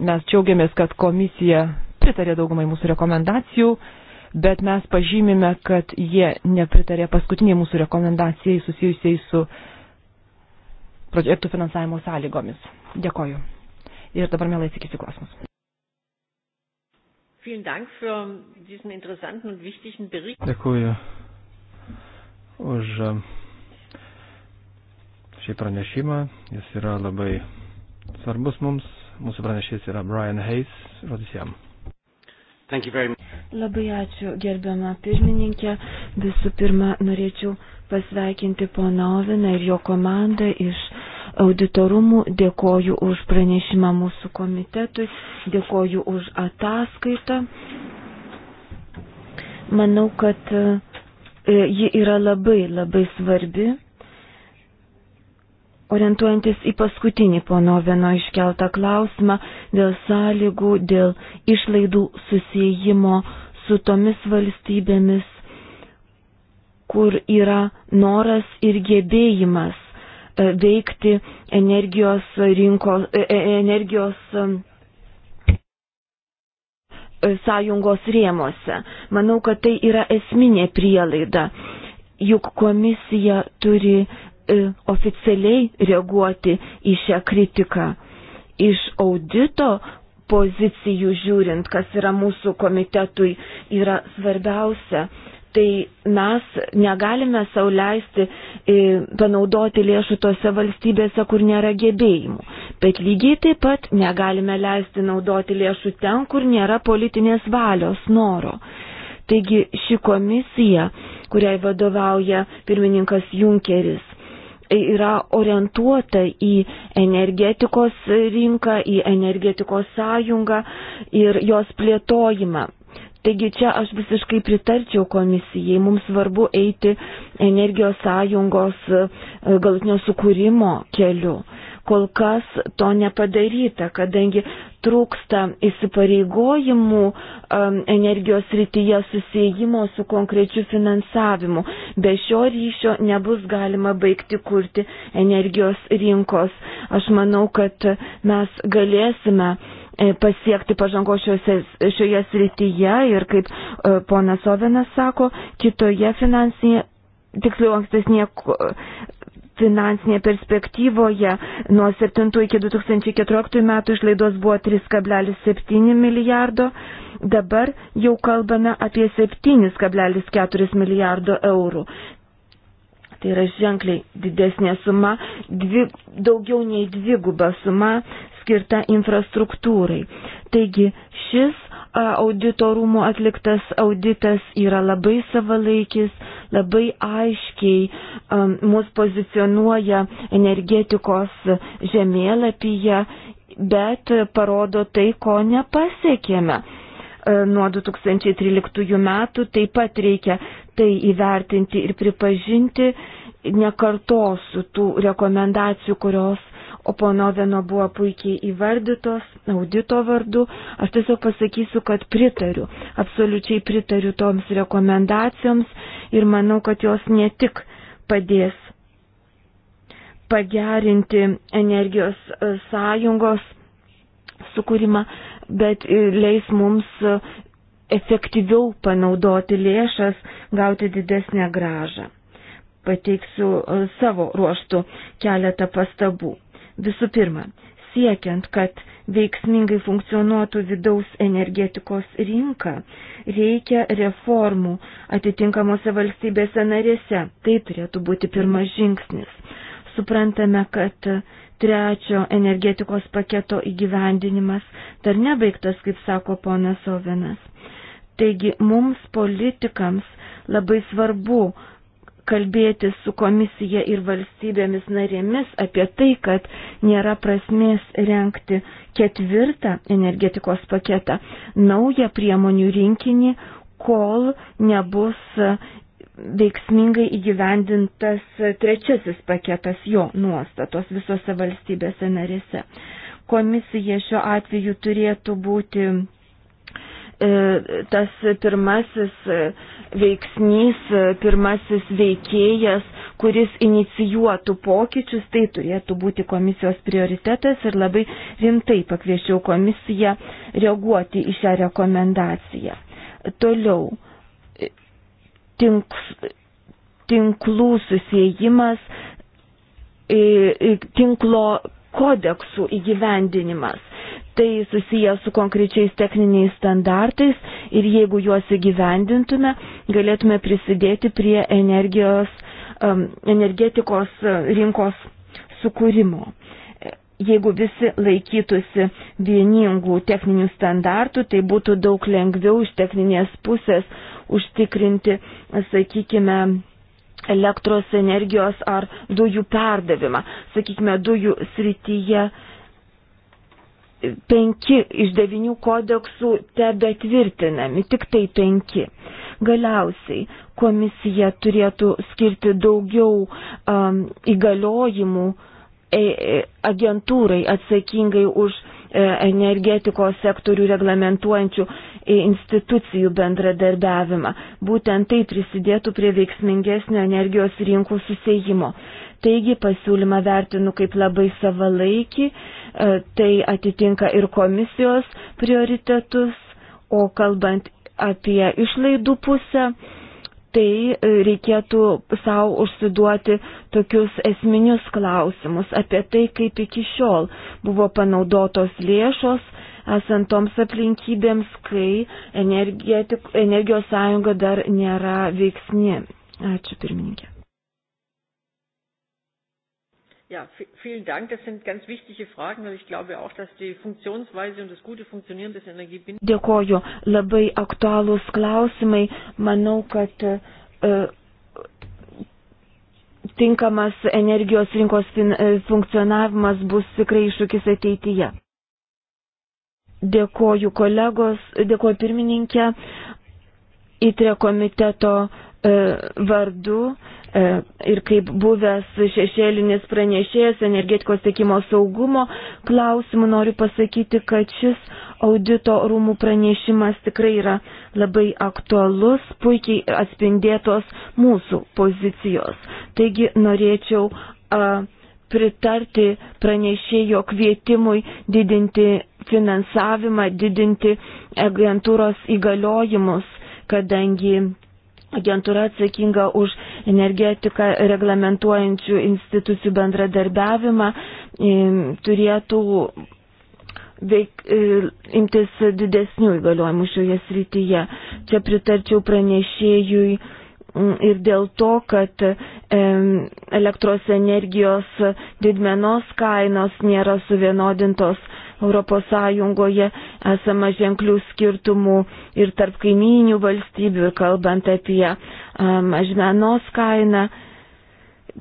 Mes džiaugiamės, kad komisija pritarė daugumai mūsų rekomendacijų, bet mes pažymime, kad jie nepritarė paskutiniai mūsų rekomendacijai susijusiai su projektų finansavimo sąlygomis. Dėkoju. Ir dabar mielai atsakysiu klausimus. Vielen Dank für diesen interessanten und wichtigen Bericht. Dėkuoju už um, šį pranešimą. Jis yra labai svarbus mums. Mūsų pranešėjas yra Brian Hayes. Rodys jam. Labai ačiū, gerbiama pirmininkė. Visų pirma, norėčiau pasveikinti poną Oviną ir jo komandą iš auditorumų, dėkoju už pranešimą mūsų komitetui, dėkoju už ataskaitą. Manau, kad e, ji yra labai labai svarbi. Orientuojantis į paskutinį pono vieno iškeltą klausimą dėl sąlygų, dėl išlaidų susijimo su tomis valstybėmis, kur yra noras ir gebėjimas veikti energijos rinkos, e, e, energijos um, sąjungos rėmose. Manau, kad tai yra esminė prielaida, juk komisija turi e, oficialiai reaguoti į šią kritiką. Iš audito pozicijų žiūrint, kas yra mūsų komitetui, yra svarbiausia tai mes negalime sauliaisti e, panaudoti lėšų tose valstybėse, kur nėra gebėjimų. Bet lygiai taip pat negalime leisti naudoti lėšų ten, kur nėra politinės valios noro. Taigi ši komisija, kuriai vadovauja pirmininkas Junkeris, e, yra orientuota į energetikos rinką, į energetikos sąjungą ir jos plėtojimą. Taigi čia aš visiškai pritarčiau komisijai, mums svarbu eiti energijos sąjungos e, galutinio sukūrimo keliu. Kol kas to nepadaryta, kadangi trūksta įsipareigojimų um, energijos rytyje susijimo su konkrečiu finansavimu. Be šio ryšio nebus galima baigti kurti energijos rinkos. Aš manau, kad mes galėsime uh, E, pasiekti pažangos šioje srityje ir kaip e, ponas Ovenas sako, kitoje finansinėje, tiksliau ankstesnėje finansinėje perspektyvoje nuo 7 iki 2014 metų išlaidos buvo 3,7 milijardo, dabar jau kalbame apie 7,4 milijardo eurų tai yra ženkliai didesnė suma, dvi, daugiau nei dviguba suma skirta infrastruktūrai. Taigi šis auditorumų atliktas auditas yra labai savalaikis, labai aiškiai um, mus pozicionuoja energetikos žemėlapyje, bet parodo tai, ko nepasiekėme. Nuo 2013 metų taip pat reikia tai įvertinti ir pripažinti, nekartosiu tų rekomendacijų, kurios o pono Veno buvo puikiai įvardytos audito vardu. Aš tiesiog pasakysiu, kad pritariu, absoliučiai pritariu toms rekomendacijoms ir manau, kad jos ne tik padės pagerinti energijos e, sąjungos sukūrimą, bet leis mums e, efektyviau panaudoti lėšas, gauti didesnę gražą. Pateiksiu e, savo ruoštų keletą pastabų. Visų pirma, siekiant, kad veiksmingai funkcionuotų vidaus energetikos rinka, reikia reformų atitinkamose valstybėse narėse. Tai turėtų būti pirmas žingsnis. Suprantame, kad trečio energetikos paketo įgyvendinimas dar nebaigtas, kaip sako ponas Ovenas. Taigi mums politikams labai svarbu kalbėti su komisija ir valstybėmis narėmis apie tai, kad nėra prasmės renkti ketvirtą energetikos paketą, naują priemonių rinkinį, kol nebus veiksmingai įgyvendintas trečiasis paketas jo nuostatos visose valstybėse narėse. Komisija šiuo atveju turėtų būti E, tas pirmasis veiksnys, pirmasis veikėjas, kuris inicijuotų pokyčius, tai turėtų būti komisijos prioritetas ir labai rimtai pakviešiau komisiją reaguoti į šią rekomendaciją. Toliau, tinks, tinklų susijimas, e, e, tinklo kodeksų įgyvendinimas tai susiję su konkrečiais techniniais standartais ir jeigu juos įgyvendintume, galėtume prisidėti prie energijos, um, energetikos uh, rinkos sukūrimo. Jeigu visi laikytųsi vieningų techninių standartų, tai būtų daug lengviau iš techninės pusės užtikrinti, sakykime, elektros energijos ar dujų perdavimą. Sakykime, dujų srityje uh, penki iš devinių kodeksų tebe tvirtinami, tik tai penki. Galiausiai komisija turėtų skirti daugiau um, įgaliojimų e, e, agentūrai atsakingai už e, energetikos sektorių reglamentuojančių institucijų bendradarbiavimą. Būtent tai prisidėtų prie veiksmingesnio energijos rinkų susijimo. Taigi pasiūlymą vertinu kaip labai savalaikį E, tai atitinka ir komisijos prioritetus, o kalbant apie išlaidų pusę, tai e, reikėtų savo užsiduoti tokius esminius klausimus apie tai, kaip iki šiol buvo panaudotos lėšos, esant toms aplinkybėms, kai energijos sąjunga dar nėra veiksni. Ačiū pirmininkė. Ja, vielen Dank. Das sind ganz wichtige Fragen, weil ich glaube auch, dass die Funktionsweise und das gute Funktionieren des Energiebindens. Dėkoju. Labai aktualūs klausimai. Manau, kad e, tinkamas energijos rinkos fin, e, funkcionavimas bus tikrai iššūkis ateityje. Dėkoju kolegos, dėkoju pirmininkė, įtre komiteto E, vardu e, ir kaip buvęs šešėlinis pranešėjas energetikos tiekimo saugumo klausimų noriu pasakyti, kad šis audito rūmų pranešimas tikrai yra labai aktualus, puikiai atspindėtos mūsų pozicijos. Taigi norėčiau a, pritarti pranešėjo kvietimui didinti finansavimą, didinti agentūros įgaliojimus, kadangi agentūra atsakinga už energetiką reglamentuojančių institucijų bendradarbiavimą e, turėtų veik, e, imtis didesnių įgaliojimų šioje srityje. Čia pritarčiau pranešėjui ir dėl to, kad elektros energijos didmenos kainos nėra suvienodintos ES esama ženklių skirtumų ir tarp kaiminių valstybių, kalbant apie mažmenos um, kainą.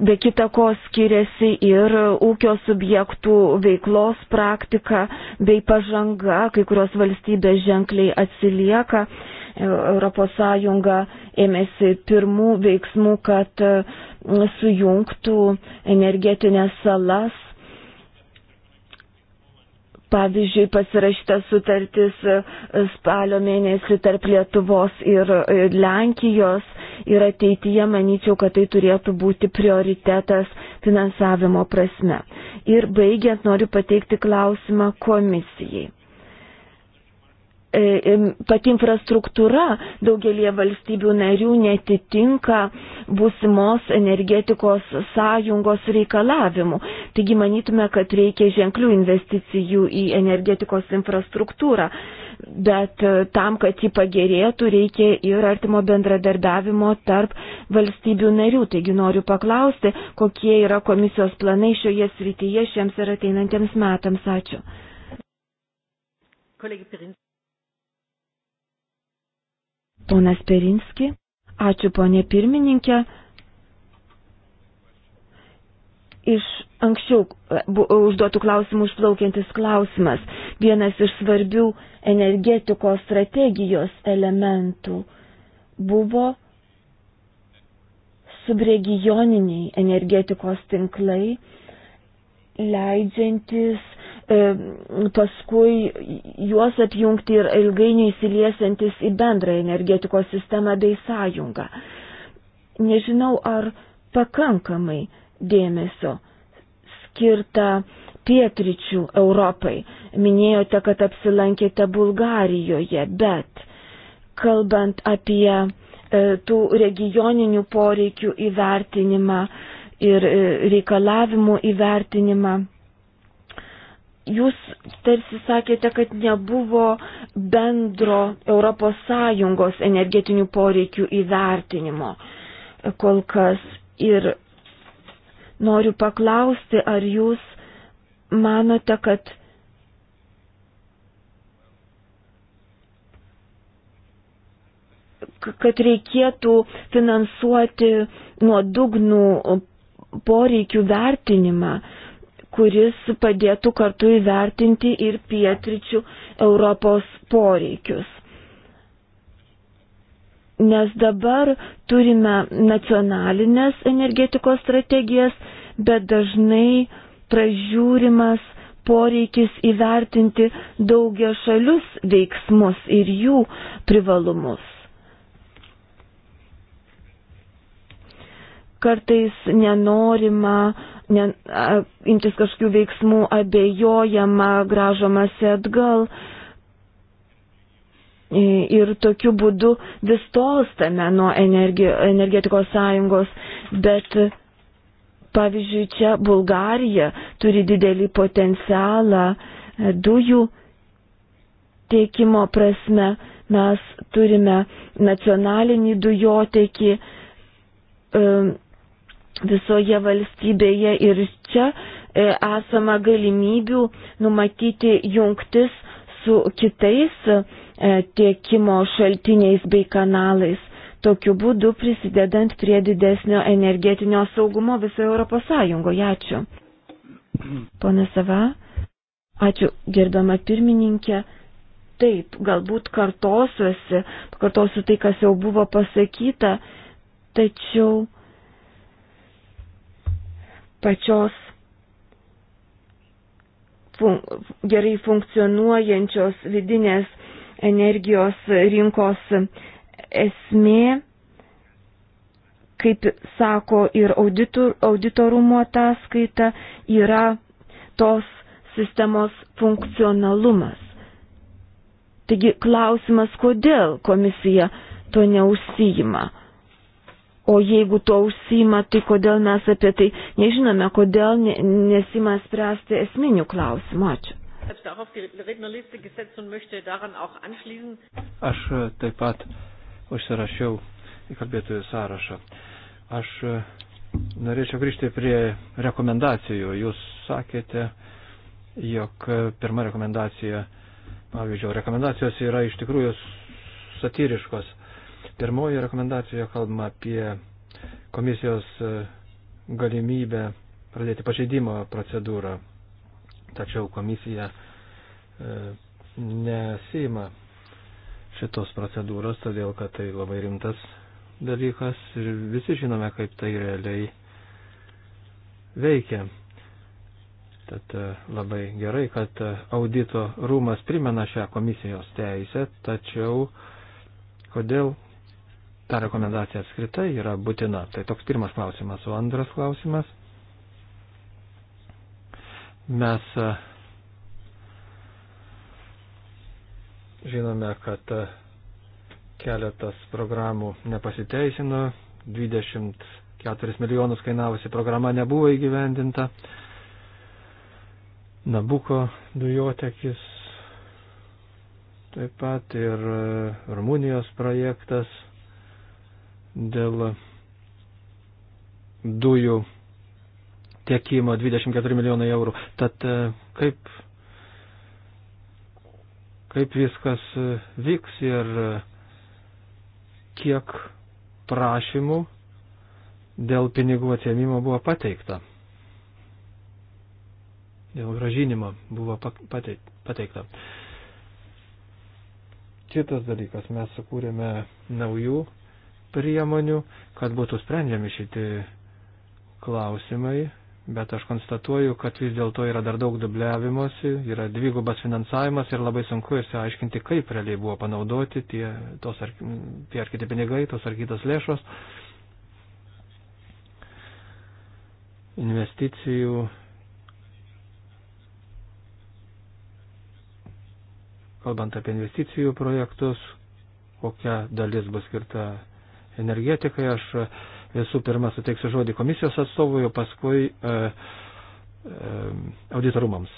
Be kita ko skiriasi ir ūkio subjektų veiklos praktika bei pažanga, kai kurios valstybės ženkliai atsilieka. ES ėmėsi pirmų veiksmų, kad sujungtų energetinės salas Pavyzdžiui, pasirašyta sutartis e, e, spalio mėnesį tarp Lietuvos e, ir Lenkijos ir ateityje manyčiau, kad tai turėtų būti prioritetas finansavimo prasme. Ir baigiant noriu pateikti klausimą komisijai. E, e, pati infrastruktūra daugelie valstybių narių netitinka būsimos energetikos sąjungos reikalavimų. Taigi manytume, kad reikia ženklių investicijų į energetikos infrastruktūrą, bet e, tam, kad ji pagerėtų, reikia ir artimo bendradarbiavimo tarp valstybių narių. Taigi noriu paklausti, kokie yra komisijos planai šioje srityje šiems ir ateinantiems metams. Ačiū. Kolegė Pirinskė. Ponas Perinski. Ačiū, ponė pirmininkė. Iš anksčiau e, užduotų klausimų išplaukiantis klausimas. Vienas iš svarbių energetikos strategijos elementų buvo subregioniniai energetikos tinklai, leidžiantis E, paskui juos apjungti ir ilgainiui įsiliesiantis į bendrą energetikos sistemą bei sąjungą. Nežinau, ar pakankamai dėmesio skirta pietričių Europai. Minėjote, kad apsilankėte Bulgarijoje, bet kalbant apie e, tų regioninių poreikių įvertinimą ir e, reikalavimų įvertinimą, Jūs tarsi sakėte, kad nebuvo bendro ES energetinių poreikių įvertinimo kol kas. Ir noriu paklausti, ar jūs manote, kad kad reikėtų finansuoti nuodugnų poreikių vertinimą, kuris padėtų kartu įvertinti ir pietričių Europos poreikius. Nes dabar turime nacionalinės energetikos strategijas, bet dažnai pražiūrimas poreikis įvertinti daugia šalius veiksmus ir jų privalumus. Kartais nenorima uh, ne, a, imtis kažkokių veiksmų abejojama, gražomasi atgal. Ir tokiu būdu vis tolstame nuo energi, energetikos sąjungos, bet pavyzdžiui, čia Bulgarija turi didelį potencialą e, dujų tiekimo prasme. Mes turime nacionalinį dujotekį. Um, e, visoje valstybėje ir čia e, esama galimybių numatyti jungtis su kitais e, tiekimo šaltiniais bei kanalais, tokiu būdu prisidedant prie didesnio energetinio saugumo visoje Europos Sąjungoje. Ačiū. Pone Sava, ačiū gerbama pirmininkė. Taip, galbūt kartosiuosi, kartosiu tai, kas jau buvo pasakyta, tačiau pačios fun gerai funkcionuojančios vidinės energijos rinkos esmė, kaip sako ir auditorumo ataskaita, yra tos sistemos funkcionalumas. Taigi klausimas, kodėl komisija to neusijima. O jeigu to užsima, tai kodėl mes apie tai nežinome, kodėl nesima spręsti esminių klausimų. Ačiū. Aš e, taip pat užsirašiau į kalbėtojų sąrašą. Aš e, norėčiau grįžti prie rekomendacijų. Jūs sakėte, jog e, pirma rekomendacija, pavyzdžiui, rekomendacijos yra iš tikrųjų satyriškos. Pirmoji rekomendacija kalbama apie komisijos e, galimybę pradėti pažeidimo procedūrą, tačiau komisija e, nesima šitos procedūros, todėl kad tai labai rimtas dalykas ir visi žinome, kaip tai realiai veikia. Tad e, labai gerai, kad audito rūmas primena šią komisijos teisę, tačiau kodėl ta rekomendacija apskritai yra būtina. Tai toks pirmas klausimas. O antras klausimas. Mes e, žinome, kad e, keletas programų nepasiteisino, 24 milijonus kainavusi programa nebuvo įgyvendinta, Nabuko dujotekis taip pat ir e, Rumunijos projektas dėl dujų tiekimo 24 milijonai eurų. Tad e, kaip, kaip viskas e, vyks ir e, kiek prašymų dėl pinigų atėmimo buvo pateikta. Dėl gražinimo buvo pateikta. Kitas dalykas, mes sukūrėme naujų priemonių, kad būtų sprendžiami šitie klausimai, bet aš konstatuoju, kad vis dėlto yra dar daug dubliavimosi, yra dvigubas finansavimas ir labai sunku išsiaiškinti, kaip realiai buvo panaudoti tie, tos ar, tie ar kiti pinigai, tos ar kitos lėšos. Investicijų kalbant apie investicijų projektus, kokia dalis bus skirta energetikai. Aš e, visų pirma suteiksiu žodį komisijos atstovui, o paskui e, e, auditorumams.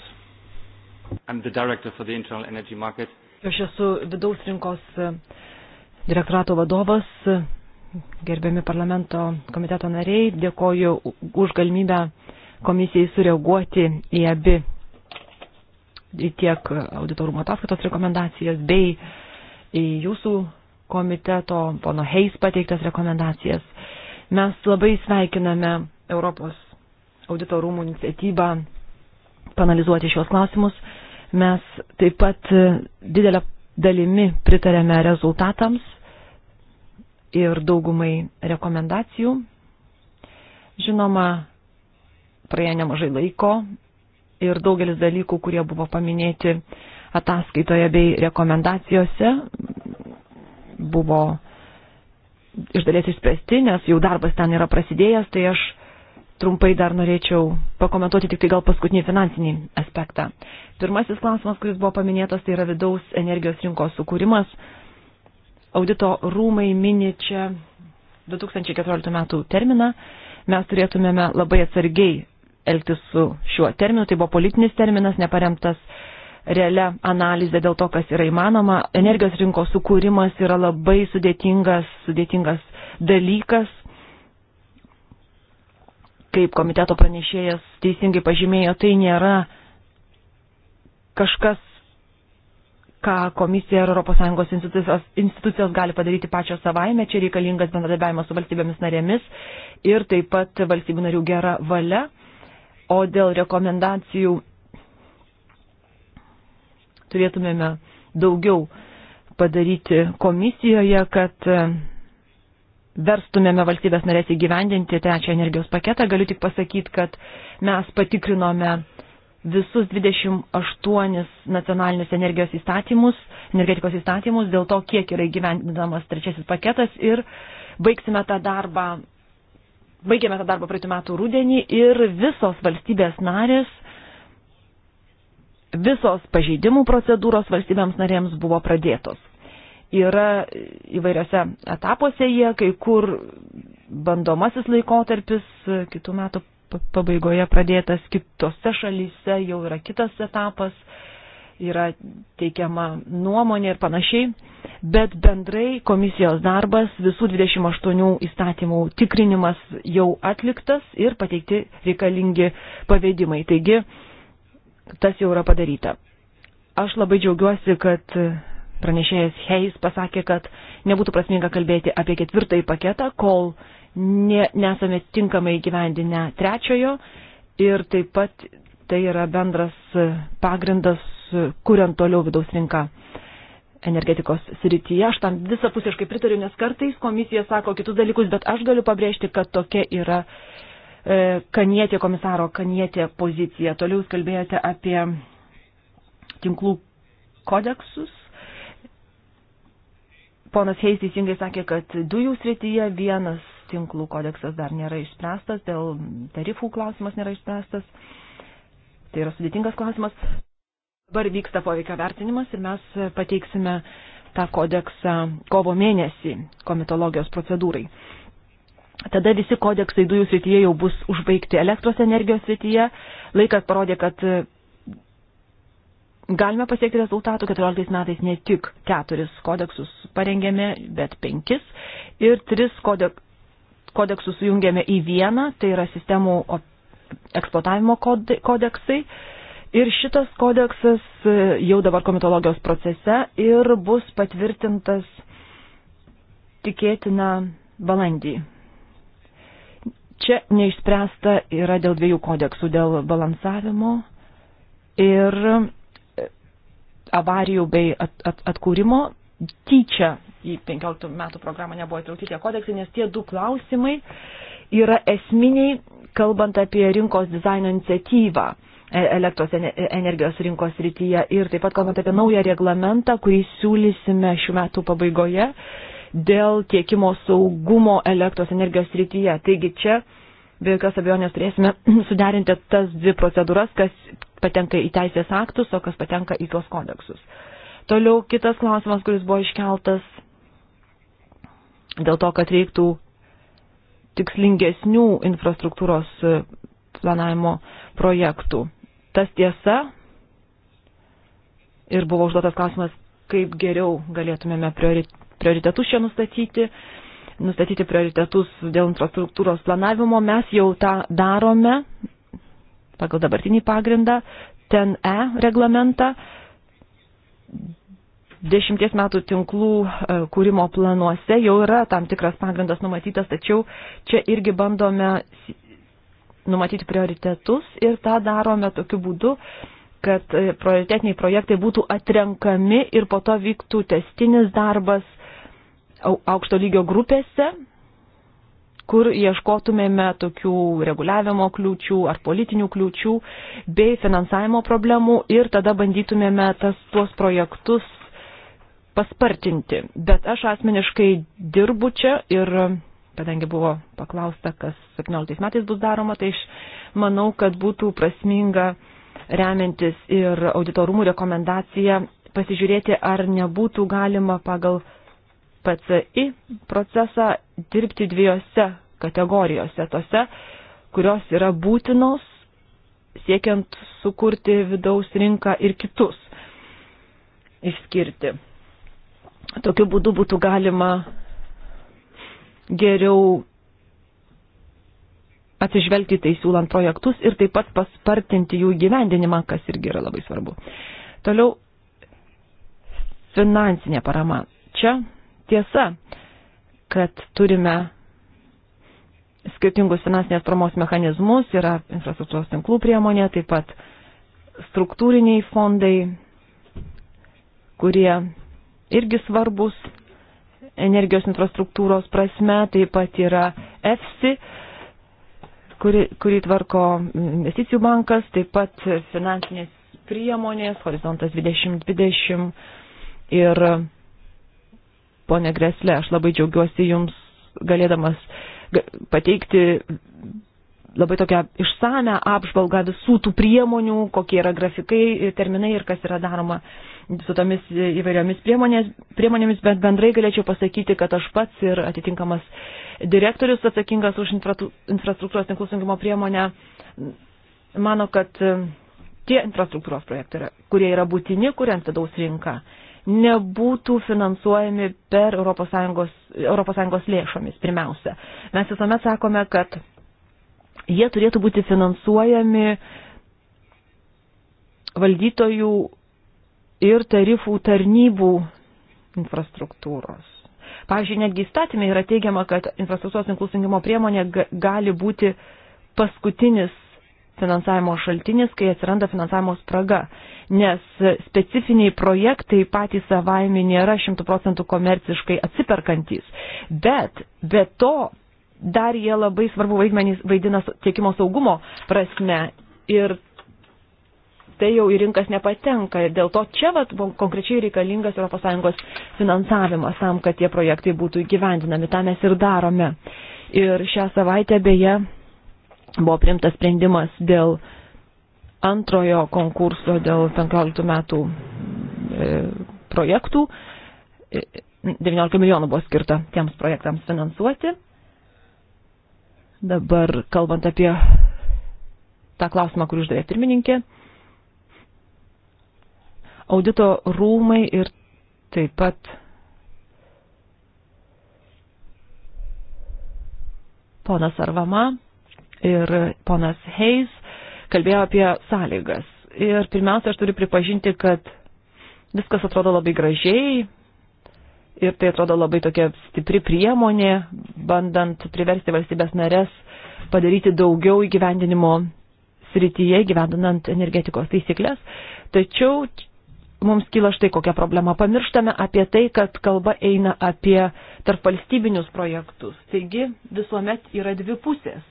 Aš esu vidaus rinkos e, direktorato vadovas, e, gerbiami parlamento komiteto nariai, dėkoju už galimybę komisijai sureaguoti į abi tiek auditorumo ataskaitos rekomendacijas bei į jūsų komiteto, pono Heis pateiktas rekomendacijas. Mes labai sveikiname Europos audito rūmų iniciatyvą panalizuoti šios klausimus. Mes taip pat didelę dalimi pritarėme rezultatams ir daugumai rekomendacijų. Žinoma, praėjo nemažai laiko ir daugelis dalykų, kurie buvo paminėti ataskaitoje bei rekomendacijose, buvo iš dalies išspręsti, nes jau darbas ten yra prasidėjęs, tai aš trumpai dar norėčiau pakomentuoti tik tai gal paskutinį finansinį aspektą. Pirmasis klausimas, kuris buvo paminėtas, tai yra vidaus energijos rinkos sukūrimas. Audito rūmai mini čia 2014 metų terminą. Mes turėtumėme labai atsargiai elgtis su šiuo terminu. Tai buvo politinis terminas, neparemtas realia analizė dėl to, kas yra įmanoma. Energijos rinkos sukūrimas yra labai sudėtingas, sudėtingas dalykas. Kaip komiteto pranešėjas teisingai pažymėjo, tai nėra kažkas, ką komisija ir ES institucijos, institucijos gali padaryti pačios savaime. Čia reikalingas bendradarbiavimas su valstybėmis narėmis ir taip pat valstybių narių gera valia. O dėl rekomendacijų turėtumėme daugiau padaryti komisijoje, kad e, verstumėme valstybės narės įgyvendinti trečią energijos paketą. Galiu tik pasakyti, kad mes patikrinome visus 28 nacionalinius energijos įstatymus, energetikos įstatymus, dėl to, kiek yra įgyvendinamas trečiasis paketas ir baigsime tą darbą, baigėme tą darbą praeitų metų rūdienį ir visos valstybės narės visos pažeidimų procedūros valstybėms narėms buvo pradėtos. Yra įvairiose etapuose jie, kai kur bandomasis laikotarpis kitų metų pabaigoje pradėtas, kitose šalyse jau yra kitas etapas, yra teikiama nuomonė ir panašiai, bet bendrai komisijos darbas visų 28 įstatymų tikrinimas jau atliktas ir pateikti reikalingi pavedimai. Taigi, tas jau yra padaryta. Aš labai džiaugiuosi, kad pranešėjas Heis pasakė, kad nebūtų prasminga kalbėti apie ketvirtąjį paketą, kol ne, nesame tinkamai gyvendinę trečiojo ir taip pat tai yra bendras pagrindas, kuriant toliau vidaus rinką energetikos srityje. Aš tam visapusiškai pritariu, nes kartais komisija sako kitus dalykus, bet aš galiu pabrėžti, kad tokia yra E, kanietė, komisaro Kanietė poziciją. Toliau jūs kalbėjote apie tinklų kodeksus. Ponas Heis teisingai sakė, kad dujų srityje vienas tinklų kodeksas dar nėra išspręstas, dėl tarifų klausimas nėra išspręstas. Tai yra sudėtingas klausimas. Dabar vyksta poveikio vertinimas ir mes pateiksime tą kodeksą kovo mėnesį komitologijos procedūrai. Tada visi kodeksai dujų srityje jau bus užbaigti elektros energijos srityje. Laikas parodė, kad e, galime pasiekti rezultatų. 14 metais ne tik keturis kodeksus parengėme, bet penkis. Ir tris kodek, kodeksus sujungėme į vieną, tai yra sistemų eksploatavimo kodeksai. Ir šitas kodeksas e, jau dabar komitologijos procese ir bus patvirtintas tikėtina balandį Čia neišspręsta yra dėl dviejų kodeksų - dėl balansavimo ir e, avarijų bei at, at, atkūrimo. Tyčia į 15 metų programą nebuvo įtraukti tie kodeksai, nes tie du klausimai yra esminiai, kalbant apie rinkos dizaino iniciatyvą e, elektros e, energijos rinkos rytyje ir taip pat kalbant apie naują reglamentą, kurį siūlysime šių metų pabaigoje dėl tiekimo saugumo elektros energijos srityje. Taigi čia be jokios abejonės turėsime suderinti tas dvi procedūras, kas patenka į teisės aktus, o kas patenka į tuos kodeksus. Toliau kitas klausimas, kuris buvo iškeltas dėl to, kad reiktų tikslingesnių infrastruktūros e, planavimo projektų. Tas tiesa ir buvo užduotas klausimas, kaip geriau galėtumėme priori prioritetus čia nustatyti, nustatyti prioritetus dėl infrastruktūros planavimo. Mes jau tą darome pagal dabartinį pagrindą, ten E reglamentą, dešimties metų tinklų e, kūrimo planuose jau yra tam tikras pagrindas numatytas, tačiau čia irgi bandome numatyti prioritetus ir tą darome tokiu būdu, kad e, prioritetiniai projektai būtų atrenkami ir po to vyktų testinis darbas aukšto lygio grupėse, kur ieškotumėme tokių reguliavimo kliūčių ar politinių kliūčių bei finansavimo problemų ir tada bandytumėme tas, tuos projektus paspartinti. Bet aš asmeniškai dirbu čia ir kadangi buvo paklausta, kas 17 metais bus daroma, tai aš manau, kad būtų prasminga remiantis ir auditorumų rekomendacija pasižiūrėti, ar nebūtų galima pagal PCI procesą dirbti dviejose kategorijose, tose, kurios yra būtinos siekiant sukurti vidaus rinką ir kitus išskirti. Tokiu būdu būtų galima geriau atsižvelgti tai siūlant projektus ir taip pat paspartinti jų gyvendinimą, kas irgi yra labai svarbu. Toliau finansinė parama. Čia tiesa, kad turime skirtingus finansinės paramos mechanizmus, yra infrastruktūros tinklų priemonė, taip pat struktūriniai fondai, kurie irgi svarbus energijos infrastruktūros prasme, taip pat yra EFSI, kuri, kurį tvarko investicijų bankas, taip pat finansinės priemonės, horizontas 2020 ir ponė Greslė, aš labai džiaugiuosi jums galėdamas pateikti labai tokią išsame apžvalgą visų tų priemonių, kokie yra grafikai, terminai ir kas yra daroma su tomis įvairiomis priemonėmis, bet bendrai galėčiau pasakyti, kad aš pats ir atitinkamas direktorius atsakingas už infrastruktūros tinklų sungimo priemonę mano, kad tie infrastruktūros projektai, kurie yra būtini, kuriant vidaus rinką, nebūtų finansuojami per ES, ES lėšomis pirmiausia. Mes visuomet sakome, kad jie turėtų būti finansuojami valdytojų ir tarifų tarnybų infrastruktūros. Pavyzdžiui, netgi įstatymė yra teigiama, kad infrastruktūros tinklų sujungimo priemonė gali būti paskutinis finansavimo šaltinis, kai atsiranda finansavimo spraga, nes specifiniai projektai patys savaime nėra šimtų procentų komerciškai atsiperkantis, bet be to dar jie labai svarbu vaidmenys vaidina tiekimo saugumo prasme ir tai jau į rinkas nepatenka ir dėl to čia vat, konkrečiai reikalingas ES finansavimas tam, kad tie projektai būtų įgyvendinami. Ta mes ir darome. Ir šią savaitę beje Buvo priimtas sprendimas dėl antrojo konkurso, dėl 15 metų e, projektų. 19 e, milijonų buvo skirta tiems projektams finansuoti. Dabar kalbant apie tą klausimą, kurį uždavė pirmininkė, audito rūmai ir taip pat ponas Arvama ir ponas Hayes kalbėjo apie sąlygas. Ir pirmiausia, aš turiu pripažinti, kad viskas atrodo labai gražiai ir tai atrodo labai tokia stipri priemonė, bandant priversti valstybės narės padaryti daugiau įgyvendinimo srityje, gyvendinant energetikos taisyklės. Tačiau mums kyla štai kokia problema. Pamirštame apie tai, kad kalba eina apie tarpvalstybinius projektus. Taigi visuomet yra dvi pusės.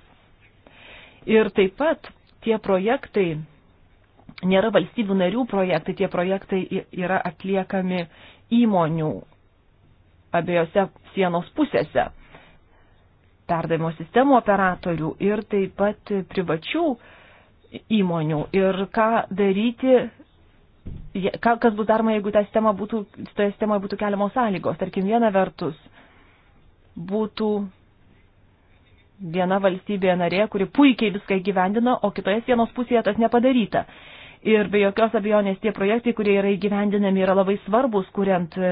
Ir taip pat tie projektai nėra valstybių narių projektai, tie projektai yra atliekami įmonių abiejose sienos pusėse perdavimo sistemų operatorių ir taip pat privačių įmonių. Ir ką daryti, kas bus daroma, jeigu ta sistema būtų, toje sistemoje būtų keliamos sąlygos. Tarkim, viena vertus būtų viena valstybė narė, kuri puikiai viską gyvendina, o kitoje sienos pusėje tas nepadaryta. Ir be jokios abejonės tie projektai, kurie yra įgyvendinami, yra labai svarbus, kuriant e,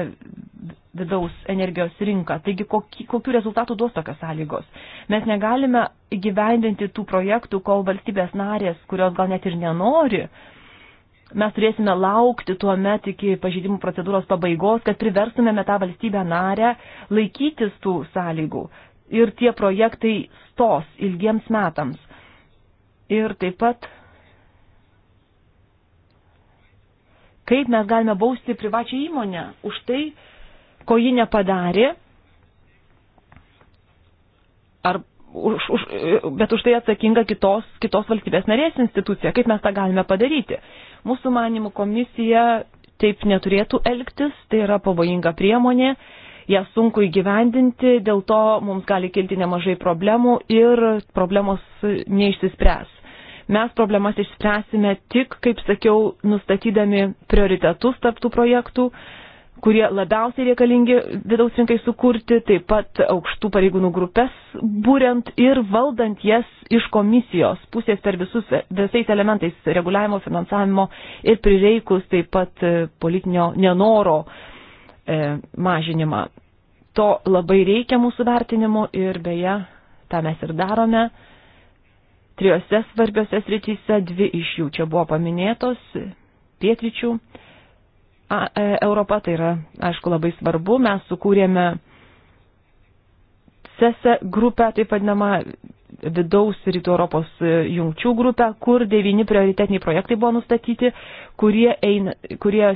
vidaus energijos rinką. Taigi, kokiu, kokiu rezultatu duos tokios sąlygos? Mes negalime įgyvendinti tų projektų, kol valstybės narės, kurios gal net ir nenori, mes turėsime laukti tuo met iki pažydimų procedūros pabaigos, kad priverstumėme tą valstybę narę laikytis tų sąlygų ir tie projektai stos ilgiems metams. Ir taip pat, kaip mes galime bausti privačią įmonę už tai, ko ji nepadarė, ar, už, už, bet už tai atsakinga kitos, kitos valstybės narės institucija. Kaip mes tą galime padaryti? Mūsų manimų komisija taip neturėtų elgtis, tai yra pavojinga priemonė ją sunku įgyvendinti, dėl to mums gali kilti nemažai problemų ir problemos neišsispręs. Mes problemas išspręsime tik, kaip sakiau, nustatydami prioritetus tarptų projektų, kurie labiausiai reikalingi vidaus rinkai sukurti, taip pat aukštų pareigūnų grupės būrent ir valdant jas iš komisijos pusės per visus, visais elementais reguliavimo, finansavimo ir prireikus taip pat politinio nenoro E, mažinimą. To labai reikia mūsų vertinimu ir beje, tą mes ir darome. Trijose svarbiose srityse dvi iš jų čia buvo paminėtos - pietryčių e, Europa, tai yra, aišku, labai svarbu. Mes sukūrėme CESE grupę, taip vadinamą vidaus rytų Europos jungčių grupę, kur devyni prioritetiniai projektai buvo nustatyti, kurie, eina, kurie,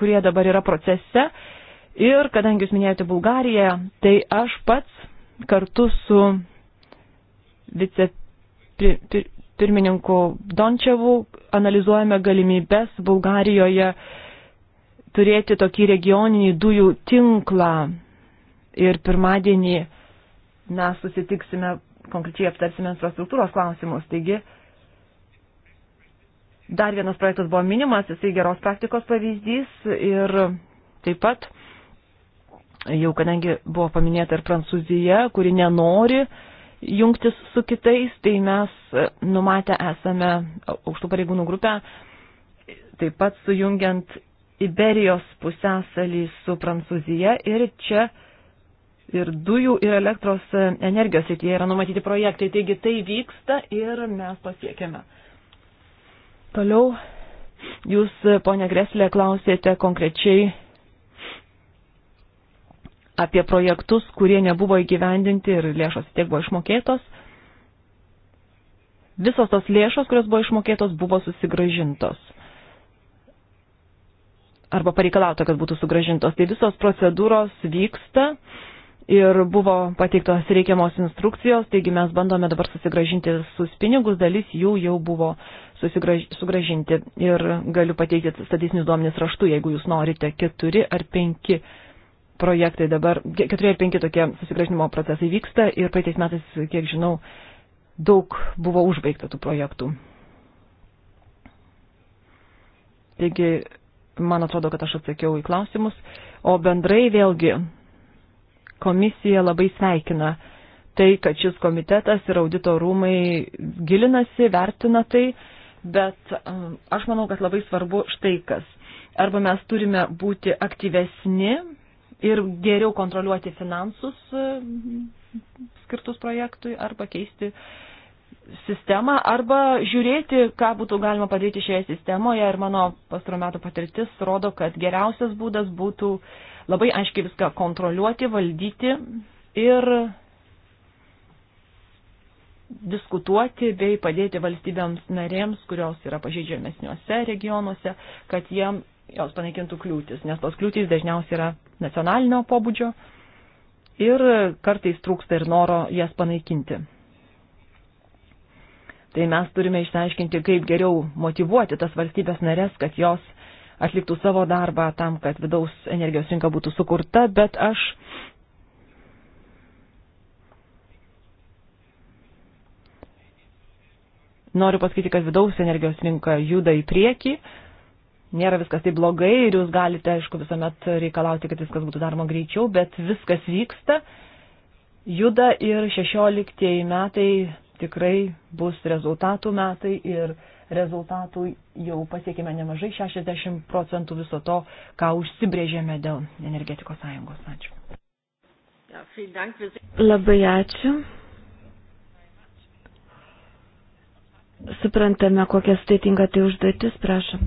kurie dabar yra procese Ir kadangi jūs minėjote Bulgariją, tai aš pats kartu su vicepirmininku Dončiavu analizuojame galimybės Bulgarijoje turėti tokį regioninį dujų tinklą. Ir pirmadienį mes susitiksime, konkrečiai aptarsime infrastruktūros klausimus. Taigi, dar vienas projektas buvo minimas, jisai geros praktikos pavyzdys ir taip pat Jau kadangi buvo paminėta ir Prancūzija, kuri nenori jungtis su kitais, tai mes e, numatę esame aukštų pareigūnų grupę, taip pat sujungiant Iberijos pusęsalį su Prancūzija ir čia ir dujų ir elektros energijos srityje yra numatyti projektai. Taigi tai vyksta ir mes to siekiame. Toliau jūs, e, ponia Greslė, klausėte konkrečiai apie projektus, kurie nebuvo įgyvendinti ir lėšos tiek buvo išmokėtos. Visos tos lėšos, kurios buvo išmokėtos, buvo susigražintos. Arba pareikalauta, kad būtų sugražintos. Tai visos procedūros vyksta ir buvo pateiktos reikiamos instrukcijos, taigi mes bandome dabar susigražinti visus pinigus, dalis jų jau buvo susigraž... sugražinti ir galiu pateikti statistinius duomenis raštu, jeigu jūs norite, keturi ar penki projektai dabar, keturi ar penki tokie susigražinimo procesai vyksta ir praeitais metais, kiek žinau, daug buvo užbaigta tų projektų. Taigi, man atrodo, kad aš atsakiau į klausimus, o bendrai vėlgi komisija labai sveikina tai, kad šis komitetas ir audito rūmai gilinasi, vertina tai, bet um, aš manau, kad labai svarbu štai kas. Arba mes turime būti aktyvesni ir geriau kontroliuoti finansus e, skirtus projektui arba keisti sistemą arba žiūrėti, ką būtų galima padaryti šioje sistemoje ir mano pastarų metų patirtis rodo, kad geriausias būdas būtų labai aiškiai viską kontroliuoti, valdyti ir diskutuoti bei padėti valstybėms narėms, kurios yra pažeidžiamesniuose regionuose, kad jie jos panaikintų kliūtis, nes tos kliūtis dažniausiai yra nacionalinio pobūdžio ir kartais trūksta ir noro jas panaikinti. Tai mes turime išsiaiškinti, kaip geriau motivuoti tas valstybės narės, kad jos atliktų savo darbą tam, kad vidaus energijos rinka būtų sukurta, bet aš noriu pasakyti, kad vidaus energijos rinka juda į priekį, nėra viskas taip blogai ir jūs galite, aišku, visuomet reikalauti, kad viskas būtų daroma greičiau, bet viskas vyksta, juda ir 16 metai tikrai bus rezultatų metai ir rezultatų jau pasiekime nemažai, 60 procentų viso to, ką užsibrėžėme dėl energetikos sąjungos. Ačiū. Labai ačiū. Suprantame, kokia sudėtinga tai užduotis, prašom.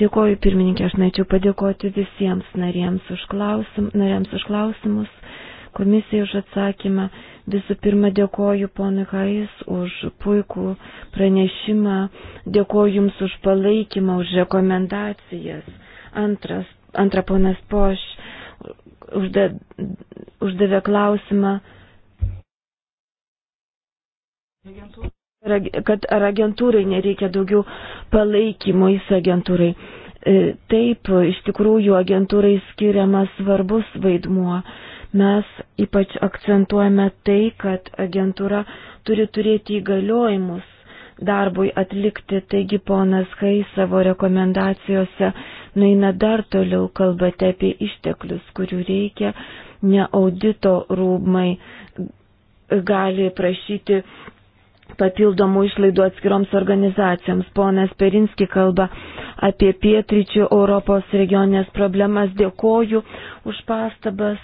Dėkoju pirmininkė, aš norėčiau padėkoti visiems narėms už, klausim, narėms už klausimus, komisijai už atsakymą. Visų pirma, dėkoju ponui Hais už puikų pranešimą, dėkoju jums už palaikymą, už rekomendacijas. Antras, antra ponas Poš užda, uždavė klausimą. Agentūra kad ar agentūrai nereikia daugiau palaikymo jis agentūrai. E, taip, iš tikrųjų agentūrai skiriamas svarbus vaidmuo. Mes ypač akcentuojame tai, kad agentūra turi turėti įgaliojimus darbui atlikti, taigi ponas Kai savo rekomendacijose naina dar toliau kalbate apie išteklius, kurių reikia, ne audito rūmai gali prašyti papildomų išlaidų atskiroms organizacijoms. Ponas Perinski kalba apie pietryčių Europos regionės problemas. Dėkoju už pastabas.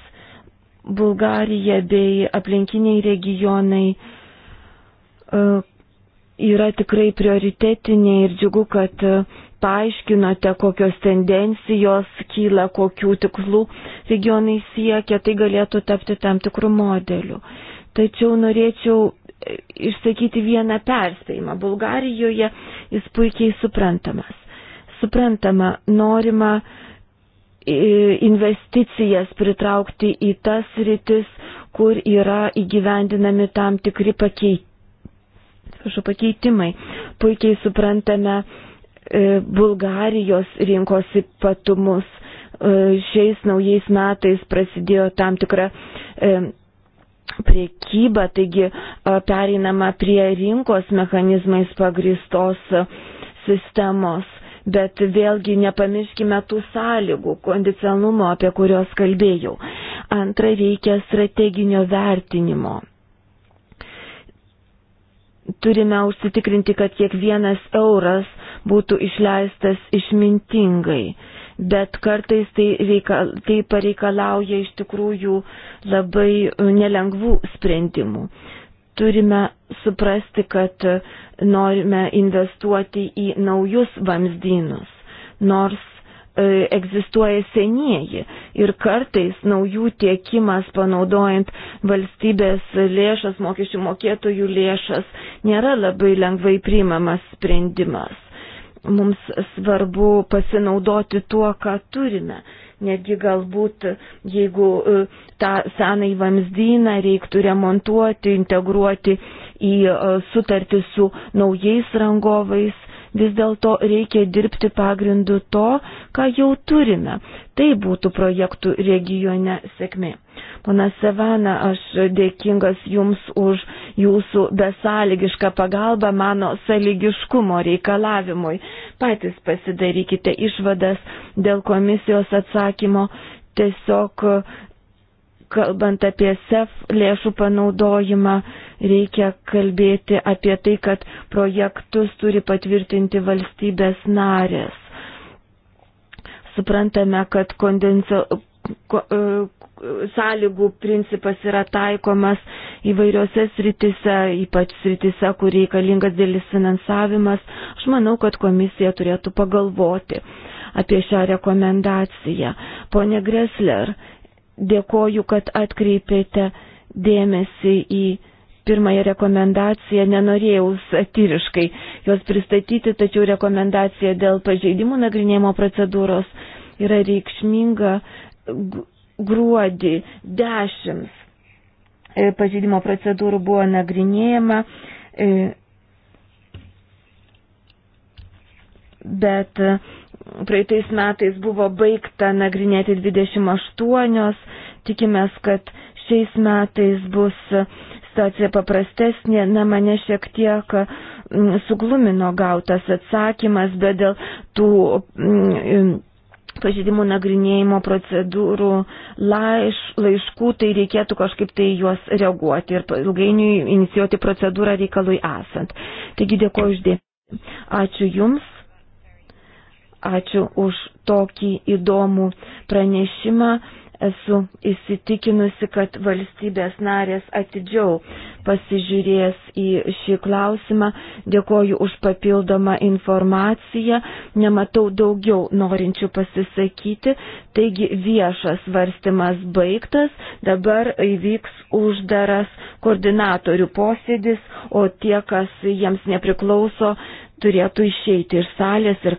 Bulgarija bei aplinkiniai regionai e, yra tikrai prioritetiniai ir džiugu, kad e, paaiškinote, kokios tendencijos kyla, kokių tikslų regionai siekia, tai galėtų tapti tam tikrų modelių. Tačiau norėčiau išsakyti vieną perspėjimą. Bulgarijoje jis puikiai suprantamas. Suprantama, norima e, investicijas pritraukti į tas rytis, kur yra įgyvendinami tam tikri pakeitimai. Puikiai suprantame e, Bulgarijos rinkos ypatumus. E, šiais naujais metais prasidėjo tam tikra priekybą, taigi e, pereinama prie rinkos mechanizmais pagristos e, sistemos. Bet vėlgi nepamirškime tų sąlygų, kondicionumo, apie kuriuos kalbėjau. Antra, reikia strateginio vertinimo. Turime užsitikrinti, kad kiekvienas euras būtų išleistas išmintingai bet kartais tai, reikal, tai pareikalauja iš tikrųjų labai e, nelengvų sprendimų. Turime suprasti, kad norime investuoti į naujus vamzdynus, nors e, egzistuoja senieji ir kartais naujų tiekimas panaudojant valstybės lėšas, mokesčių mokėtojų lėšas nėra labai lengvai priimamas sprendimas Mums svarbu pasinaudoti tuo, ką turime. Netgi galbūt, jeigu e, tą senąjį vamzdyną reiktų remontuoti, integruoti į e, sutartį su naujais rangovais, vis dėlto reikia dirbti pagrindu to, ką jau turime. Tai būtų projektų regione sėkmė. Pana Sevana, aš dėkingas Jums už Jūsų besąlygišką pagalbą mano sąlygiškumo reikalavimui. Patys pasidarykite išvadas dėl komisijos atsakymo. Tiesiog, kalbant apie SEF lėšų panaudojimą, reikia kalbėti apie tai, kad projektus turi patvirtinti valstybės narės. Suprantame, kad kondencio e, sąlygų principas yra taikomas įvairiose sritise, ypač sritise, kur reikalingas dėlis finansavimas. Aš manau, kad komisija turėtų pagalvoti apie šią rekomendaciją. Pone Gresler, dėkoju, kad atkreipėte dėmesį į pirmąją rekomendaciją, nenorėjau satiriškai jos pristatyti, tačiau rekomendacija dėl pažeidimų nagrinėjimo procedūros yra reikšminga gruodį 10 e, pažydimo procedūrų buvo nagrinėjama, e, bet e, praeitais metais buvo baigta nagrinėti 28, tikimės, kad šiais metais bus situacija paprastesnė, na mane šiek tiek suglumino gautas atsakymas, bet dėl tų pažydimų nagrinėjimo procedūrų laiš, laiškų, tai reikėtų kažkaip tai juos reaguoti ir ilgainiui inicijuoti procedūrą reikalui esant. Taigi dėkuoju uždėmesi. Ačiū Jums. Ačiū už tokį įdomų pranešimą. Esu įsitikinusi, kad valstybės narės atidžiau pasižiūrės į šį klausimą. Dėkoju už papildomą informaciją. Nematau daugiau norinčių pasisakyti. Taigi viešas varstimas baigtas. Dabar įvyks uždaras koordinatorių posėdis, o tie, kas jiems nepriklauso, turėtų išeiti iš salės ir